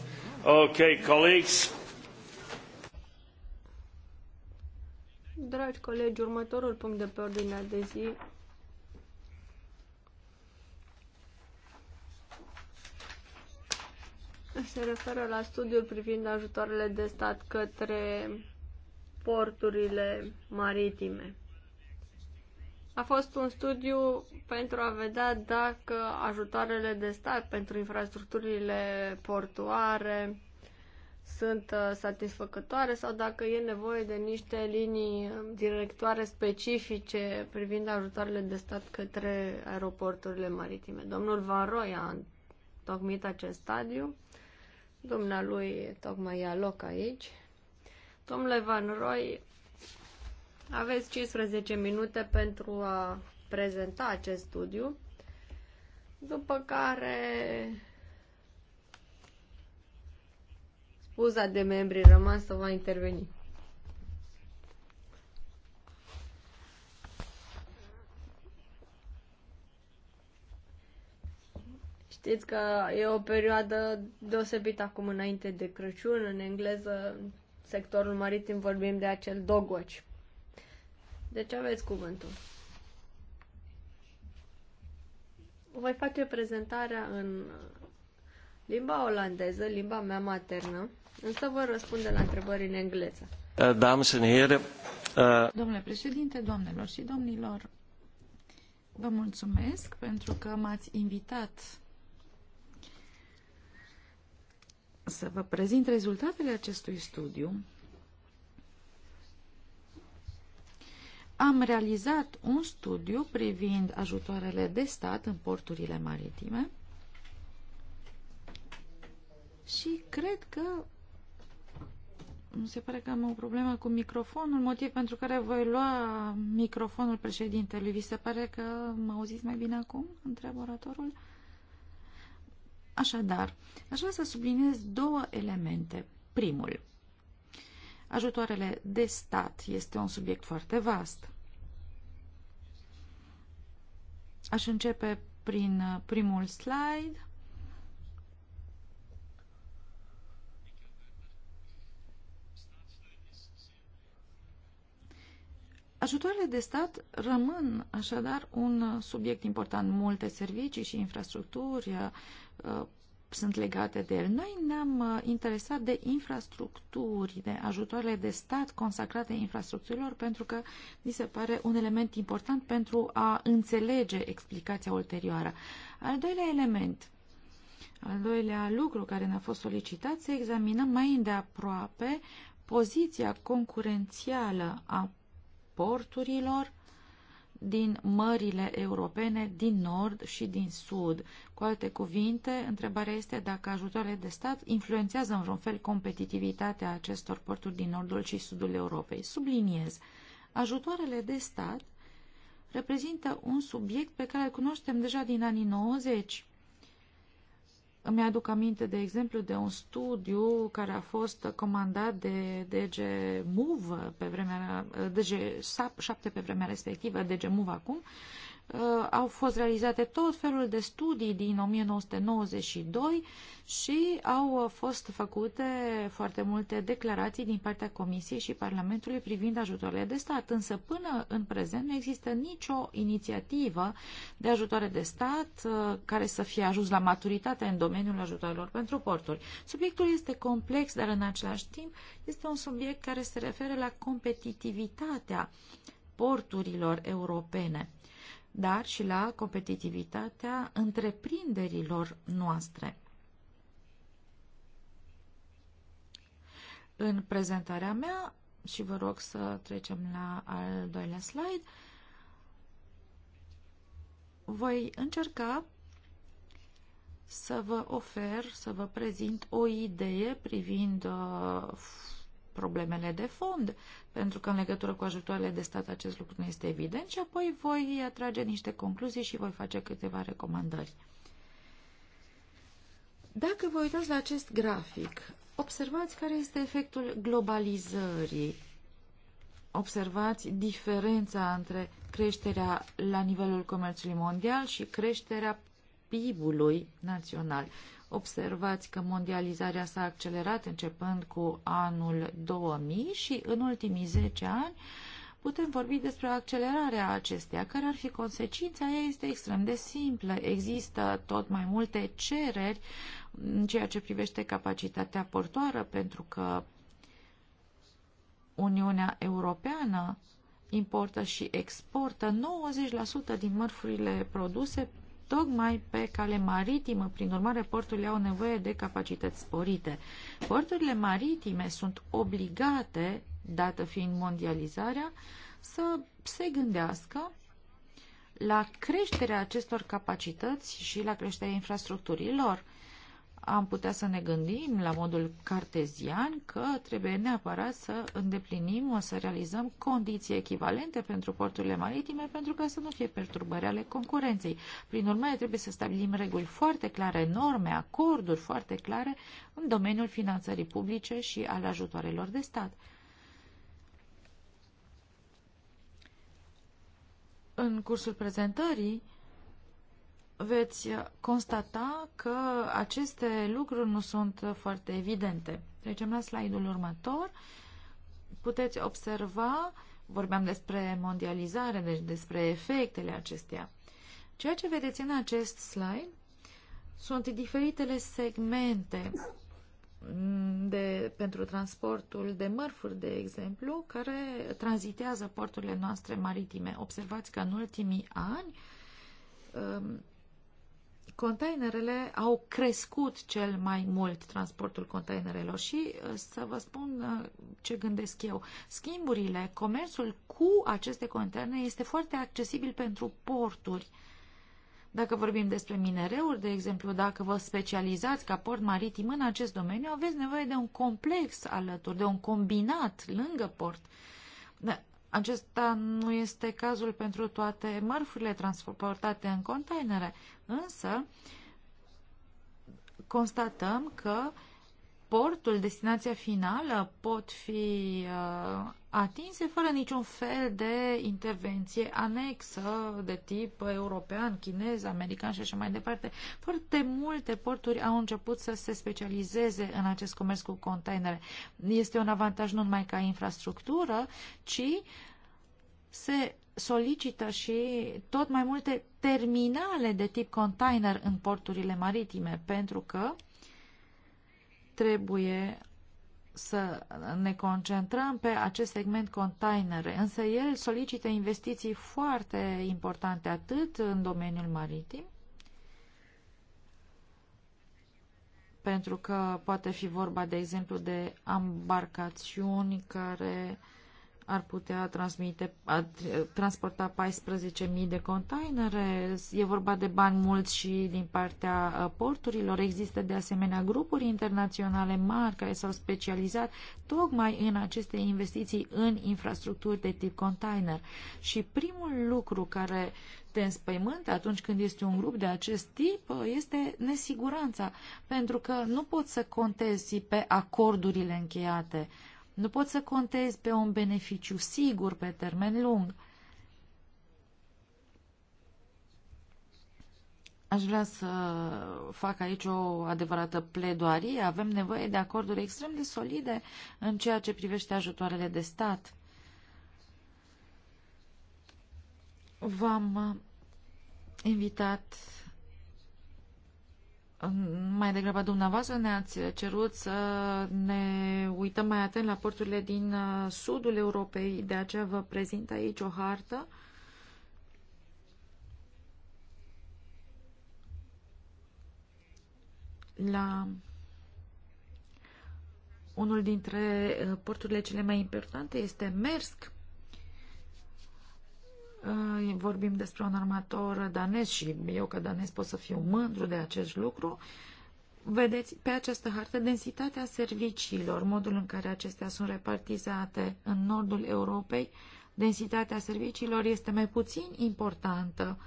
S2: Okay, colleagues.
S3: Dragi colegi, următorul punct de pe ordinea de zi se referă la studiul privind ajutoarele de stat către porturile maritime. A fost un studiu pentru a vedea dacă ajutoarele de stat pentru infrastructurile portuare sunt uh, satisfăcătoare sau dacă e nevoie de niște linii directoare specifice privind ajutoarele de stat către aeroporturile maritime. Domnul Van Roy a tocmit acest stadiu. Dumnealui tocmai ia loc aici. Domnule Van Roy, aveți 15 minute pentru a prezenta acest studiu, după care spuza de membri rămasă va interveni. Știți că e o perioadă deosebită acum înainte de Crăciun. În engleză, sectorul maritim, vorbim de acel dogoci, deci aveți cuvântul. Voi face prezentarea în limba olandeză, limba mea maternă, însă voi răspunde la întrebări în engleză.
S5: Eh, eh,
S4: Domnule președinte, doamnelor și domnilor, vă mulțumesc pentru că m-ați invitat să vă prezint rezultatele acestui studiu am realizat un studiu privind ajutoarele de stat în porturile maritime și cred că mi se pare că am o problemă cu microfonul, motiv pentru care voi lua microfonul președintelui. Vi se pare că mă auziți mai bine acum? Întreabă oratorul. Așadar, aș vrea să subliniez două elemente. Primul, ajutoarele de stat este un subiect foarte vast. Aș începe prin uh, primul slide. Ajutoarele de stat rămân așadar un subiect important. Multe servicii și infrastructuri uh, sunt legate de el. Noi ne-am uh, interesat de infrastructuri, de ajutoarele de stat consacrate infrastructurilor, pentru că mi se pare un element important pentru a înțelege explicația ulterioară. Al doilea element, al doilea lucru care ne-a fost solicitat, să examinăm mai îndeaproape poziția concurențială a porturilor, din mările europene din nord și din sud. Cu alte cuvinte, întrebarea este dacă ajutoarele de stat influențează în vreun fel competitivitatea acestor porturi din nordul și sudul Europei. Subliniez, ajutoarele de stat reprezintă un subiect pe care îl cunoaștem deja din anii 90 îmi aduc aminte, de exemplu, de un studiu care a fost comandat de DG Move pe vremea, DG SAP 7 pe vremea respectivă, DG Move acum, Uh, au fost realizate tot felul de studii din 1992 și au fost făcute foarte multe declarații din partea Comisiei și Parlamentului privind ajutoarele de stat, însă până în prezent nu există nicio inițiativă de ajutoare de stat uh, care să fie ajuns la maturitate în domeniul ajutoarelor pentru porturi. Subiectul este complex, dar în același timp este un subiect care se referă la competitivitatea porturilor europene dar și la competitivitatea întreprinderilor noastre. În prezentarea mea, și vă rog să trecem la al doilea slide, voi încerca să vă ofer, să vă prezint o idee privind uh, problemele de fond, pentru că în legătură cu ajutoarele de stat acest lucru nu este evident și apoi voi atrage niște concluzii și voi face câteva recomandări. Dacă vă uitați la acest grafic, observați care este efectul globalizării. Observați diferența între creșterea la nivelul comerțului mondial și creșterea PIB-ului național observați că mondializarea s-a accelerat începând cu anul 2000 și în ultimii 10 ani putem vorbi despre accelerarea acesteia. Care ar fi consecința? Ea este extrem de simplă. Există tot mai multe cereri în ceea ce privește capacitatea portoară, pentru că Uniunea Europeană importă și exportă 90% din mărfurile produse tocmai pe cale maritimă. Prin urmare, porturile au nevoie de capacități sporite. Porturile maritime sunt obligate, dată fiind mondializarea, să se gândească la creșterea acestor capacități și la creșterea infrastructurilor lor am putea să ne gândim la modul cartezian că trebuie neapărat să îndeplinim, să realizăm condiții echivalente pentru porturile maritime pentru ca să nu fie perturbări ale concurenței. Prin urmare, trebuie să stabilim reguli foarte clare, norme, acorduri foarte clare în domeniul finanțării publice și al ajutoarelor de stat. În cursul prezentării, veți constata că aceste lucruri nu sunt foarte evidente. Trecem la slide-ul următor. Puteți observa, vorbeam despre mondializare, deci despre efectele acesteia. Ceea ce vedeți în acest slide sunt diferitele segmente de, pentru transportul de mărfuri, de exemplu, care tranzitează porturile noastre maritime. Observați că în ultimii ani um, containerele au crescut cel mai mult transportul containerelor și uh, să vă spun uh, ce gândesc eu. Schimburile, comerțul cu aceste containere este foarte accesibil pentru porturi. Dacă vorbim despre minereuri, de exemplu, dacă vă specializați ca port maritim în acest domeniu, aveți nevoie de un complex alături, de un combinat lângă port. Da, acesta nu este cazul pentru toate mărfurile transportate în containere, însă constatăm că uh, portul, destinația finală pot fi uh, atinse fără niciun fel de intervenție anexă de tip european, chinez, american și așa mai departe. Foarte multe porturi au început să se specializeze în acest comerț cu containere. Este un avantaj nu numai ca infrastructură, ci se solicită și tot mai multe terminale de tip container în porturile maritime, pentru că trebuie să ne concentrăm pe acest segment containere, însă el solicită investiții foarte importante atât în domeniul maritim, pentru că poate fi vorba, de exemplu, de embarcațiuni care uh, ar putea transmite, a, transporta 14.000 de containere, e vorba de bani mulți și din partea uh, porturilor. Există de asemenea grupuri internaționale mari care s-au specializat tocmai în aceste investiții în infrastructuri de tip container. Și primul lucru care te înspăimântă atunci când este un grup de acest tip uh, este nesiguranța, pentru că nu poți să contezi pe acordurile încheiate nu poți să contezi pe un beneficiu sigur pe termen lung. Aș vrea să fac aici o adevărată pledoarie. Avem nevoie de acorduri extrem de solide în ceea ce privește ajutoarele de stat. V-am invitat mai degrabă dumneavoastră ne-ați cerut să ne uităm mai atent la porturile din uh, sudul Europei, de aceea vă prezint aici o hartă. La unul dintre uh, porturile cele mai importante este Mersk, Uh, vorbim despre un armator danez și eu ca danez pot să fiu mândru de acest lucru, vedeți pe această hartă densitatea serviciilor, modul în care acestea sunt repartizate în nordul Europei, densitatea serviciilor este mai puțin importantă.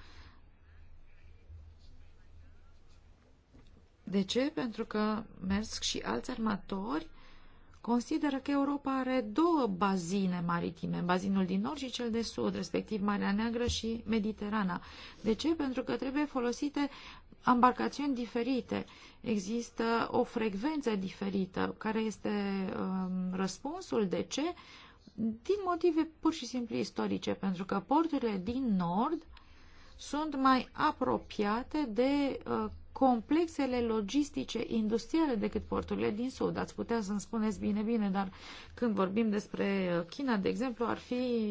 S4: De ce? Pentru că merg și alți armatori consideră că Europa are două bazine maritime, bazinul din nord și cel de sud, respectiv Marea Neagră și Mediterana. De ce? Pentru că trebuie folosite embarcațiuni diferite. Există o frecvență diferită. Care este um, răspunsul? De ce? Din motive pur și simplu istorice, pentru că porturile din nord sunt mai apropiate de uh, complexele logistice industriale decât porturile din Sud. Ați putea să-mi spuneți bine, bine, dar când vorbim despre uh, China, de exemplu, ar fi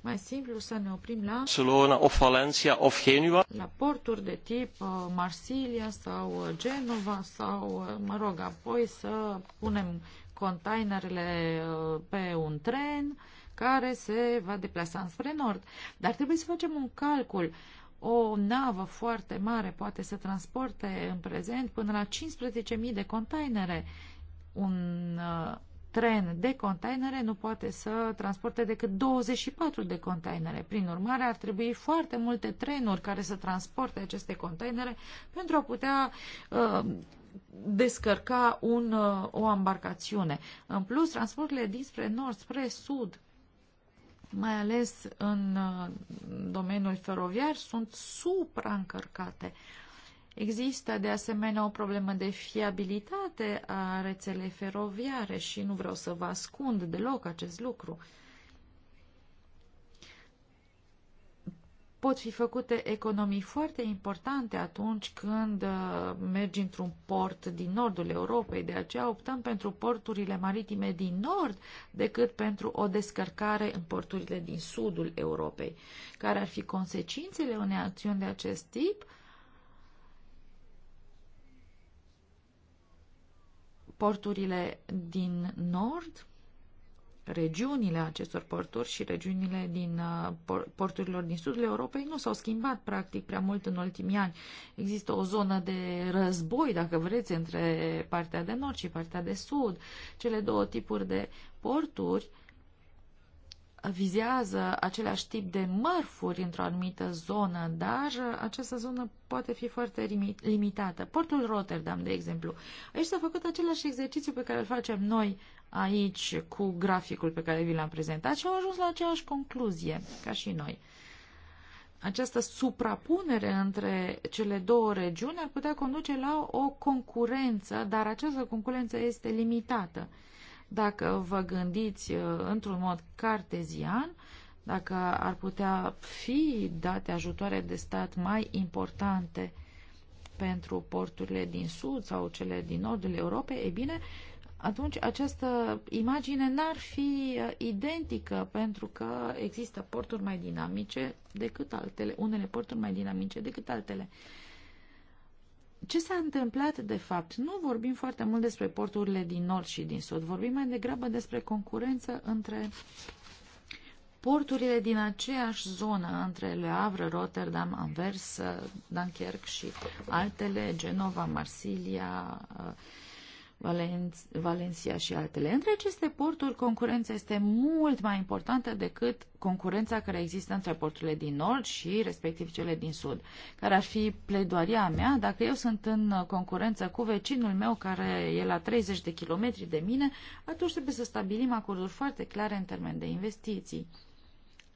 S4: mai simplu să ne oprim la
S5: Barcelona, of Valencia, of Genua, la
S4: porturi de tip uh, Marsilia sau Genova sau, mă rog, apoi să punem containerele pe un tren care se va deplasa spre nord. Dar trebuie să facem un calcul. Uh, o navă foarte mare poate să transporte în prezent până la 15.000 de containere. Un uh, tren de containere nu poate să transporte decât 24 de containere. Prin urmare, ar trebui foarte multe trenuri care să transporte aceste containere pentru a putea uh, descărca un, uh, o embarcațiune. În plus, transporturile dinspre nord spre sud mai ales în uh, domeniul feroviar, sunt supraîncărcate. Există de asemenea o problemă de fiabilitate a rețelei feroviare și nu vreau să vă ascund deloc acest lucru. Uh, pot fi făcute economii foarte importante atunci când uh, mergi într-un port din nordul Europei. De aceea optăm pentru porturile maritime din nord decât pentru o descărcare în porturile din sudul Europei. Care ar fi consecințele unei acțiuni de acest tip? Porturile din nord regiunile acestor porturi și regiunile din uh, porturilor din sudul Europei nu s-au schimbat practic prea mult în ultimii ani. Există o zonă de război, dacă vreți, între partea de nord și partea de sud. Cele două tipuri de porturi vizează același tip de mărfuri într-o anumită zonă, dar această zonă poate fi foarte limitată. Portul Rotterdam, de exemplu. Aici s-a făcut același exercițiu pe care îl facem noi aici cu graficul pe care vi l-am prezentat și au ajuns la aceeași concluzie ca și noi. Această suprapunere între cele două regiuni ar putea conduce la o concurență, dar această concurență este limitată. Dacă vă gândiți uh, într-un mod cartezian, dacă ar putea fi date ajutoare de stat mai importante pentru porturile din sud sau cele din nordul Europei, e bine, atunci această imagine n-ar fi uh, identică pentru că există porturi mai dinamice decât altele, unele porturi mai dinamice decât altele. Ce s-a întâmplat de fapt? Nu vorbim foarte mult despre porturile din nord și din sud, vorbim mai degrabă despre concurență între porturile din aceeași zonă, între Le Havre, Rotterdam, Anvers, uh, Dunkerque și altele, Genova, Marsilia, uh, Valencia și altele. Între aceste porturi, concurența este mult mai importantă decât concurența care există între porturile din nord și respectiv cele din sud, care ar fi pledoaria mea dacă eu sunt în concurență cu vecinul meu care e la 30 de kilometri de mine, atunci trebuie să stabilim acorduri foarte clare în termen de investiții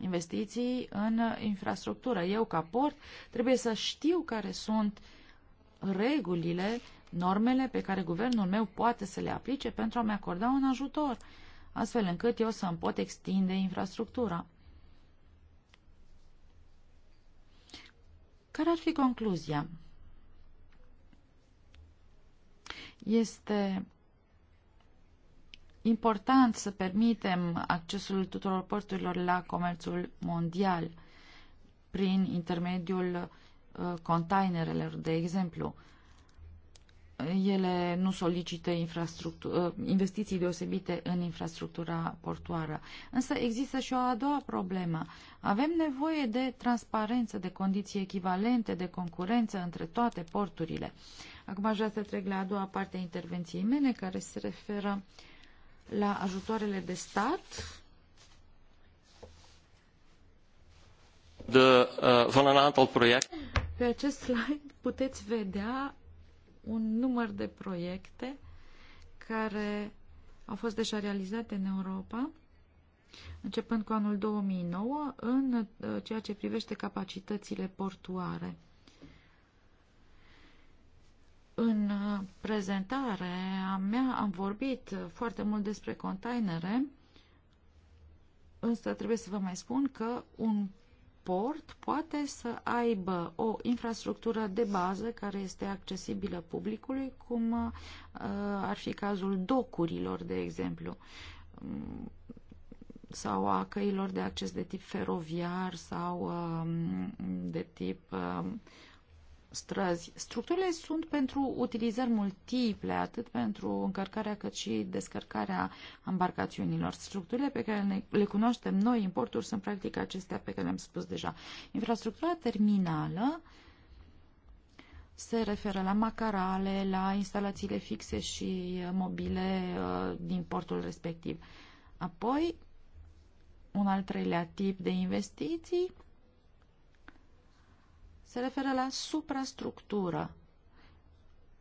S4: investiții în infrastructură. Eu, ca port, trebuie să știu care sunt regulile normele pe care guvernul meu poate să le aplice pentru a-mi acorda un ajutor, astfel încât eu să mi pot extinde infrastructura. Care ar fi concluzia? Este important să permitem accesul tuturor porturilor la comerțul mondial prin intermediul uh, containerelor, de exemplu ele nu solicită ă, investiții deosebite în infrastructura portoară. Însă există și o a doua problemă. Avem nevoie de transparență, de condiții echivalente, de concurență între toate porturile. Acum aș vrea să trec la a doua parte a intervenției mele, care se referă la ajutoarele de stat.
S5: De, uh, van
S4: Pe acest slide puteți vedea un număr de proiecte care au fost deja realizate în Europa, începând cu anul 2009, în uh, ceea ce privește capacitățile portuare. În uh, prezentarea mea am vorbit foarte mult despre containere, însă trebuie să vă mai spun că un port poate să aibă o infrastructură de bază care este accesibilă publicului, cum uh, ar fi cazul docurilor, de exemplu, mm, sau a căilor de acces de tip feroviar sau uh, de tip uh, străzi. Structurile sunt pentru utilizări multiple, atât pentru încărcarea cât și descărcarea embarcațiunilor. Structurile pe care ne, le cunoaștem noi, în porturi sunt practic acestea pe care le-am spus deja. Infrastructura terminală se referă la macarale, la instalațiile fixe și uh, mobile uh, din portul respectiv. Apoi, un al treilea tip de investiții se referă la suprastructură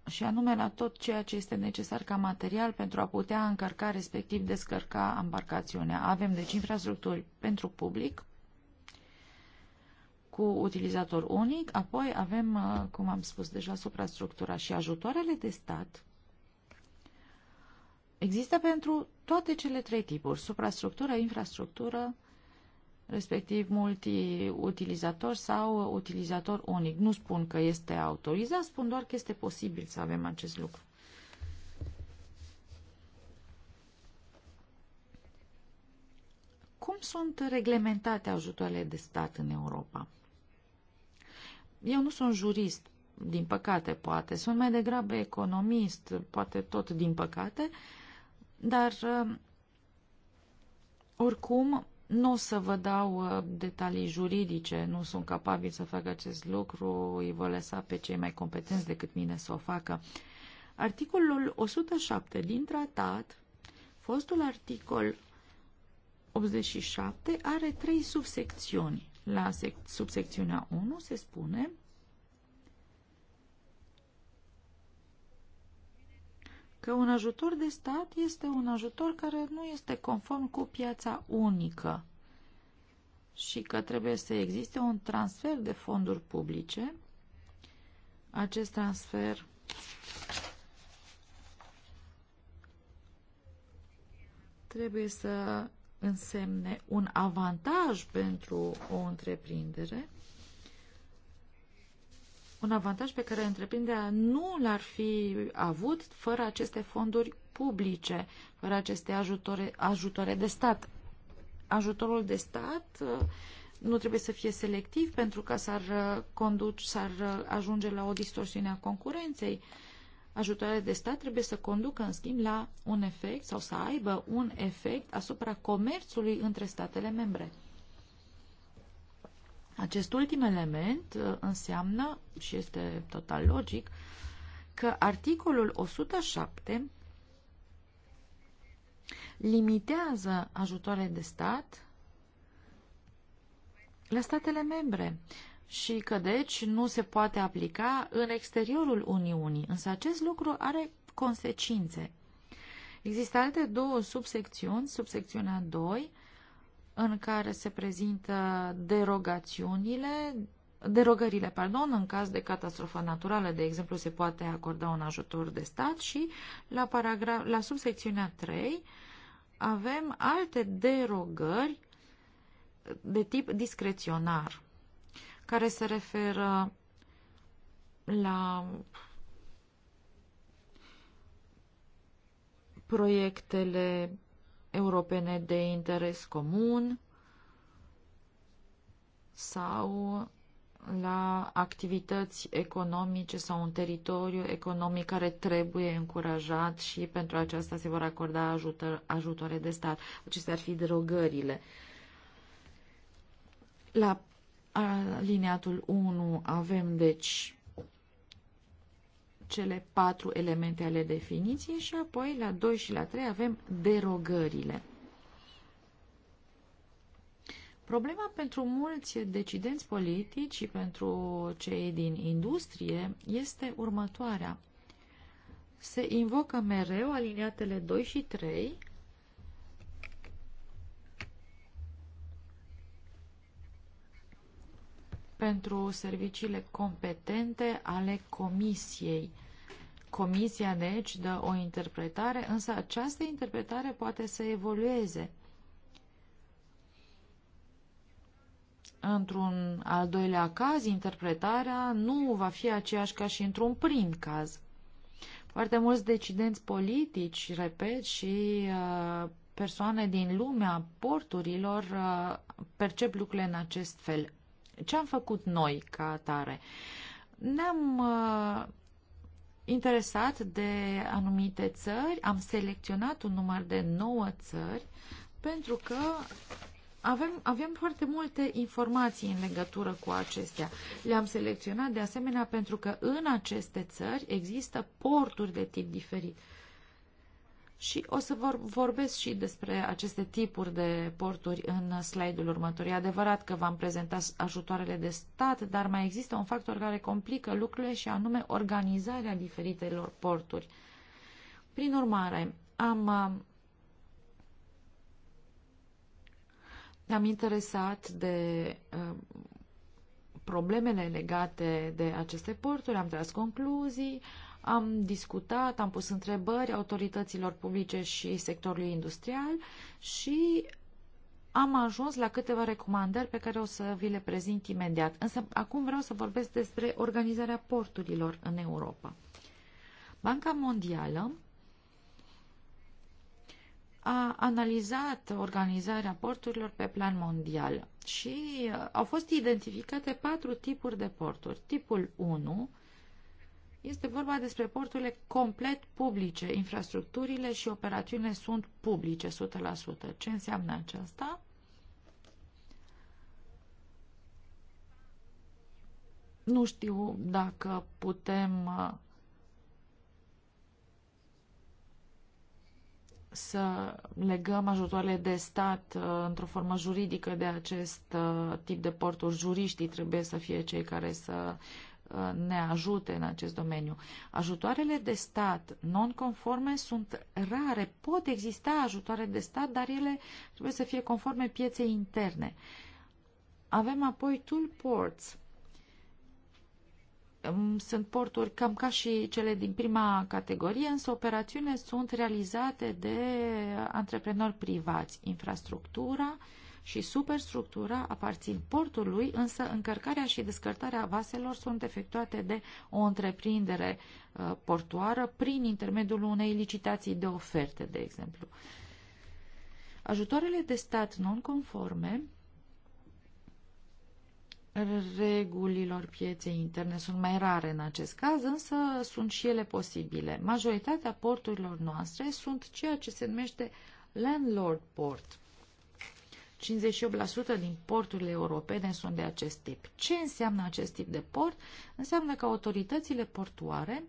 S4: și anume la tot ceea ce este necesar ca material pentru a putea încărca, respectiv descărca embarcațiunea. Avem deci infrastructuri pentru public, cu utilizator unic, apoi avem, uh, cum am spus deja, suprastructura și ajutoarele de stat. Există pentru toate cele trei tipuri, suprastructură, infrastructură respectiv utilizator sau utilizator unic. Nu spun că este autorizat, spun doar că este posibil să avem acest lucru. Cum sunt reglementate ajutoarele de stat în Europa? Eu nu sunt jurist, din păcate poate, sunt mai degrabă economist, poate tot din păcate, dar uh, oricum nu o să vă dau uh, detalii juridice, nu sunt capabil să fac acest lucru, îi voi lăsa pe cei mai competenți decât mine să o facă. Articolul 107 din tratat, fostul articol 87, are trei subsecțiuni. La subsecțiunea 1 se spune că un ajutor de stat este un ajutor care nu este conform cu piața unică și că trebuie să existe un transfer de fonduri publice. Acest transfer trebuie să însemne un avantaj pentru o întreprindere un avantaj pe care întreprinderea nu l-ar fi avut fără aceste fonduri publice, fără aceste ajutoare, ajutoare de stat. Ajutorul de stat uh, nu trebuie să fie selectiv pentru că s-ar uh, conduce, s-ar uh, ajunge la o distorsiune a concurenței. Ajutoarele de stat trebuie să conducă, în schimb, la un efect sau să aibă un efect asupra comerțului între statele membre. Acest ultim element uh, înseamnă, și este total logic, că articolul 107 limitează ajutoare de stat la statele membre și că deci nu se poate aplica în exteriorul Uniunii, însă acest lucru are consecințe. Există alte două subsecțiuni, subsecțiunea 2, în care se prezintă derogațiunile, derogările, pardon, în caz de catastrofă naturală, de exemplu, se poate acorda un ajutor de stat și la, paragraf, la subsecțiunea 3 avem alte derogări de tip discreționar, care se referă la proiectele europene de interes comun sau la activități economice sau un teritoriu economic care trebuie încurajat și pentru aceasta se vor acorda ajutor, ajutoare de stat. Acestea ar fi derogările. La aliniatul 1 avem, deci, cele patru elemente ale definiției și apoi la 2 și la 3 avem derogările. Problema pentru mulți decidenți politici și pentru cei din industrie este următoarea. Se invocă mereu aliniatele 2 și 3 pentru serviciile competente ale comisiei. Comisia, deci, dă o interpretare, însă această interpretare poate să evolueze într-un al doilea caz, interpretarea nu va fi aceeași ca și într-un prim caz. Foarte mulți decidenți politici, repet, și uh, persoane din lumea porturilor uh, percep lucrurile în acest fel. Ce am făcut noi ca atare? Ne-am uh, interesat de anumite țări, am selecționat un număr de 9 țări pentru că avem, avem foarte multe informații în legătură cu acestea. Le-am selecționat de asemenea pentru că în aceste țări există porturi de tip diferit. Și o să vor, vorbesc și despre aceste tipuri de porturi în slide-ul următor. E adevărat că v-am prezentat ajutoarele de stat, dar mai există un factor care complică lucrurile și anume organizarea diferitelor porturi. Prin urmare, am, uh, am interesat de uh, problemele legate de aceste porturi, am tras concluzii, uh, am discutat, am pus întrebări autorităților publice și sectorului industrial și am ajuns la câteva recomandări pe care o să vi le prezint imediat. Însă acum vreau să vorbesc despre organizarea porturilor în Europa. Banca Mondială a analizat organizarea porturilor pe plan mondial și uh, au fost identificate patru tipuri de porturi. Tipul 1 este vorba despre porturile complet publice. Infrastructurile și operațiunile sunt publice 100%. Ce înseamnă aceasta? Nu știu dacă putem uh, să legăm ajutoarele de stat uh, într-o formă juridică de acest uh, tip de porturi. Juriștii trebuie să fie cei care să ne ajute în acest domeniu. Ajutoarele de stat non-conforme sunt rare. Pot exista ajutoare de stat, dar ele trebuie să fie conforme pieței interne. Avem apoi tool ports. Sunt porturi cam ca și cele din prima categorie, însă operațiunile sunt realizate de antreprenori privați. Infrastructura, uh, și superstructura aparțin portului, însă încărcarea și descărcarea vaselor sunt efectuate de o întreprindere uh, portoară prin intermediul unei licitații de oferte, de exemplu. Ajutoarele de stat non-conforme regulilor pieței interne sunt mai rare în acest caz, însă sunt și ele posibile. Majoritatea porturilor noastre sunt ceea ce se numește landlord port. 58% din porturile europene sunt de acest tip. Ce înseamnă acest tip de port? Înseamnă că autoritățile portuare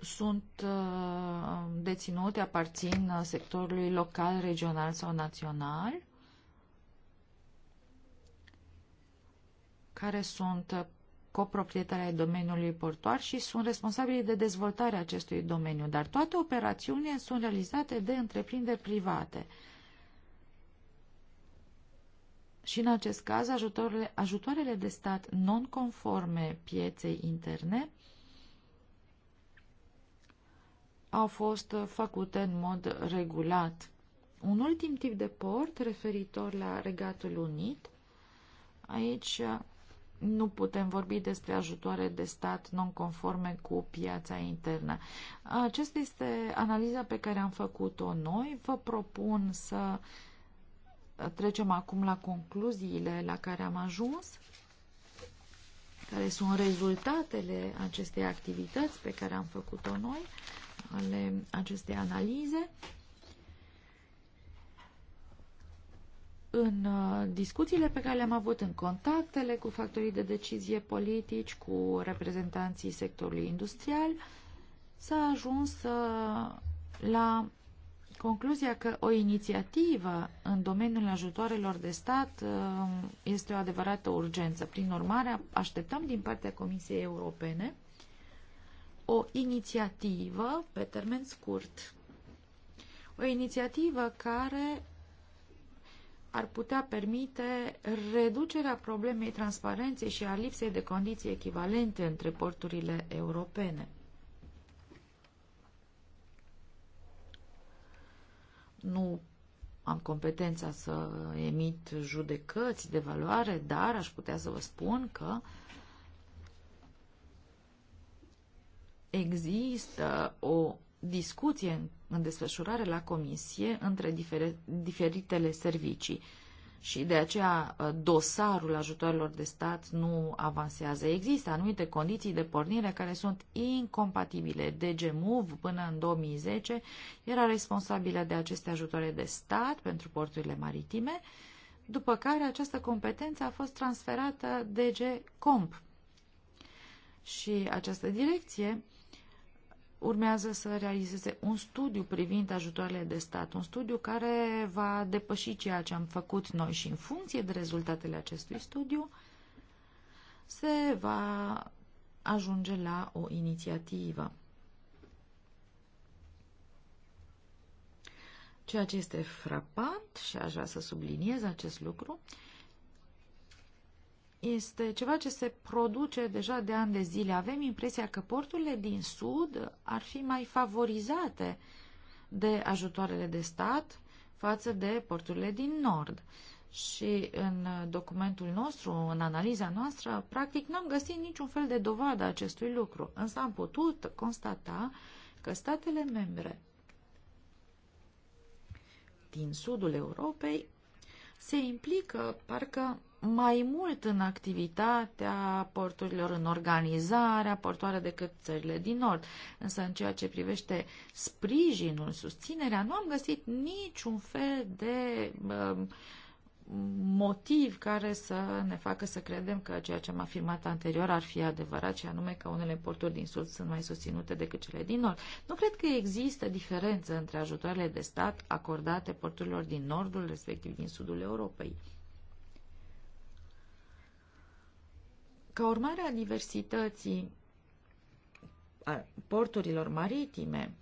S4: sunt uh, deținute, aparțin uh, sectorului local, regional sau național, care sunt uh, coproprietari ai domeniului portuar și sunt responsabili de dezvoltarea acestui domeniu, dar toate operațiunile sunt realizate de întreprinderi private. Și în acest caz, ajutoarele, ajutoarele de stat non-conforme pieței interne au fost făcute în mod regulat. Un ultim tip de port referitor la Regatul Unit. Aici nu putem vorbi despre ajutoare de stat non-conforme cu piața internă. Aceasta este analiza pe care am făcut-o noi. Vă propun să trecem acum la concluziile la care am ajuns, care sunt rezultatele acestei activități pe care am făcut-o noi, ale acestei analize. în uh, discuțiile pe care le-am avut, în contactele cu factorii de decizie politici, cu reprezentanții sectorului industrial, s-a ajuns uh, la concluzia că o inițiativă în domeniul ajutoarelor de stat uh, este o adevărată urgență. Prin urmare, așteptăm din partea Comisiei Europene o inițiativă pe termen scurt. O inițiativă care ar putea permite reducerea problemei transparenței și a lipsei de condiții echivalente între porturile europene. Nu am competența să emit judecăți de valoare, dar aș putea să vă spun că există o discuție în desfășurare la comisie între diferitele servicii și de aceea uh, dosarul ajutoarelor de stat nu avansează. Există anumite condiții de pornire care sunt incompatibile. DG Move până în 2010 era responsabilă de aceste ajutoare de stat pentru porturile maritime, după care această competență a fost transferată DG Comp. Și această direcție urmează să realizeze un studiu privind ajutoarele de stat, un studiu care va depăși ceea ce am făcut noi și în funcție de rezultatele acestui studiu se va ajunge la o inițiativă. Ceea ce este frapant, și aș vrea să subliniez acest lucru, este ceva ce se produce deja de ani de zile. Avem impresia că porturile din sud ar fi mai favorizate de ajutoarele de stat față de porturile din nord. Și în documentul nostru, în analiza noastră, practic n-am găsit niciun fel de dovadă a acestui lucru, însă am putut constata că statele membre din sudul Europei se implică parcă mai mult în activitatea porturilor, în organizarea portoare decât țările din nord. Însă în ceea ce privește sprijinul, susținerea, nu am găsit niciun fel de um, motiv care să ne facă să credem că ceea ce am afirmat anterior ar fi adevărat, și anume că unele porturi din sud sunt mai susținute decât cele din nord. Nu cred că există diferență între ajutoarele de stat acordate porturilor din nordul, respectiv din sudul Europei. Ca urmare a diversității a porturilor maritime,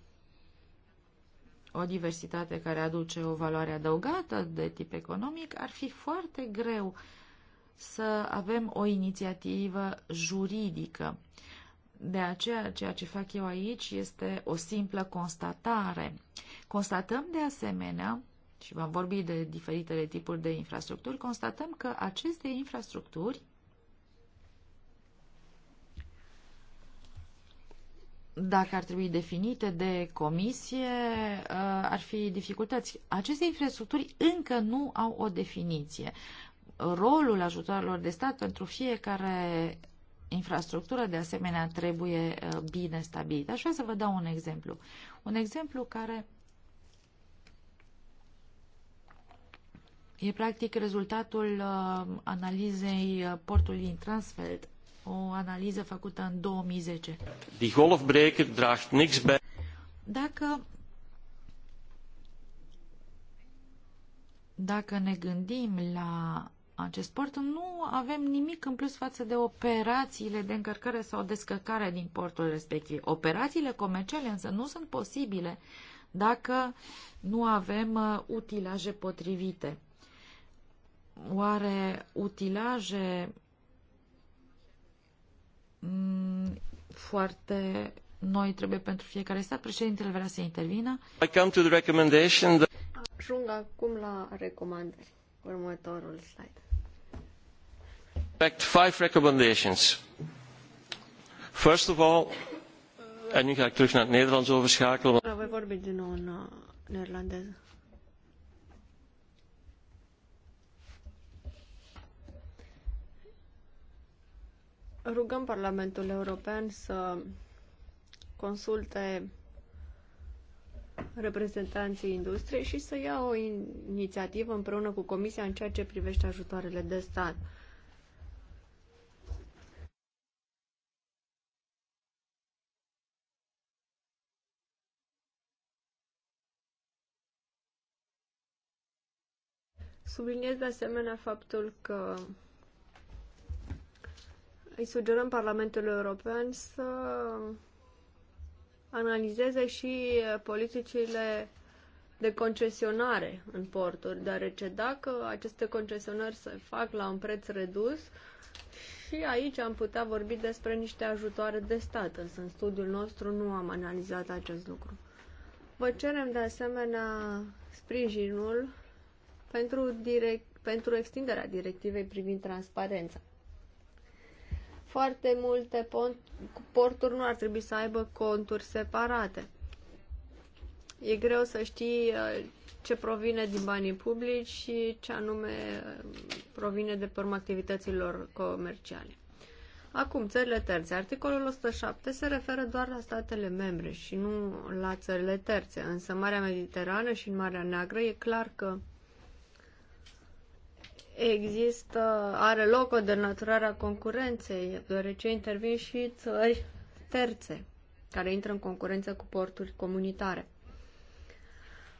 S4: o diversitate care aduce o valoare adăugată de tip economic, ar fi foarte greu să avem o inițiativă juridică. De aceea, ceea ce fac eu aici este o simplă constatare. Constatăm de asemenea, și v-am vorbit de diferitele tipuri de infrastructuri, constatăm că aceste infrastructuri dacă ar trebui definite de comisie, uh, ar fi dificultăți. Aceste infrastructuri încă nu au o definiție. Rolul ajutoarelor de stat pentru fiecare infrastructură, de asemenea, trebuie uh, bine stabilit. Aș vrea să vă dau un exemplu. Un exemplu care e practic rezultatul uh, analizei portului din Transfeld o analiză făcută în 2010.
S5: Die golfbreker draagt niks bij.
S4: Dacă dacă ne gândim la acest port, nu avem nimic în plus față de operațiile de încărcare sau descărcare din portul respectiv. Operațiile comerciale însă nu sunt posibile dacă nu avem uh, utilaje potrivite. Oare utilaje Mm, foarte noi trebuie pentru fiecare stat. Președintele vrea să
S5: intervină. I come to the recommendation that...
S4: Ajung acum la recomandări.
S3: Următorul slide.
S5: five recommendations. First of all, en nu ga ik terug naar het Nederlands overschakelen. Voi
S3: vorbi din nou în neerlandeză. rugăm Parlamentul European să consulte reprezentanții industriei și să ia o inițiativă împreună cu Comisia în ceea ce privește ajutoarele de stat. Subliniez de asemenea faptul că îi sugerăm Parlamentului European să analizeze și politicile de concesionare în porturi, deoarece dacă aceste concesionări se fac la un preț redus, și aici am putea vorbi despre niște ajutoare de stat, însă în studiul nostru nu am analizat acest lucru. Vă cerem de asemenea sprijinul pentru, direct, pentru extinderea directivei privind transparența. Foarte multe porturi nu ar trebui să aibă conturi separate. E greu să știi uh, ce provine din banii publici și ce anume uh, provine de pe urma activităților comerciale. Acum, țările terțe. Articolul 107 se referă doar la statele membre și nu la țările terțe. Însă Marea Mediterană și în Marea Neagră e clar că există, are loc o denaturare a concurenței, deoarece intervin și țări terțe care intră în concurență cu porturi comunitare.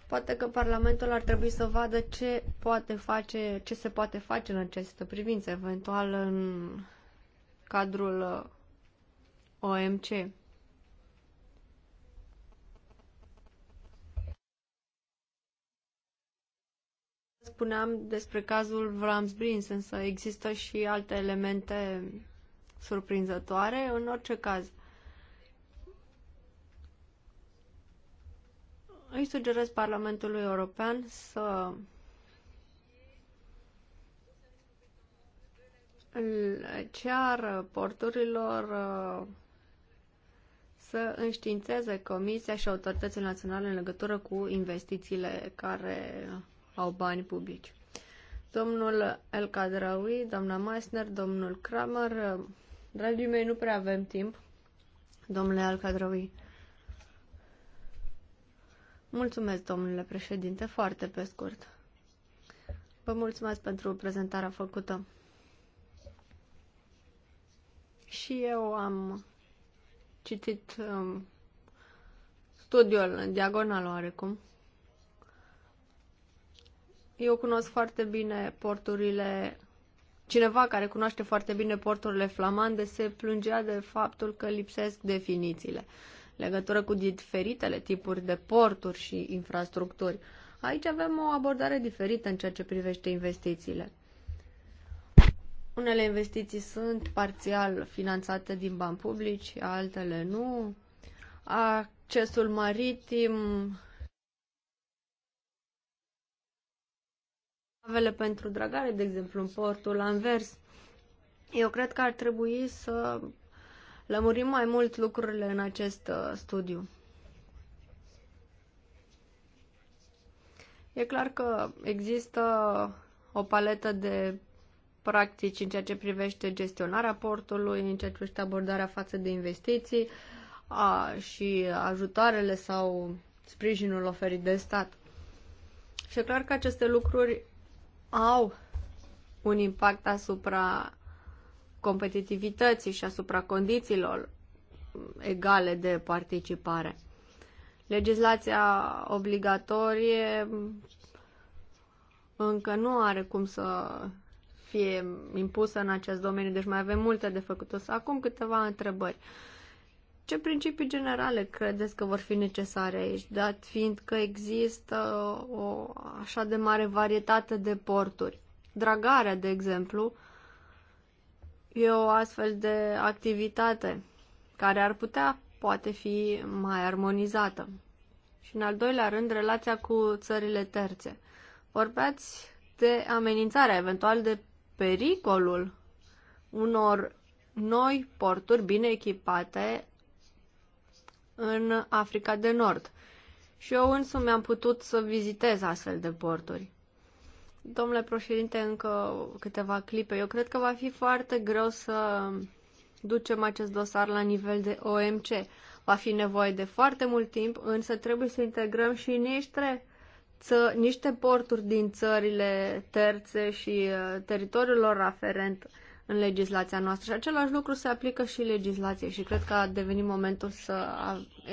S3: Poate că Parlamentul ar trebui să vadă ce, poate face, ce se poate face în această privință, eventual în cadrul uh, OMC. spuneam despre cazul Vrams-Brins, însă există și alte elemente surprinzătoare. În orice caz, îi sugerez Parlamentului European să ceară porturilor uh, să înștiințeze Comisia și autoritățile naționale în legătură cu investițiile care au bani publici. Domnul El Cadraui, doamna Meissner, domnul Kramer, dragii mei, nu prea avem timp. Domnule El Cadraui. Mulțumesc, domnule președinte, foarte pe scurt. Vă mulțumesc pentru prezentarea făcută. Și eu am citit um, studiul în diagonal oarecum. Eu cunosc foarte bine porturile Cineva care cunoaște foarte bine porturile flamande se plângea de faptul că lipsesc definițiile legătură cu diferitele tipuri de porturi și infrastructuri. Aici avem o abordare diferită în ceea ce privește investițiile. Unele investiții sunt parțial finanțate din bani publici, altele nu. Accesul maritim navele pentru dragare, de exemplu, în portul Anvers. Eu cred că ar trebui să lămurim mai mult lucrurile în acest uh, studiu. E clar că există o paletă de practici în ceea ce privește gestionarea portului, în ceea ce privește abordarea față de investiții a, și ajutoarele sau sprijinul oferit de stat. Și e clar că aceste lucruri au un impact asupra competitivității și asupra condițiilor egale de participare. Legislația obligatorie încă nu are cum să fie impusă în acest domeniu, deci mai avem multe de făcut. O să acum câteva întrebări. Uh, ce principii generale credeți că vor fi necesare aici, dat fiind că există o așa de mare varietate de porturi? Dragarea, de exemplu, e o astfel de activitate care ar putea, poate fi, mai armonizată. Și în al doilea rând, relația cu țările terțe. Vorbeați de amenințarea, eventual de pericolul unor noi porturi bine echipate în Africa de Nord. Și eu însumi am putut să vizitez astfel de porturi. Domnule președinte, încă câteva clipe. Eu cred că va fi foarte greu să ducem acest dosar la nivel de OMC. Va fi nevoie de foarte mult timp, însă trebuie să integrăm și niște, ță, niște porturi din țările terțe și uh, teritoriul lor aferent în legislația noastră și același lucru se aplică și legislație și cred că a devenit momentul să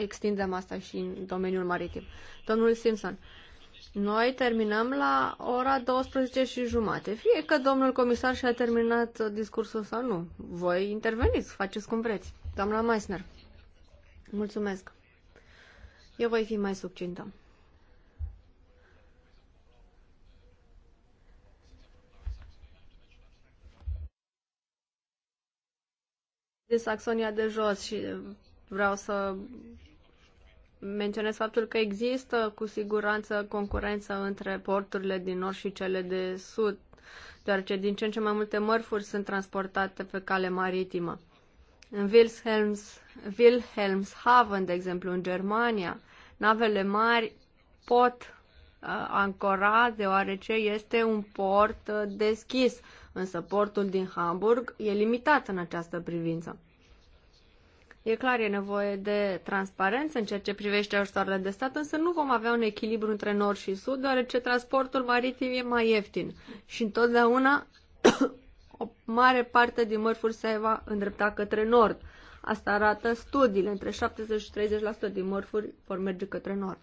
S3: extindem asta și în domeniul maritim. Domnul Simpson, noi terminăm la ora 12 și jumate. Fie că domnul comisar și-a terminat discursul sau nu. Voi interveniți, faceți cum vreți. Doamna Meissner, mulțumesc. Eu voi fi mai subcintă. de Saxonia de jos și vreau să menționez faptul că există cu siguranță concurență între porturile din nord și cele de sud, deoarece din ce în ce mai multe mărfuri sunt transportate pe cale maritimă. În Wilhelms, Wilhelmshaven, de exemplu, în Germania, navele mari pot Uh, ancora, deoarece este un port uh, deschis, însă portul din Hamburg e limitat în această privință. E clar, e nevoie de transparență în ceea ce privește ajutoarele de stat, însă nu vom avea un echilibru între nord și sud, deoarece transportul maritim e mai ieftin și întotdeauna [coughs] o mare parte din mărfuri se va îndrepta către nord. Asta arată studiile, între 70 și 30% din mărfuri vor merge către nord.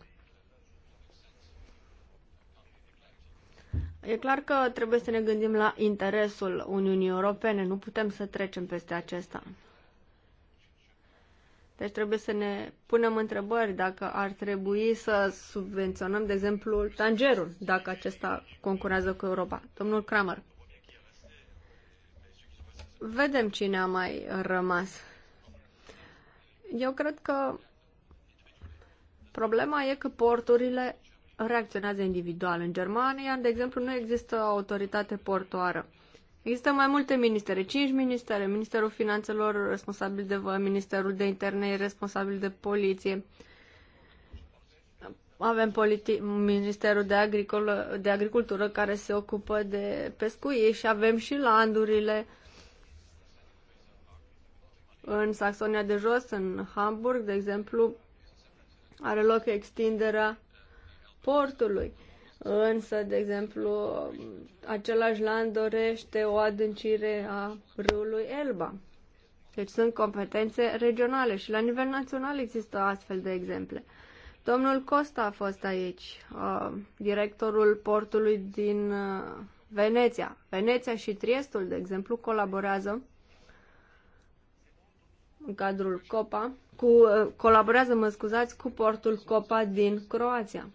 S3: E clar că trebuie să ne gândim la interesul Uniunii Europene, nu putem să trecem peste acesta. Deci trebuie să ne punem întrebări dacă ar trebui să subvenționăm, de exemplu, Tangerul, dacă acesta concurează cu Europa. Domnul Kramer. Vedem cine a mai rămas. Eu cred că problema e că porturile reacționează individual. În Germania, de exemplu, nu există o autoritate portoară. Există mai multe ministere, cinci ministere, Ministerul Finanțelor responsabil de vă, Ministerul de Interne responsabil de poliție, avem politi- Ministerul de, Agricol- de Agricultură care se ocupă de pescuit și avem și landurile în Saxonia de Jos, în Hamburg, de exemplu, are loc extinderea portului. Însă, de exemplu, același land dorește o adâncire a râului Elba. Deci sunt competențe regionale și la nivel național există astfel de exemple. Domnul Costa a fost aici, directorul portului din Veneția. Veneția și Triestul, de exemplu, colaborează în cadrul COPA, cu, colaborează, mă scuzați, cu portul COPA din Croația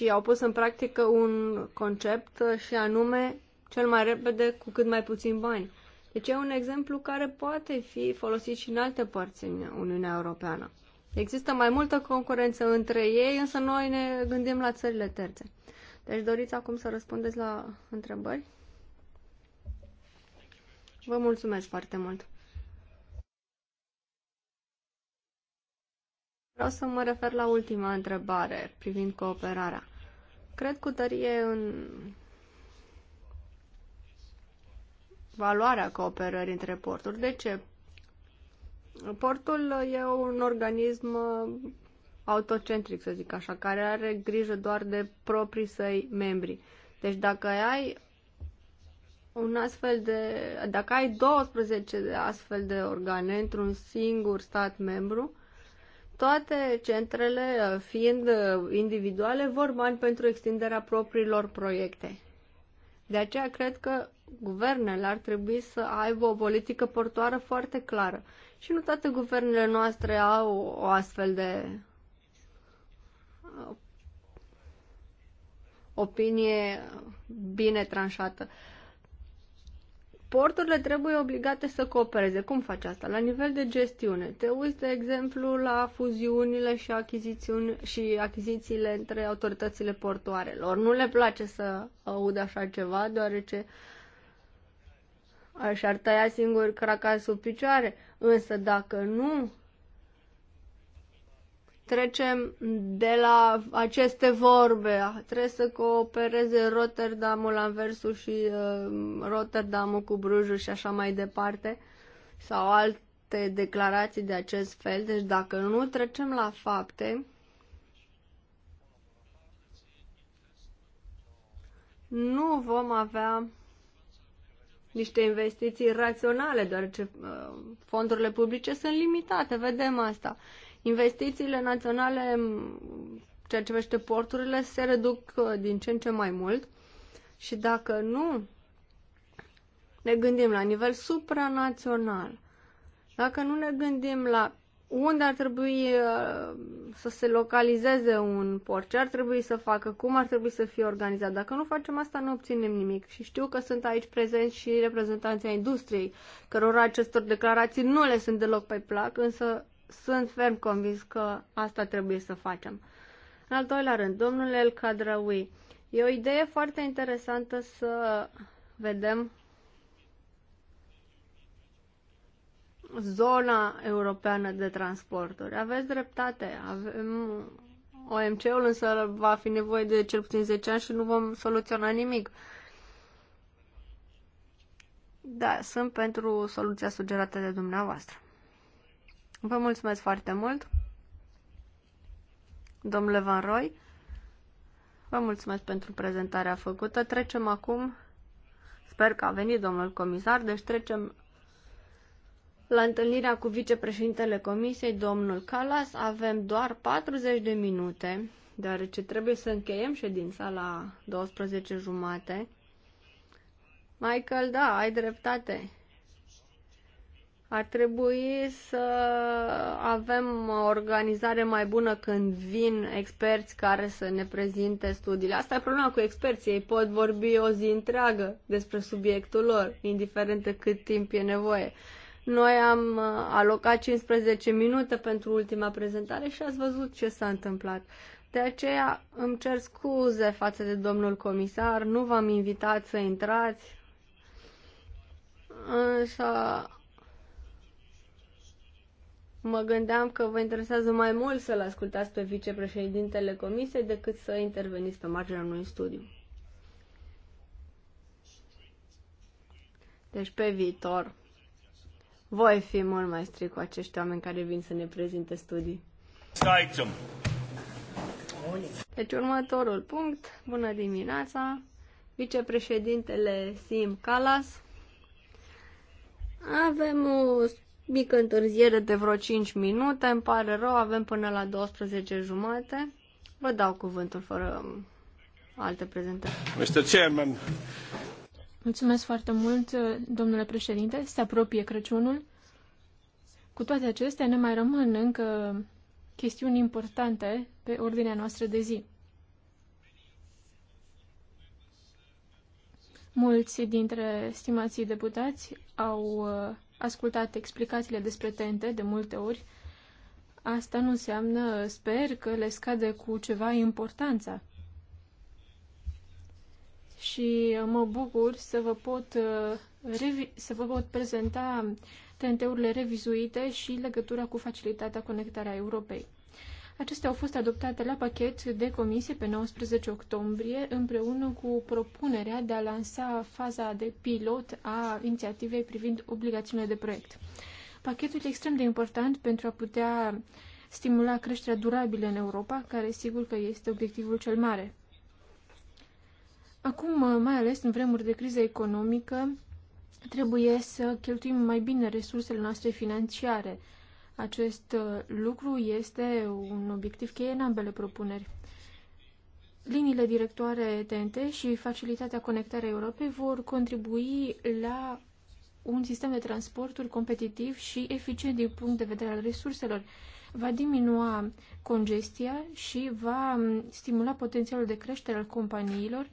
S3: și au pus în practică un concept și anume cel mai repede cu cât mai puțin bani. Deci e un exemplu care poate fi folosit și în alte părți în Uniunea Europeană. Există mai multă concurență între ei, însă noi ne gândim la țările terțe. Deci doriți acum să răspundeți la întrebări? Vă mulțumesc foarte mult. Vreau să mă refer la ultima întrebare privind cooperarea. Cred cu tărie în valoarea cooperării între porturi. De ce? Portul e un organism autocentric, să zic așa, care are grijă doar de proprii săi membri. Deci dacă ai un astfel de, dacă ai 12 de astfel de organe într-un singur stat membru, toate centrele, uh, fiind uh, individuale, vor bani pentru extinderea propriilor proiecte. De aceea cred că guvernele ar trebui să aibă o politică portoară foarte clară. Și nu toate guvernele noastre au o astfel de uh, opinie bine tranșată porturile trebuie obligate să coopereze. Cum faci asta? La nivel de gestiune. Te uiți, de exemplu, la fuziunile și, și achizițiile între autoritățile portoarelor. Nu le place să aud așa ceva, deoarece și-ar tăia singur craca sub picioare. Însă dacă nu trecem de la aceste vorbe. Trebuie să coopereze Rotterdamul, Anversul și uh, Rotterdamul cu Brujul și așa mai departe. Sau alte declarații de acest fel. Deci dacă nu trecem la fapte, nu vom avea niște investiții raționale, deoarece uh, fondurile publice sunt limitate, vedem asta. Investițiile naționale, ceea ce vește porturile, se reduc uh, din ce în ce mai mult și dacă nu ne gândim la nivel supranațional, dacă nu ne gândim la unde ar trebui uh, să se localizeze un port, ce ar trebui să facă, cum ar trebui să fie organizat. Dacă nu facem asta, nu obținem nimic. Și știu că sunt aici prezenți și reprezentanții industriei, cărora acestor declarații nu le sunt deloc pe plac, însă sunt ferm convins că asta trebuie să facem. În al doilea rând, domnule El Cadraui, e o idee foarte interesantă să vedem zona europeană de transporturi. Aveți dreptate, avem OMC-ul, însă va fi nevoie de cel puțin 10 ani și nu vom soluționa nimic. Da, sunt pentru soluția sugerată de dumneavoastră. Vă mulțumesc foarte mult, domnule Van Roy. Vă mulțumesc pentru prezentarea făcută. Trecem acum, sper că a venit domnul comisar, deci trecem la întâlnirea cu vicepreședintele comisiei, domnul Calas. Avem doar 40 de minute, deoarece trebuie să încheiem ședința la 12 jumate. Michael, da, ai dreptate. Ar trebui să avem o organizare mai bună când vin experți care să ne prezinte studiile. Asta e problema cu experții. Ei pot vorbi o zi întreagă despre subiectul lor, indiferent de cât timp e nevoie. Noi am alocat 15 minute pentru ultima prezentare și ați văzut ce s-a întâmplat. De aceea îmi cer scuze față de domnul comisar, nu v-am invitat să intrați, însă Mă gândeam că vă interesează mai mult să-l ascultați pe vicepreședintele comisiei decât să interveniți pe marginea unui studiu. Deci pe viitor voi fi mult mai strict cu acești oameni care vin să ne prezinte studii. Deci următorul punct, bună dimineața, vicepreședintele Sim Calas. Avem o mică întârziere de vreo 5 minute, îmi pare rău, avem până la 12
S1: jumate. Vă dau cuvântul fără um, alte prezentări.
S2: Mr. Chairman.
S1: Mulțumesc foarte mult, domnule președinte. Se apropie Crăciunul. Cu toate acestea, ne mai rămân încă chestiuni importante pe ordinea noastră de zi. Mulți dintre stimații deputați au uh, ascultat explicațiile despre tente de multe ori, asta nu înseamnă, sper, că le scade cu ceva importanța. Și uh, mă bucur să vă pot, uh, să vă pot prezenta TNT-urile revizuite și legătura cu facilitatea conectarea Europei. Acestea au fost adoptate la pachet de comisie pe 19 octombrie, împreună cu propunerea de a lansa faza de pilot a inițiativei privind obligațiunile de proiect. Pachetul este extrem de important pentru a putea stimula creșterea durabilă în Europa, care sigur că este obiectivul cel mare. Acum, mai ales în vremuri de criză economică, trebuie să cheltuim mai bine resursele noastre financiare, acest uh, lucru este un obiectiv cheie în ambele propuneri. Liniile directoare TNT și facilitatea conectării Europei vor contribui la un sistem de transporturi competitiv și eficient din punct de vedere al resurselor. Va diminua congestia și va um, stimula potențialul de creștere al companiilor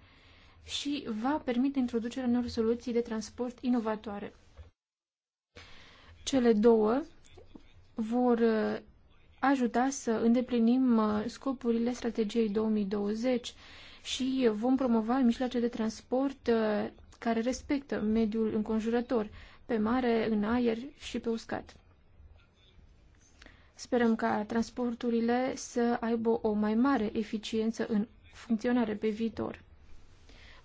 S1: și va permite introducerea unor soluții de transport inovatoare. Cele două vor uh, ajuta să îndeplinim uh, scopurile strategiei 2020 și vom promova mijloace de transport uh, care respectă mediul înconjurător, pe mare, în aer și pe uscat. Sperăm ca transporturile să aibă o mai mare eficiență în funcționare pe viitor.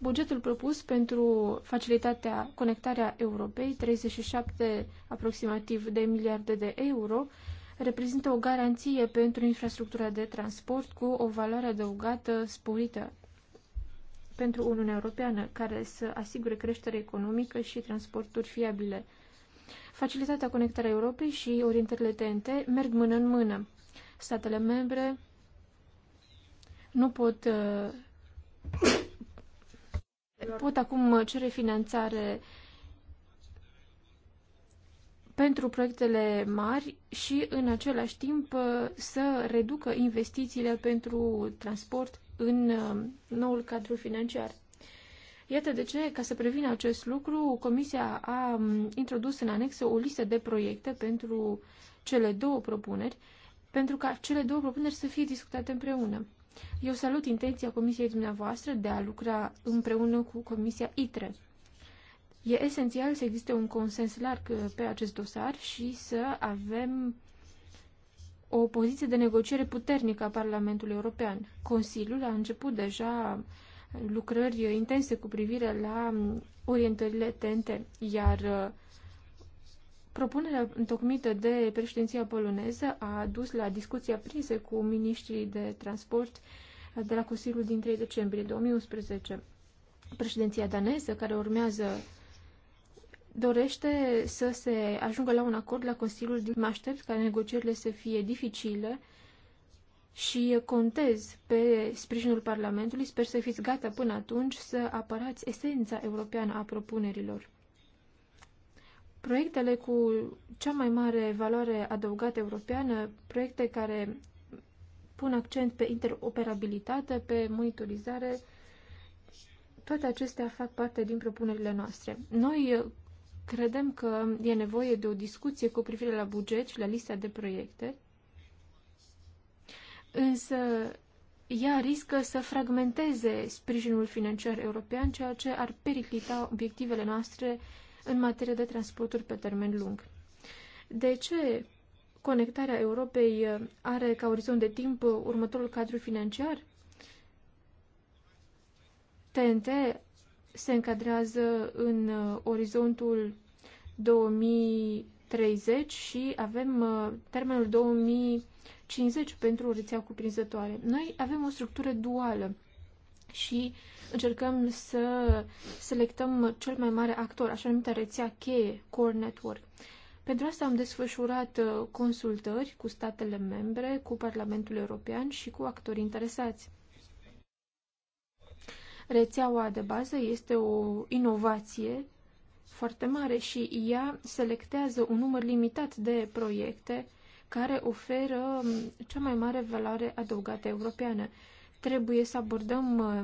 S1: Bugetul propus pentru facilitatea Conectarea Europei, 37 aproximativ de miliarde de euro, reprezintă o garanție pentru infrastructura de transport cu o valoare adăugată sporită pentru Uniunea Europeană, care să asigure creștere economică și transporturi fiabile. Facilitatea Conectarea Europei și orientările TNT merg mână în mână. Statele membre nu pot uh, pot acum uh, cere finanțare pentru proiectele mari și în același timp uh, să reducă investițiile pentru transport în uh, noul cadru financiar. Iată de ce, ca să prevină acest lucru, Comisia a um, introdus în anexă o listă de proiecte pentru cele două propuneri, pentru ca cele două propuneri să fie discutate împreună. Eu salut intenția comisiei dumneavoastră de a lucra împreună cu comisia ITRE. E esențial să existe un consens larg uh, pe acest dosar și să avem o poziție de negociere puternică a Parlamentului European. Consiliul a început deja lucrări intense cu privire la orientările TNT, iar uh, Propunerea întocmită de președinția poloneză a dus la discuții aprinse cu ministrii de transport de la Consiliul din 3 decembrie 2011. Președinția daneză, care urmează, dorește să se ajungă la un acord la Consiliul din mă aștept ca negocierile să fie dificile și contez pe sprijinul Parlamentului. Sper să fiți gata până atunci să apărați esența europeană a propunerilor. Proiectele cu cea mai mare valoare adăugată europeană, proiecte care pun accent pe interoperabilitate, pe monitorizare, toate acestea fac parte din propunerile noastre. Noi uh, credem că e nevoie de o discuție cu privire la buget și la lista de proiecte, însă ea riscă să fragmenteze sprijinul financiar european, ceea ce ar periclita obiectivele noastre în materie de transporturi pe termen lung. De ce conectarea Europei uh, are ca orizont de timp uh, următorul cadru financiar? TNT se încadrează în uh, orizontul 2030 și avem termenul 2050 pentru o rețea cuprinzătoare. Noi avem o structură duală și încercăm să selectăm cel mai mare actor, așa numită rețea cheie, Core Network. Pentru asta am desfășurat uh, consultări cu statele membre, cu Parlamentul European și cu actori interesați. Rețeaua de bază este o inovație foarte mare și ea selectează un număr limitat de proiecte care oferă um, cea mai mare valoare adăugată europeană. Trebuie să abordăm uh,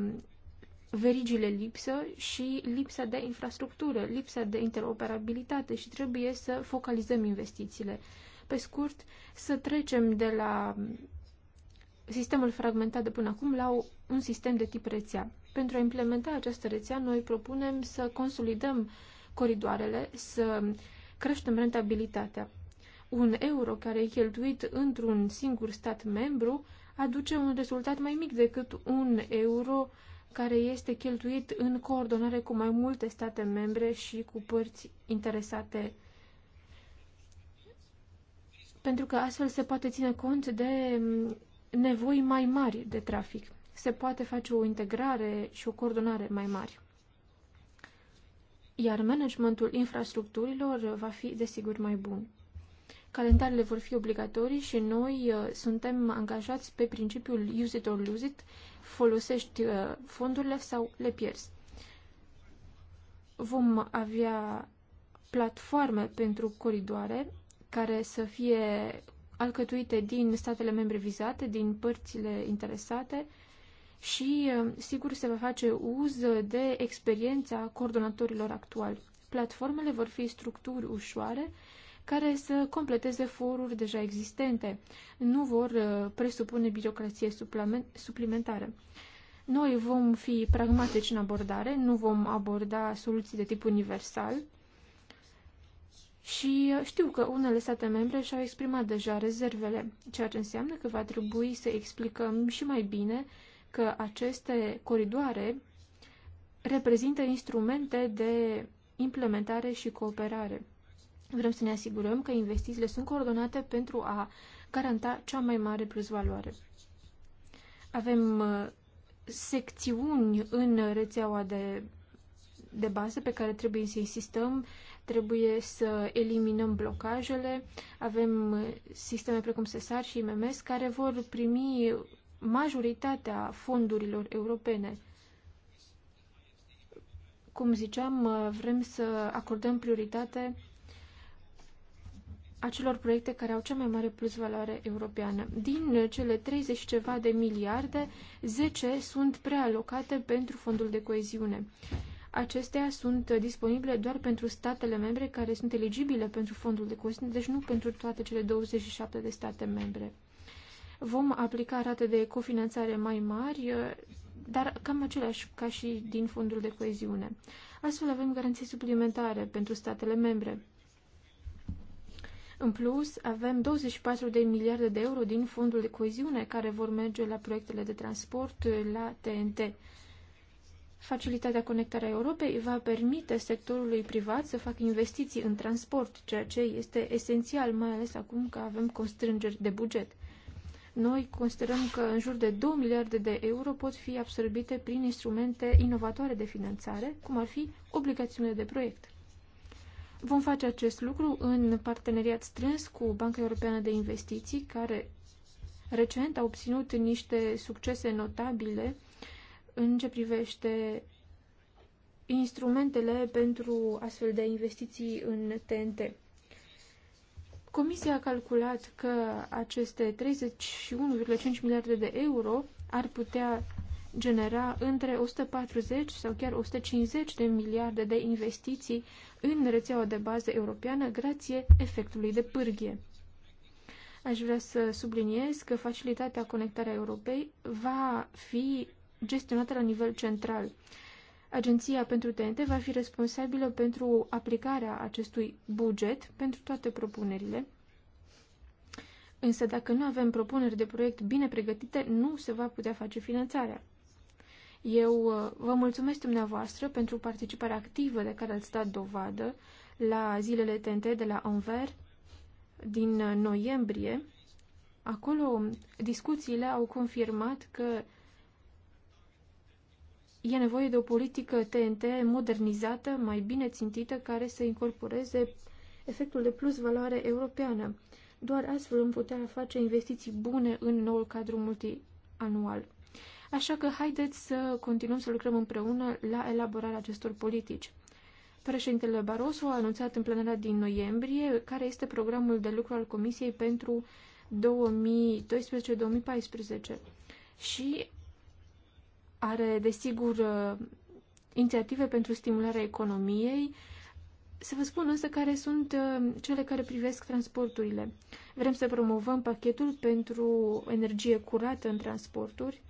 S1: verigile lipsă și lipsa de infrastructură, lipsa de interoperabilitate și trebuie să focalizăm investițiile. Pe scurt, să trecem de la um, sistemul fragmentat de până acum la un sistem de tip rețea. Pentru a implementa această rețea, noi propunem să consolidăm coridoarele, să creștem rentabilitatea. Un euro care e cheltuit într-un singur stat membru aduce un rezultat mai mic decât un euro care este cheltuit în coordonare cu mai multe state membre și cu părți interesate. Pentru că astfel se poate ține cont de mm, nevoi mai mari de trafic. Se poate face o integrare și o coordonare mai mari. Iar managementul infrastructurilor va fi, desigur, mai bun. Calendarele vor fi obligatorii și noi uh, suntem angajați pe principiul use it or lose it, folosești uh, fondurile sau le pierzi. Vom avea platforme pentru coridoare care să fie alcătuite din statele membre vizate, din părțile interesate și, uh, sigur, se va face uz de experiența coordonatorilor actuali. Platformele vor fi structuri ușoare care să completeze foruri deja existente. Nu vor uh, presupune birocrație suplimentară. Noi vom fi pragmatici în abordare, nu vom aborda soluții de tip universal, și uh, știu că unele state membre și-au exprimat deja rezervele, ceea ce înseamnă că va trebui să explicăm și mai bine că aceste coridoare reprezintă instrumente de implementare și cooperare. Vrem să ne asigurăm că investițiile sunt coordonate pentru a garanta cea mai mare plusvaloare. Avem uh, secțiuni în rețeaua de, de bază pe care trebuie să insistăm, trebuie să eliminăm blocajele, avem uh, sisteme precum SESAR și MMS care vor primi majoritatea fondurilor europene. Cum ziceam, uh, vrem să acordăm prioritate acelor proiecte care au cea mai mare plus valoare europeană. Din cele 30 ceva de miliarde, 10 sunt prealocate pentru fondul de coeziune. Acestea sunt disponibile doar pentru statele membre care sunt eligibile pentru fondul de coeziune, deci nu pentru toate cele 27 de state membre. Vom aplica rate de cofinanțare mai mari, dar cam aceleași ca și din fondul de coeziune. Astfel avem garanții suplimentare pentru statele membre. În plus, avem 24 de miliarde de euro din fondul de coeziune care vor merge la proiectele de transport, la TNT. Facilitatea Conectarea Europei va permite sectorului privat să facă investiții în transport, ceea ce este esențial, mai ales acum că avem constrângeri de buget. Noi considerăm că în jur de 2 miliarde de euro pot fi absorbite prin instrumente inovatoare de finanțare, cum ar fi obligațiunile de proiect. Vom face acest lucru în parteneriat strâns cu Banca Europeană de Investiții, care recent a obținut niște succese notabile în ce privește instrumentele pentru astfel de investiții în TNT. Comisia a calculat că aceste 31,5 miliarde de euro ar putea genera între 140 sau chiar 150 de miliarde de investiții în rețeaua de bază europeană grație efectului de pârghie. Aș vrea să subliniez că facilitatea conectarea Europei va fi gestionată la nivel central. Agenția pentru TNT va fi responsabilă pentru aplicarea acestui buget pentru toate propunerile. Însă dacă nu avem propuneri de proiect bine pregătite, nu se va putea face finanțarea. Eu uh, vă mulțumesc dumneavoastră pentru participarea activă de care ați dat dovadă la zilele TNT de la Anvers din uh, noiembrie. Acolo discuțiile au confirmat că e nevoie de o politică TNT modernizată, mai bine țintită, care să incorporeze efectul de plus valoare europeană. Doar astfel vom putea face investiții bune în noul cadru multianual. Așa că haideți să continuăm să lucrăm împreună la elaborarea acestor politici. Președintele Barroso a anunțat în plenarea din noiembrie care este programul de lucru al Comisiei pentru 2012-2014 și are, desigur, uh, inițiative pentru stimularea economiei. Să vă spun însă care sunt uh, cele care privesc transporturile. Vrem să promovăm pachetul pentru energie curată în transporturi,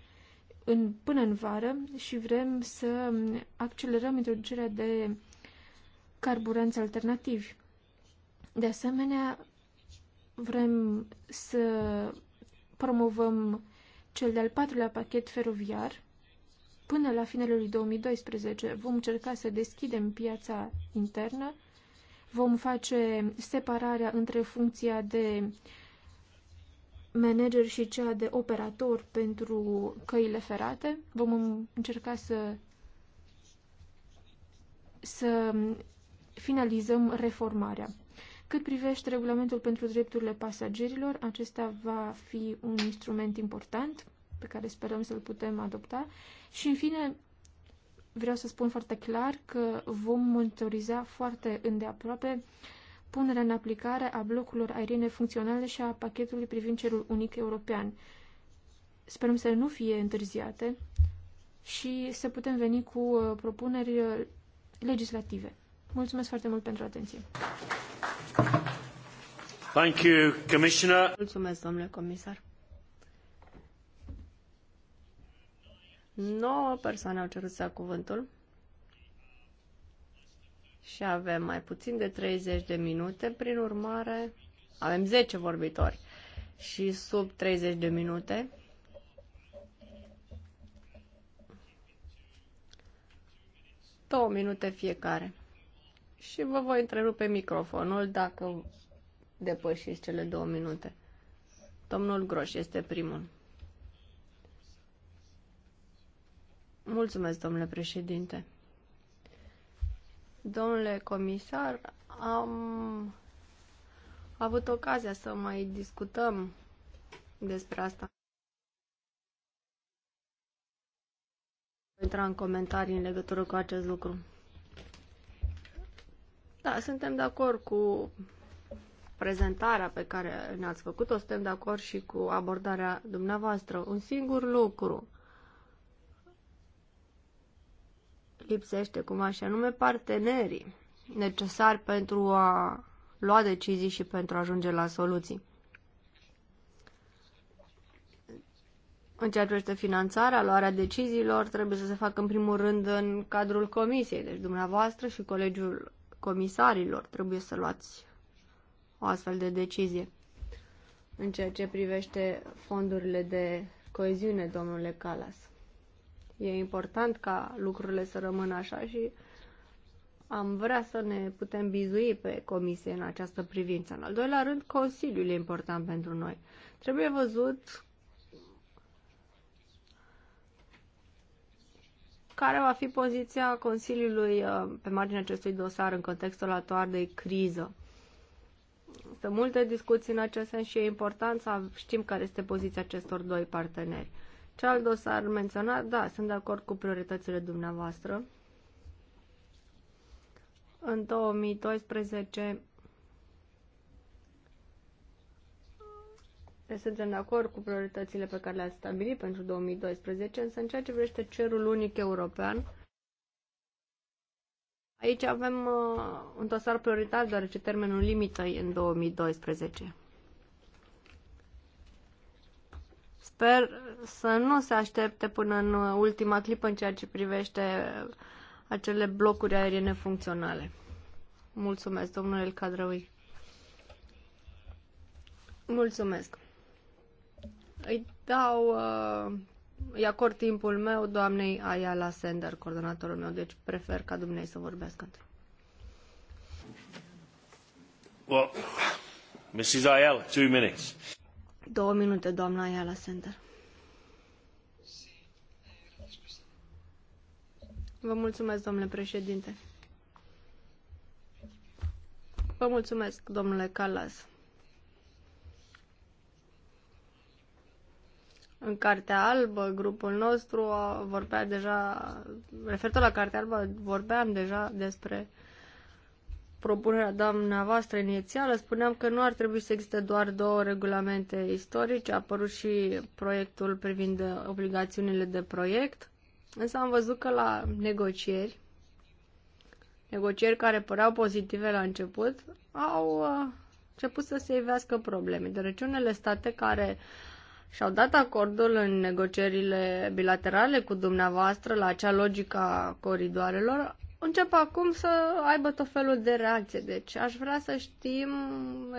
S1: în, până în vară și vrem să accelerăm introducerea de carburanți alternativi. De asemenea, vrem să promovăm cel de-al patrulea pachet feroviar. Până la finele lui 2012 vom încerca să deschidem piața internă, vom face separarea între funcția de uh, manager și cea de operator pentru căile ferate. Vom încerca să, să finalizăm reformarea. Cât privește regulamentul pentru drepturile pasagerilor, acesta va fi un instrument important pe care sperăm să-l putem adopta. Și, în fine, vreau să spun foarte clar că vom monitoriza foarte îndeaproape uh, punerea în aplicare a blocurilor aeriene funcționale și a pachetului privind cerul unic european. Sperăm să nu fie întârziate și să putem veni cu uh, propuneri uh, legislative. Mulțumesc foarte mult pentru atenție.
S2: Thank you, Commissioner. Mulțumesc, domnule comisar.
S3: Nouă persoane au cerut să cuvântul și avem mai puțin de 30 de minute, prin urmare avem 10 vorbitori și sub 30 de minute. Două minute fiecare. Și vă voi întrerupe microfonul dacă depășiți cele două minute. Domnul Groș este primul. Mulțumesc, domnule președinte. Domnule comisar, am avut ocazia să mai discutăm despre asta. intra în comentarii în legătură cu acest lucru. Da, suntem de acord cu prezentarea pe care ne-ați făcut-o, suntem de acord și cu abordarea dumneavoastră. Un singur lucru lipsește cumva și anume partenerii necesari pentru a lua decizii și pentru a ajunge la soluții. În ceea ce privește finanțarea, luarea deciziilor trebuie să se facă în primul rând în cadrul comisiei, deci dumneavoastră și colegiul comisarilor trebuie să luați o astfel de decizie. În ceea ce privește fondurile de coeziune, domnule Calas. E important ca lucrurile să rămână așa și am vrea să ne putem bizui pe comisie în această privință. În al doilea rând, Consiliul e important pentru noi. Trebuie văzut care va fi poziția Consiliului uh, pe marginea acestui dosar în contextul actual de criză. Sunt multe discuții în acest sens și e important să știm care este poziția acestor doi parteneri. Ce alt dosar menționa? Da, sunt de acord cu prioritățile dumneavoastră. În 2012 Deci suntem de acord cu prioritățile pe care le-ați stabilit pentru 2012, însă în ceea ce privește cerul unic european, aici avem uh, un dosar prioritar, deoarece termenul limită în 2012. sper să nu se aștepte până în ultima clipă în ceea ce privește acele blocuri aeriene funcționale. Mulțumesc, domnule El Cadrăui. Mulțumesc. Îi dau, uh, îi acord timpul meu doamnei Ayala Sender, coordonatorul meu, deci prefer ca dumnei să vorbească într
S2: Well, Mrs. Ayala, two minutes.
S3: Două minute, doamna Ayala Center. Vă mulțumesc, domnule președinte. Vă mulțumesc, domnule Calas. În Cartea Albă, grupul nostru vorbea deja, referitor la Cartea Albă, vorbeam deja despre propunerea dumneavoastră inițială, spuneam că nu ar trebui să existe doar două regulamente istorice, a apărut și proiectul privind obligațiunile de proiect, însă am văzut că la negocieri, negocieri care păreau pozitive la început, au uh, început să se ivească probleme, deoarece unele state care și-au dat acordul în negocierile bilaterale cu dumneavoastră la acea logică a coridoarelor, încep acum să aibă tot felul de reacție. Deci aș vrea să știm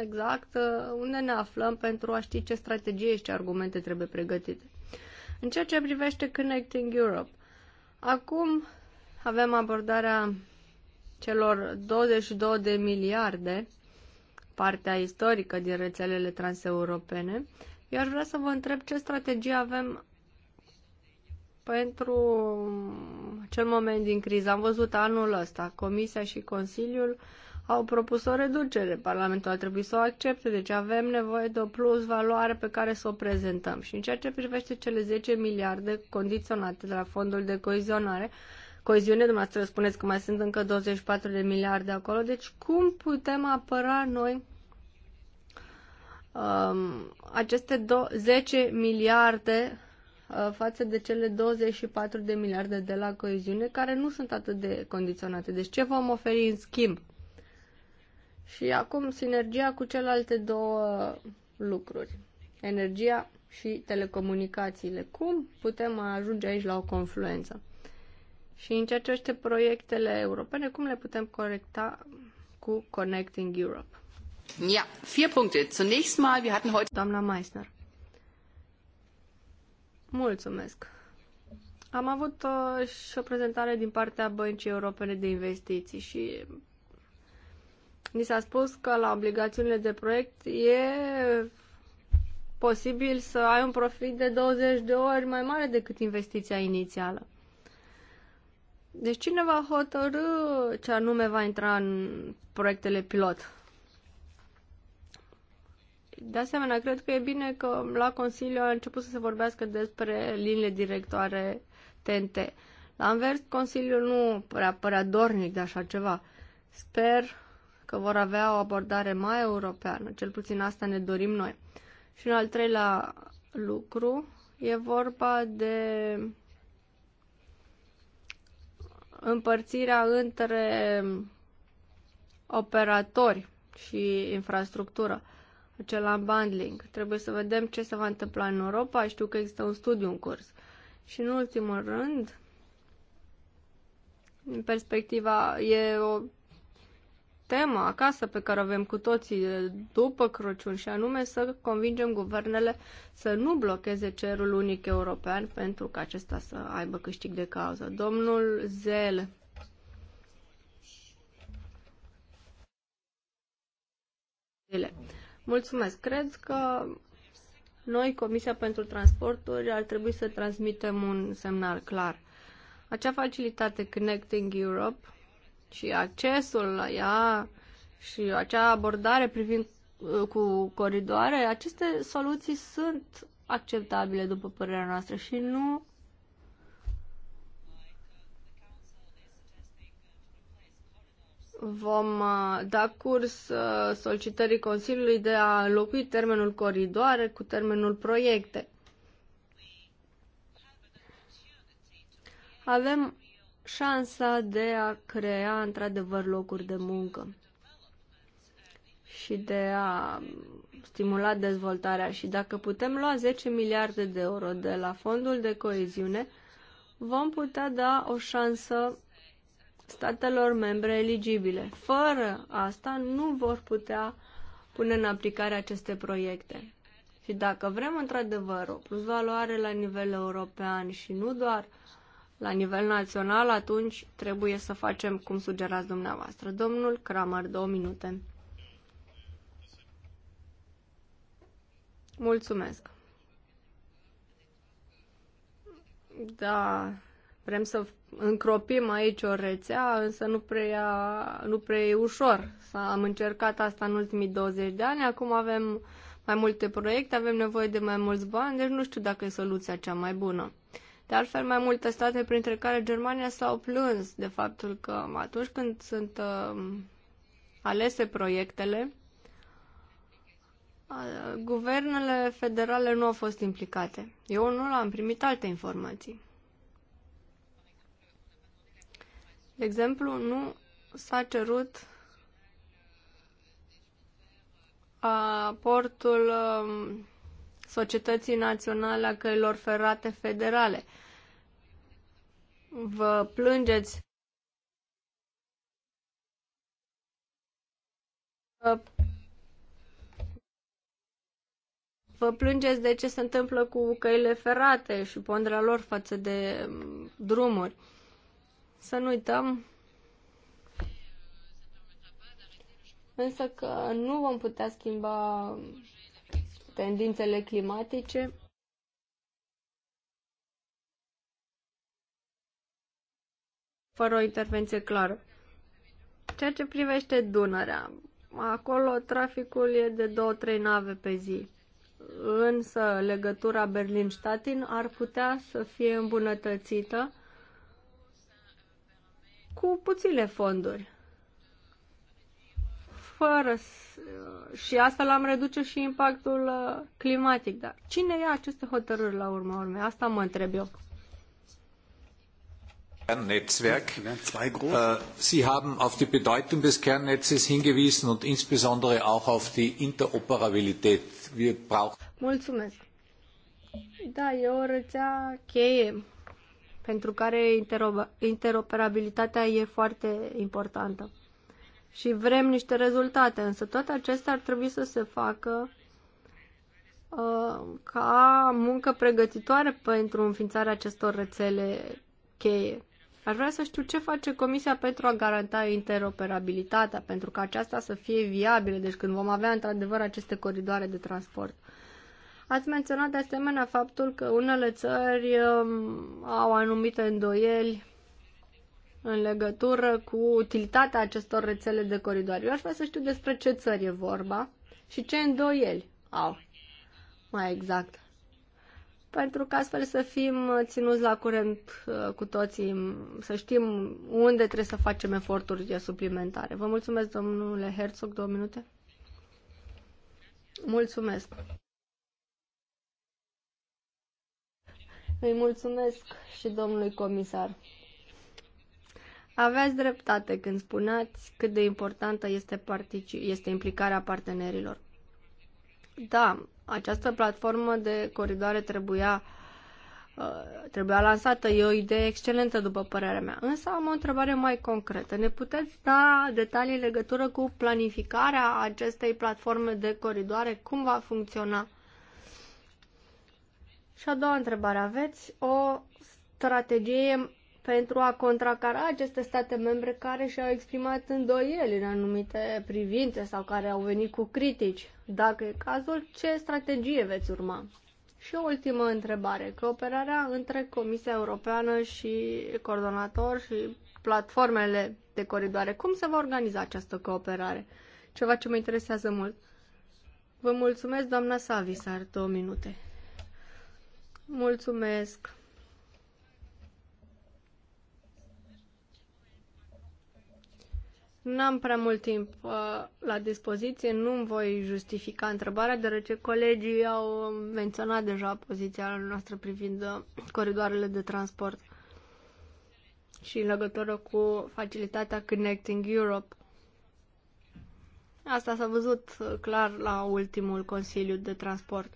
S3: exact uh, unde ne aflăm pentru a ști ce strategie și ce argumente trebuie pregătite. În ceea ce privește Connecting Europe, acum avem abordarea celor 22 de miliarde, partea istorică din rețelele transeuropene. Eu aș vrea să vă întreb ce strategie avem pentru acel moment din criză. Am văzut anul ăsta, Comisia și Consiliul au propus o reducere. Parlamentul a trebuit să o accepte, deci avem nevoie de o plus valoare pe care să o prezentăm. Și în ceea ce privește cele 10 miliarde condiționate de la fondul de coizionare, coiziune, dumneavoastră spuneți că mai sunt încă 24 de miliarde acolo, deci cum putem apăra noi um, aceste 10 miliarde Uh, față de cele 24 de miliarde de la coeziune care nu sunt atât de condiționate. Deci ce vom oferi în schimb? Și acum sinergia cu celelalte două lucruri, energia și telecomunicațiile. Cum putem ajunge aici la o confluență? Și în ceea ce este proiectele europene, cum le putem corecta cu Connecting Europe? Ja, vier puncte. Zunächst mal, wir hatten heute... Doamna Meissner. Mulțumesc. Am avut uh, și o prezentare din partea Băncii Europene de Investiții și mi s-a spus că la obligațiunile de proiect e posibil să ai un profit de 20 de ori mai mare decât investiția inițială. Deci cine va hotărâ ce anume va intra în proiectele pilot? De asemenea, cred că e bine că la Consiliu a început să se vorbească despre liniile directoare TNT. La învers, Consiliul nu părea, părea dornic de așa ceva. Sper că vor avea o abordare mai europeană, cel puțin asta ne dorim noi. Și un al treilea lucru e vorba de împărțirea între operatori și infrastructură. Uh, acel unbundling. Trebuie să vedem ce se va întâmpla în Europa. Știu că există un studiu în curs. Și în ultimul rând, în perspectiva, e o temă acasă pe care o avem cu toții după Crăciun și anume să convingem guvernele să nu blocheze cerul unic european pentru ca acesta să aibă câștig de cauză. Domnul Zel. Zele. Mulțumesc. Cred că noi, Comisia pentru Transporturi, ar trebui să transmitem un semnal clar. Acea facilitate Connecting Europe și accesul la ea și acea abordare privind uh, cu coridoare, aceste soluții sunt acceptabile după părerea noastră și nu vom uh, da curs uh, solicitării Consiliului de a înlocui termenul coridoare cu termenul proiecte. Avem șansa de a crea într-adevăr locuri de muncă și de a stimula dezvoltarea. Și dacă putem lua 10 miliarde de euro de la fondul de coeziune, vom putea da o șansă statelor membre eligibile. Fără asta nu vor putea pune în aplicare aceste proiecte. Și dacă vrem într-adevăr o plusvaloare la nivel european și nu doar la nivel național, atunci trebuie să facem cum sugerați dumneavoastră. Domnul Kramer, două minute. Mulțumesc. Da, vrem să încropim aici o rețea, însă nu prea, nu prea e ușor. am încercat asta în ultimii 20 de ani, acum avem mai multe proiecte, avem nevoie de mai mulți bani, deci nu știu dacă e soluția cea mai bună. De altfel, mai multe state, printre care Germania, s-au plâns de faptul că atunci când sunt uh, alese proiectele, uh, guvernele federale nu au fost implicate. Eu nu l-am primit alte informații. De exemplu, nu s-a cerut aportul um, Societății Naționale a Căilor Ferate Federale. Vă plângeți Vă plângeți de ce se întâmplă cu căile ferate și ponderea lor față de um, drumuri. Să nu uităm însă că nu vom putea schimba tendințele climatice fără o intervenție clară. Ceea ce privește Dunărea, acolo traficul e de 2-3 nave pe zi. Însă legătura Berlin-Statin ar putea să fie îmbunătățită cu puține fonduri. Fără uh, și astfel am reduce și impactul uh, climatic. Dar cine ia aceste hotărâri la urma urmei? Asta mă întreb eu.
S4: Kernnetzwerk. Äh, Sie haben auf die Bedeutung des Kernnetzes hingewiesen und insbesondere auch auf die Interoperabilität. Wir brauchen.
S3: Mulțumesc. Da, e o rețea cheie pentru care interoperabilitatea e foarte importantă. Și vrem niște rezultate, însă toate acestea ar trebui să se facă uh, ca muncă pregătitoare pentru înființarea acestor rețele cheie. Aș vrea să știu ce face Comisia pentru a garanta interoperabilitatea, pentru ca aceasta să fie viabilă, deci când vom avea într-adevăr aceste coridoare de transport. Ați menționat de asemenea faptul că unele țări um, au anumite îndoieli în legătură cu utilitatea acestor rețele de coridoare. Eu aș vrea să știu despre ce țări e vorba și ce îndoieli au, mai exact. Pentru că astfel să fim ținuți la curent uh, cu toții, să știm unde trebuie să facem eforturi suplimentare. Vă mulțumesc, domnule Herzog, două minute. Mulțumesc. Îi mulțumesc și domnului comisar. Aveți dreptate când spuneați cât de importantă este, este implicarea partenerilor. Da, această platformă de coridoare trebuia, uh, trebuia lansată. E o idee excelentă, după părerea mea. Însă am o întrebare mai concretă. Ne puteți da detalii în legătură cu planificarea acestei platforme de coridoare? Cum va funcționa? Și a doua întrebare, aveți o strategie pentru a contracara aceste state membre care și-au exprimat îndoieli în anumite privințe sau care au venit cu critici? Dacă e cazul, ce strategie veți urma? Și o ultimă întrebare, cooperarea între Comisia Europeană și coordonator și platformele de coridoare. Cum se va organiza această cooperare? Ceva ce mă interesează mult. Vă mulțumesc, doamna Savisar, două minute. Mulțumesc. N-am prea mult timp uh, la dispoziție, nu voi justifica întrebarea, deoarece colegii au menționat deja poziția noastră privind uh, coridoarele de transport și în legătură cu facilitatea Connecting Europe. Asta s-a văzut uh, clar la ultimul Consiliu de Transport.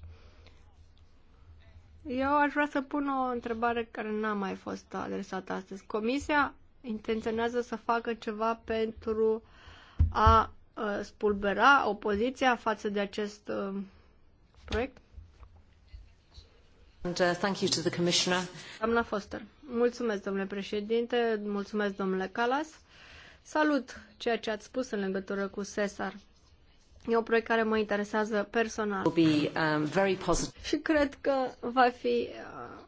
S3: Eu aș vrea să pun o întrebare care n-a mai fost adresată astăzi. Comisia intenționează să facă ceva pentru a uh, spulbera opoziția față de acest uh, proiect?
S4: And, uh, thank you to the commissioner.
S3: Doamna Foster, mulțumesc, domnule președinte, mulțumesc, domnule Calas. Salut ceea ce ați spus în legătură cu Cesar. E un proiect care mă interesează personal. Be, um, very și cred că va fi uh,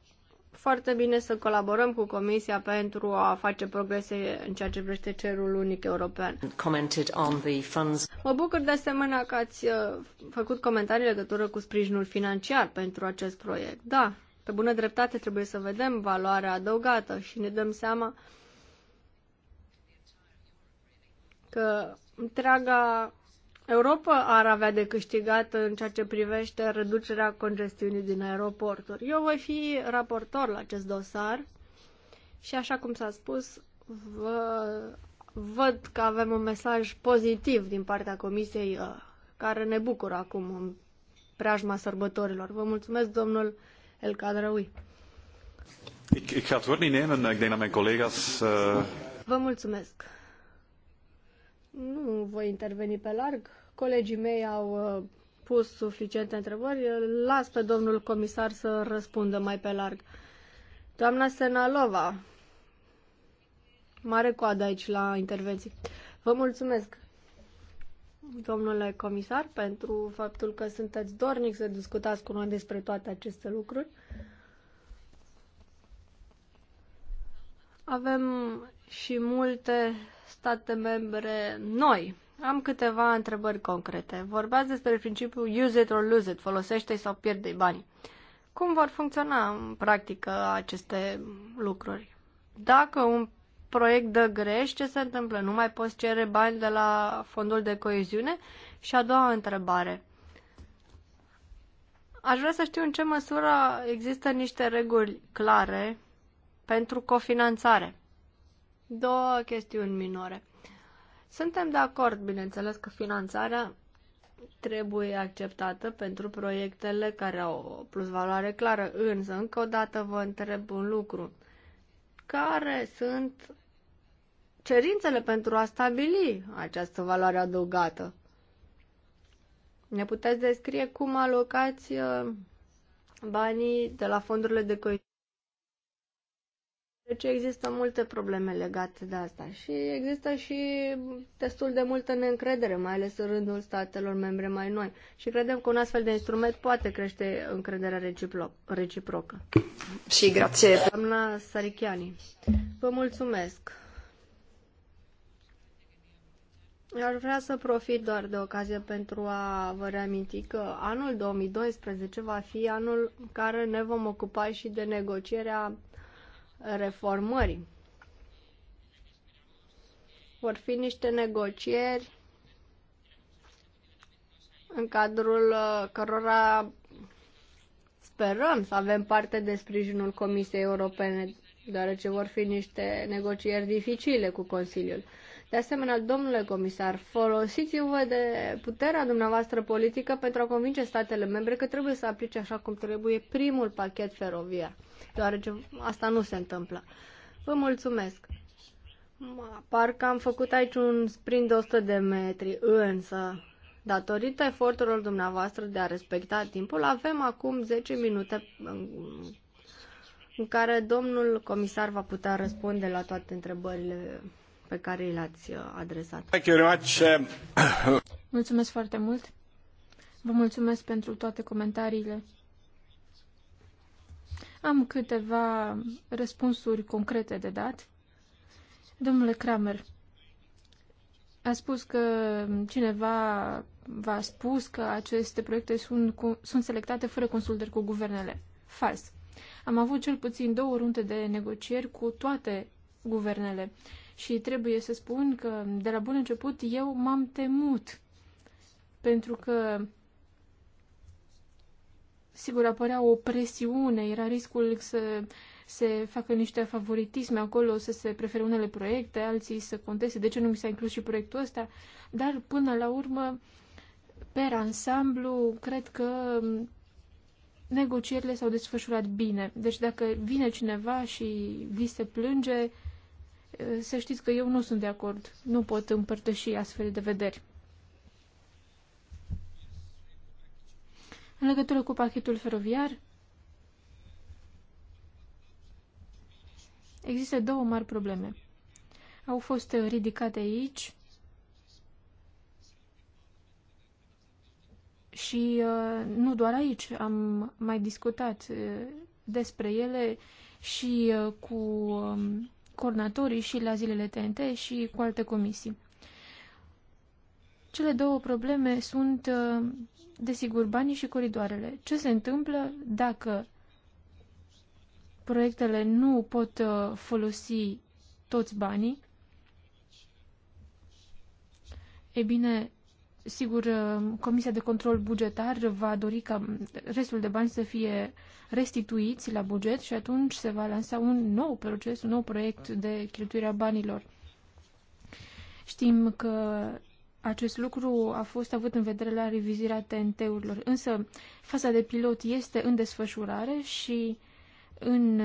S3: foarte bine să colaborăm cu Comisia pentru a face progrese în ceea ce privește cerul unic european. Mă bucur de asemenea că ați uh, făcut comentarii legătură cu sprijinul financiar pentru acest proiect. Da, pe bună dreptate trebuie să vedem valoarea adăugată și ne dăm seama că întreaga Europa ar avea de câștigat în ceea ce privește reducerea congestiunii din aeroporturi. Eu voi fi raportor la acest dosar și, așa cum s-a spus, vă, văd că avem un mesaj pozitiv din partea Comisiei uh, care ne bucură acum în preajma sărbătorilor. Vă mulțumesc, domnul El Cadraui.
S2: Ik, ik ga het woord niet nemen. Ik denk dat mijn collega's... Uh...
S3: Vă mulțumesc. Nu voi interveni pe larg. Colegii mei au uh, pus suficiente întrebări. Las pe domnul comisar să răspundă mai pe larg. Doamna Senalova, mare coadă aici la intervenții. Vă mulțumesc, domnule comisar, pentru faptul că sunteți dornic să discutați cu noi despre toate aceste lucruri. Avem și multe state membre noi. Am câteva întrebări concrete. Vorbeați despre principiul use it or lose it, folosește sau pierde bani. Cum vor funcționa în practică aceste lucruri? Dacă un proiect dă greș, ce se întâmplă? Nu mai poți cere bani de la fondul de coeziune? Și a doua întrebare. Aș vrea să știu în ce măsură există niște reguli clare pentru cofinanțare două chestiuni minore. Suntem de acord, bineînțeles, că finanțarea trebuie acceptată pentru proiectele care au o valoare clară, însă încă o dată vă întreb un lucru. Care sunt cerințele pentru a stabili această valoare adăugată? Ne puteți descrie cum alocați uh, banii de la fondurile de coeziune? Deci există multe probleme legate de asta și există și destul de multă neîncredere, mai ales în rândul statelor membre mai noi. Și credem că un astfel de instrument poate crește încrederea reciproc reciprocă. Și grație. Doamna Sarichiani, vă mulțumesc. Aș vrea să profit doar de ocazie pentru a vă reaminti că anul 2012 va fi anul în care ne vom ocupa și de negocierea reformării. Vor fi niște negocieri în cadrul uh, cărora sperăm să avem parte de sprijinul Comisiei Europene, deoarece vor fi niște negocieri dificile cu Consiliul. De asemenea, domnule comisar, folosiți-vă de puterea dumneavoastră politică pentru a convinge statele membre că trebuie să aplice așa cum trebuie primul pachet feroviar deoarece asta nu se întâmplă. Vă mulțumesc! Parcă am făcut aici un sprint de 100 de metri, însă, datorită eforturilor dumneavoastră de a respecta timpul, avem acum 10 minute în care domnul comisar va putea răspunde la toate întrebările pe care le-ați
S1: uh, adresat.
S2: Uh,
S1: mulțumesc foarte mult! Vă mulțumesc pentru toate comentariile. Am câteva răspunsuri concrete de dat. Domnule Kramer, a spus că cineva v-a spus că aceste proiecte sunt, sunt selectate fără consultări cu guvernele. Fals. Am avut cel puțin două runde de negocieri cu toate guvernele și trebuie să spun că de la bun început eu m-am temut pentru că sigur, apărea o presiune, era riscul să se facă niște favoritisme acolo, să se prefere unele proiecte, alții să conteste, de ce nu mi s-a inclus și proiectul ăsta, dar până la urmă, per ansamblu, cred că negocierile s-au desfășurat bine. Deci dacă vine cineva și vi se plânge, să știți că eu nu sunt de acord, nu pot împărtăși astfel de vederi. În legătură cu pachetul feroviar, există două mari probleme. Au fost ridicate aici și uh, nu doar aici, am mai discutat uh, despre ele și uh, cu um, coordonatorii și la zilele TNT și cu alte comisii. Cele două probleme sunt, uh, desigur, banii și coridoarele. Ce se întâmplă dacă proiectele nu pot uh, folosi toți banii? E bine, sigur, uh, Comisia de Control Bugetar va dori ca restul de bani să fie restituiți la buget și atunci se va lansa un nou proces, un nou proiect de cheltuire a banilor. Știm că acest lucru a fost avut în vedere la revizirea TNT-urilor, însă faza de pilot este în desfășurare și în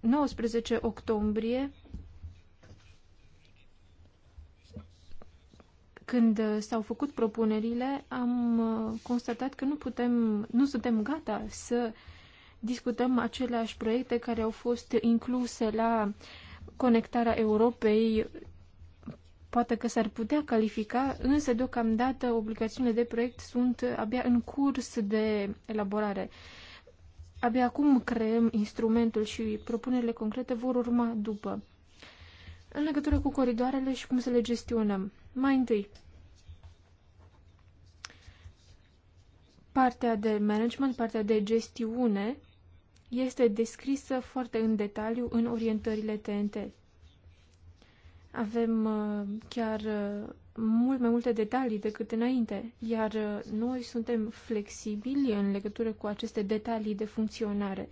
S1: 19 uh, octombrie, când uh, s-au făcut propunerile, am uh, constatat că nu putem, nu suntem gata să discutăm aceleași proiecte care au fost incluse la conectarea Europei poate că s-ar putea califica, însă deocamdată obligațiunile de proiect sunt abia în curs de elaborare. Abia acum creăm instrumentul și propunerile concrete vor urma după. În legătură cu coridoarele și cum să le gestionăm. Mai întâi, partea de management, partea de gestiune este descrisă foarte în detaliu în orientările TNT avem uh, chiar uh, mult mai multe detalii decât înainte, iar uh, noi suntem flexibili în legătură cu aceste detalii de funcționare.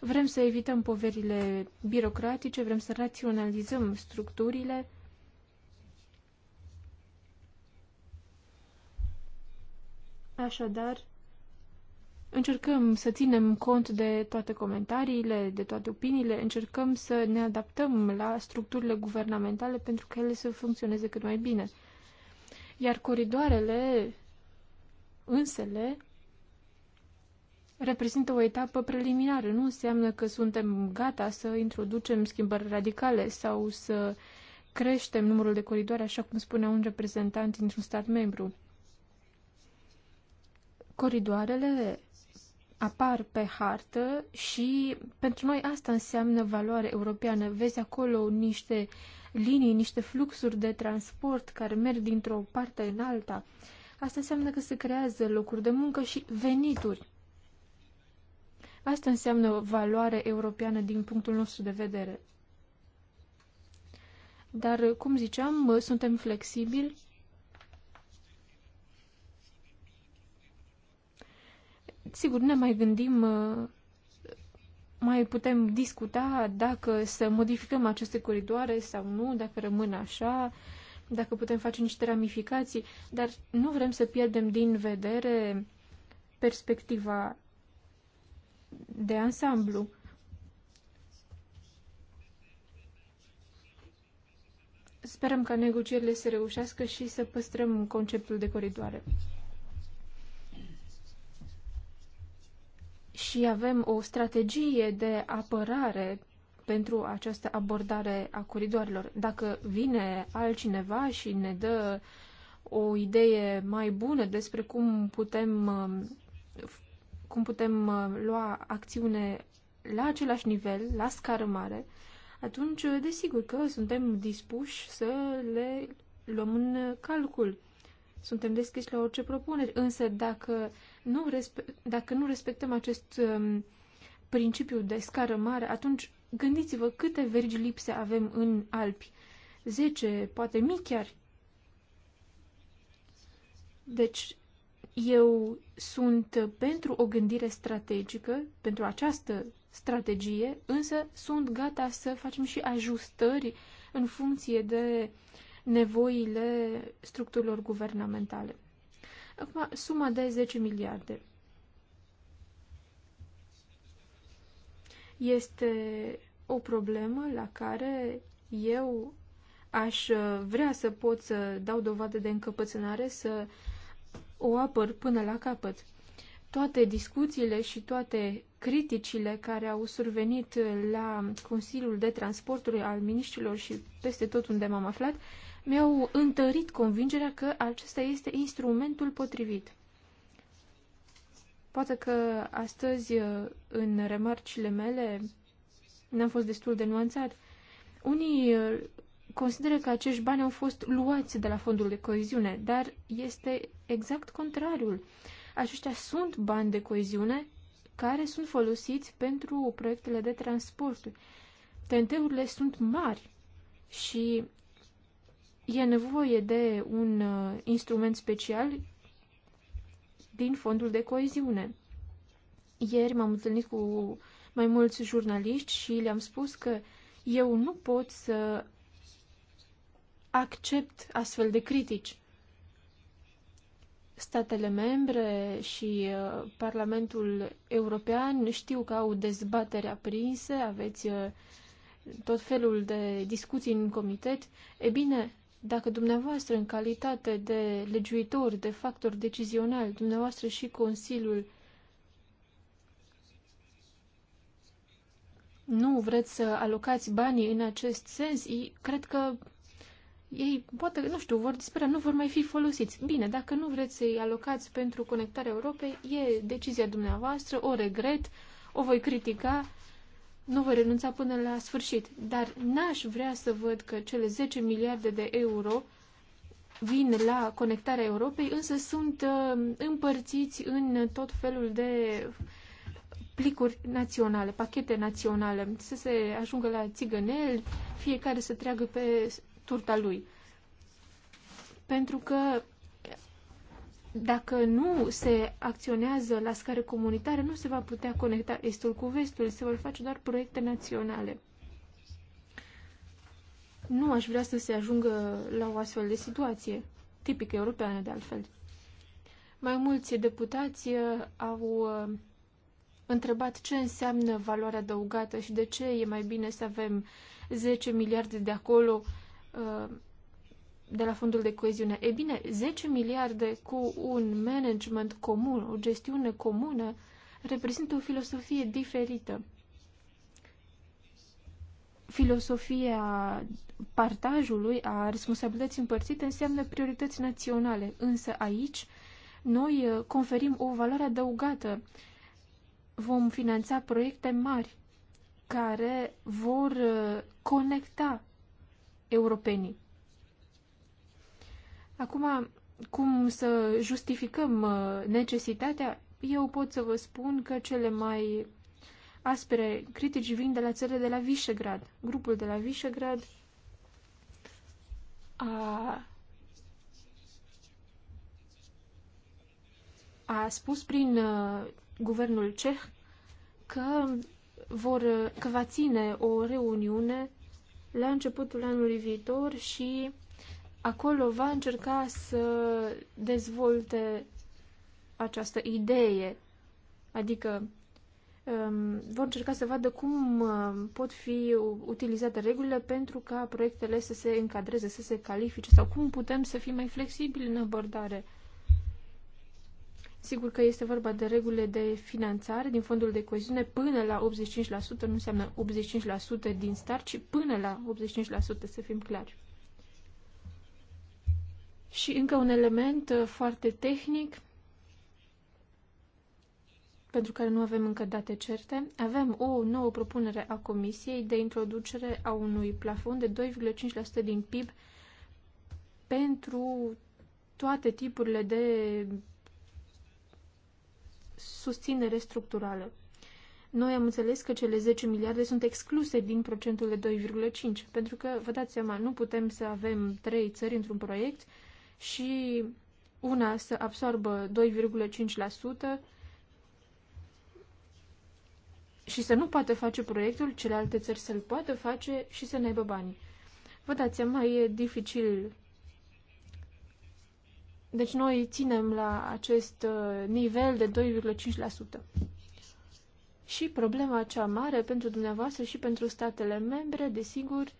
S1: Vrem să evităm poverile birocratice, vrem să raționalizăm structurile. Așadar, Încercăm să ținem cont de toate comentariile, de toate opiniile, încercăm să ne adaptăm la structurile guvernamentale pentru că ele să funcționeze cât mai bine. Iar coridoarele însele reprezintă o etapă preliminară. Nu înseamnă că suntem gata să introducem schimbări radicale sau să creștem numărul de coridoare, așa cum spunea un reprezentant dintr-un stat membru. Coridoarele apar pe hartă și pentru noi asta înseamnă valoare europeană. Vezi acolo niște linii, niște fluxuri de transport care merg dintr-o parte în alta. Asta înseamnă că se creează locuri de muncă și venituri. Asta înseamnă valoare europeană din punctul nostru de vedere. Dar, cum ziceam, suntem flexibili Sigur, ne mai gândim, uh, mai putem discuta dacă să modificăm aceste coridoare sau nu, dacă rămân așa, dacă putem face niște ramificații, dar nu vrem să pierdem din vedere perspectiva de ansamblu. Sperăm ca negocierile să reușească și să păstrăm conceptul de coridoare. și avem o strategie de apărare pentru această abordare a coridoarelor. Dacă vine altcineva și ne dă o idee mai bună despre cum putem, um, cum putem uh, lua acțiune la același nivel, la scară mare, atunci, uh, desigur că suntem dispuși să le luăm în calcul. Suntem deschiși la orice propuneri, însă dacă nu dacă nu respectăm acest um, principiu de scară mare, atunci gândiți-vă câte vergi lipse avem în Alpi. 10, poate mii chiar. Deci, eu sunt pentru o gândire strategică, pentru această strategie, însă sunt gata să facem și ajustări în funcție de nevoile structurilor guvernamentale. Acum, suma de 10 miliarde. Este o problemă la care eu aș uh, vrea să pot să dau dovadă de încăpățânare, să o apăr până la capăt. Toate discuțiile și toate criticile care au survenit la Consiliul de Transporturi al Miniștrilor și peste tot unde m-am aflat, uh, mi-au întărit convingerea că acesta este instrumentul potrivit. Poate că astăzi, uh, în remarcile mele, n-am fost destul de nuanțat. Unii uh, consideră că acești bani au fost luați de la fondul de coeziune, dar este exact contrariul. Aceștia sunt bani de coeziune care sunt folosiți pentru proiectele de transport. TNT-urile sunt mari și e nevoie de un uh, instrument special din fondul de coeziune. Ieri m-am întâlnit cu mai mulți jurnaliști și le-am spus că eu nu pot să accept astfel de critici. Statele membre și uh, Parlamentul European știu că au dezbatere aprinse, aveți uh, tot felul de discuții în comitet. E bine, dacă dumneavoastră, în calitate de legiuitor, de factor decizional, dumneavoastră și Consiliul nu vreți să alocați banii în acest sens, cred că ei poate, nu știu, vor dispărea, nu vor mai fi folosiți. Bine, dacă nu vreți să-i alocați pentru conectarea Europei, e decizia dumneavoastră, o regret, o voi critica, nu voi renunța până la sfârșit, dar n-aș vrea să văd că cele 10 miliarde de euro vin la conectarea Europei, însă sunt uh, împărțiți în tot felul de plicuri naționale, pachete naționale, să se ajungă la țigănel, fiecare să treagă pe turta lui. Pentru că dacă nu se acționează la scară comunitară, nu se va putea conecta estul cu vestul, se vor face doar proiecte naționale. Nu aș vrea să se ajungă la o astfel de situație, tipic europeană de altfel. Mai mulți deputați uh, au uh, întrebat ce înseamnă valoarea adăugată și de ce e mai bine să avem 10 miliarde de acolo uh, de la fondul de coeziune. E bine, 10 miliarde cu un management comun, o gestiune comună, reprezintă o filosofie diferită. Filosofia partajului, a responsabilității împărțite, înseamnă priorități naționale, însă aici noi uh, conferim o valoare adăugată. Vom finanța proiecte mari care vor uh, conecta europenii Acum, cum să justificăm uh, necesitatea? Eu pot să vă spun că cele mai aspre critici vin de la țările de la Visegrad. Grupul de la Visegrad a, a spus prin uh, guvernul ceh că vor că va ține o reuniune la începutul anului viitor și acolo va încerca să dezvolte această idee, adică um, vor încerca să vadă cum um, pot fi utilizate regulile pentru ca proiectele să se încadreze, să se califice sau cum putem să fim mai flexibili în abordare. Sigur că este vorba de regulile de finanțare din fondul de coeziune până la 85%, nu înseamnă 85% din start, ci până la 85%, să fim clari. Și încă un element uh, foarte tehnic, pentru care nu avem încă date certe, avem o nouă propunere a Comisiei de introducere a unui plafon de 2,5% din PIB pentru toate tipurile de susținere structurală. Noi am înțeles că cele 10 miliarde sunt excluse din procentul de 2,5, pentru că, vă dați seama, nu putem să avem trei țări într-un proiect și una să absorbă 2,5% și să nu poată face proiectul, celelalte țări să-l poată face și să ne aibă banii. Vă dați seama, e dificil. Deci noi ținem la acest uh, nivel de 2,5%. Și problema cea mare pentru dumneavoastră și pentru statele membre, desigur,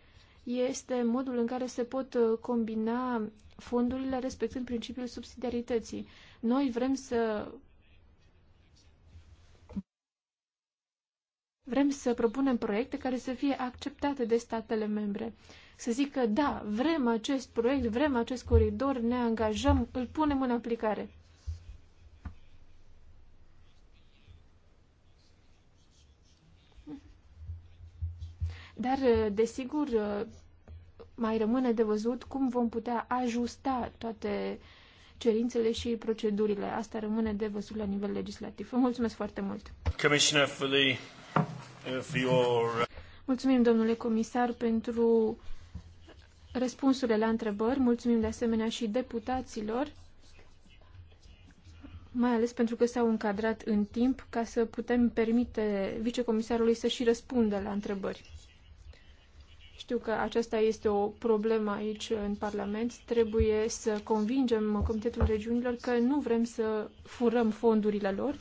S1: este modul în care se pot uh, combina fondurile respectând principiul subsidiarității. Noi vrem să vrem să propunem proiecte care să fie acceptate de statele membre. Să zică, da, vrem acest proiect, vrem acest coridor, ne angajăm, îl punem în aplicare. Dar, desigur, mai rămâne de văzut cum vom putea ajusta toate cerințele și procedurile. Asta rămâne de văzut la nivel legislativ. Vă mulțumesc foarte mult!
S2: Uh,
S1: Mulțumim, domnule comisar, pentru răspunsurile la întrebări. Mulțumim de asemenea și deputaților, mai ales pentru că s-au încadrat în timp ca să putem permite vicecomisarului să și răspundă la întrebări. Știu că aceasta este o problemă aici în Parlament. Trebuie să convingem Comitetul Regiunilor că nu vrem să furăm fondurile lor,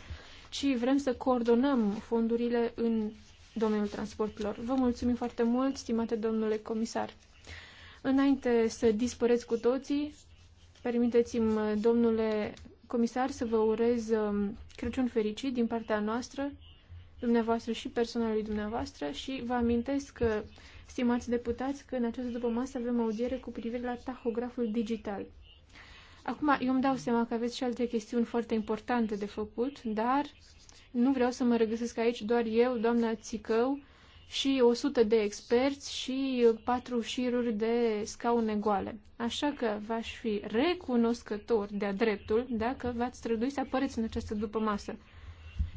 S1: ci vrem să coordonăm fondurile în domeniul transporturilor. Vă mulțumim foarte mult, stimate domnule comisar. Înainte să dispăreți cu toții, permiteți-mi, domnule comisar, să vă urez um, Crăciun fericit din partea noastră, dumneavoastră și personalului dumneavoastră și vă amintesc că stimați deputați, că în această după masă avem audiere cu privire la tahograful digital. Acum, eu îmi dau seama că aveți și alte chestiuni foarte importante de făcut, dar nu vreau să mă regăsesc aici doar eu, doamna Țicău, și 100 de experți și patru șiruri de scaune goale. Așa că v-aș fi recunoscător de-a dreptul dacă v-ați strădui să apăreți în această dupămasă.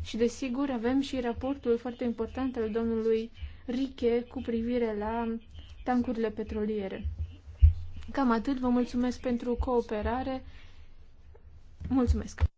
S1: Și desigur avem și raportul foarte important al domnului Riche cu privire la tancurile petroliere. Cam atât, vă mulțumesc pentru cooperare. Mulțumesc!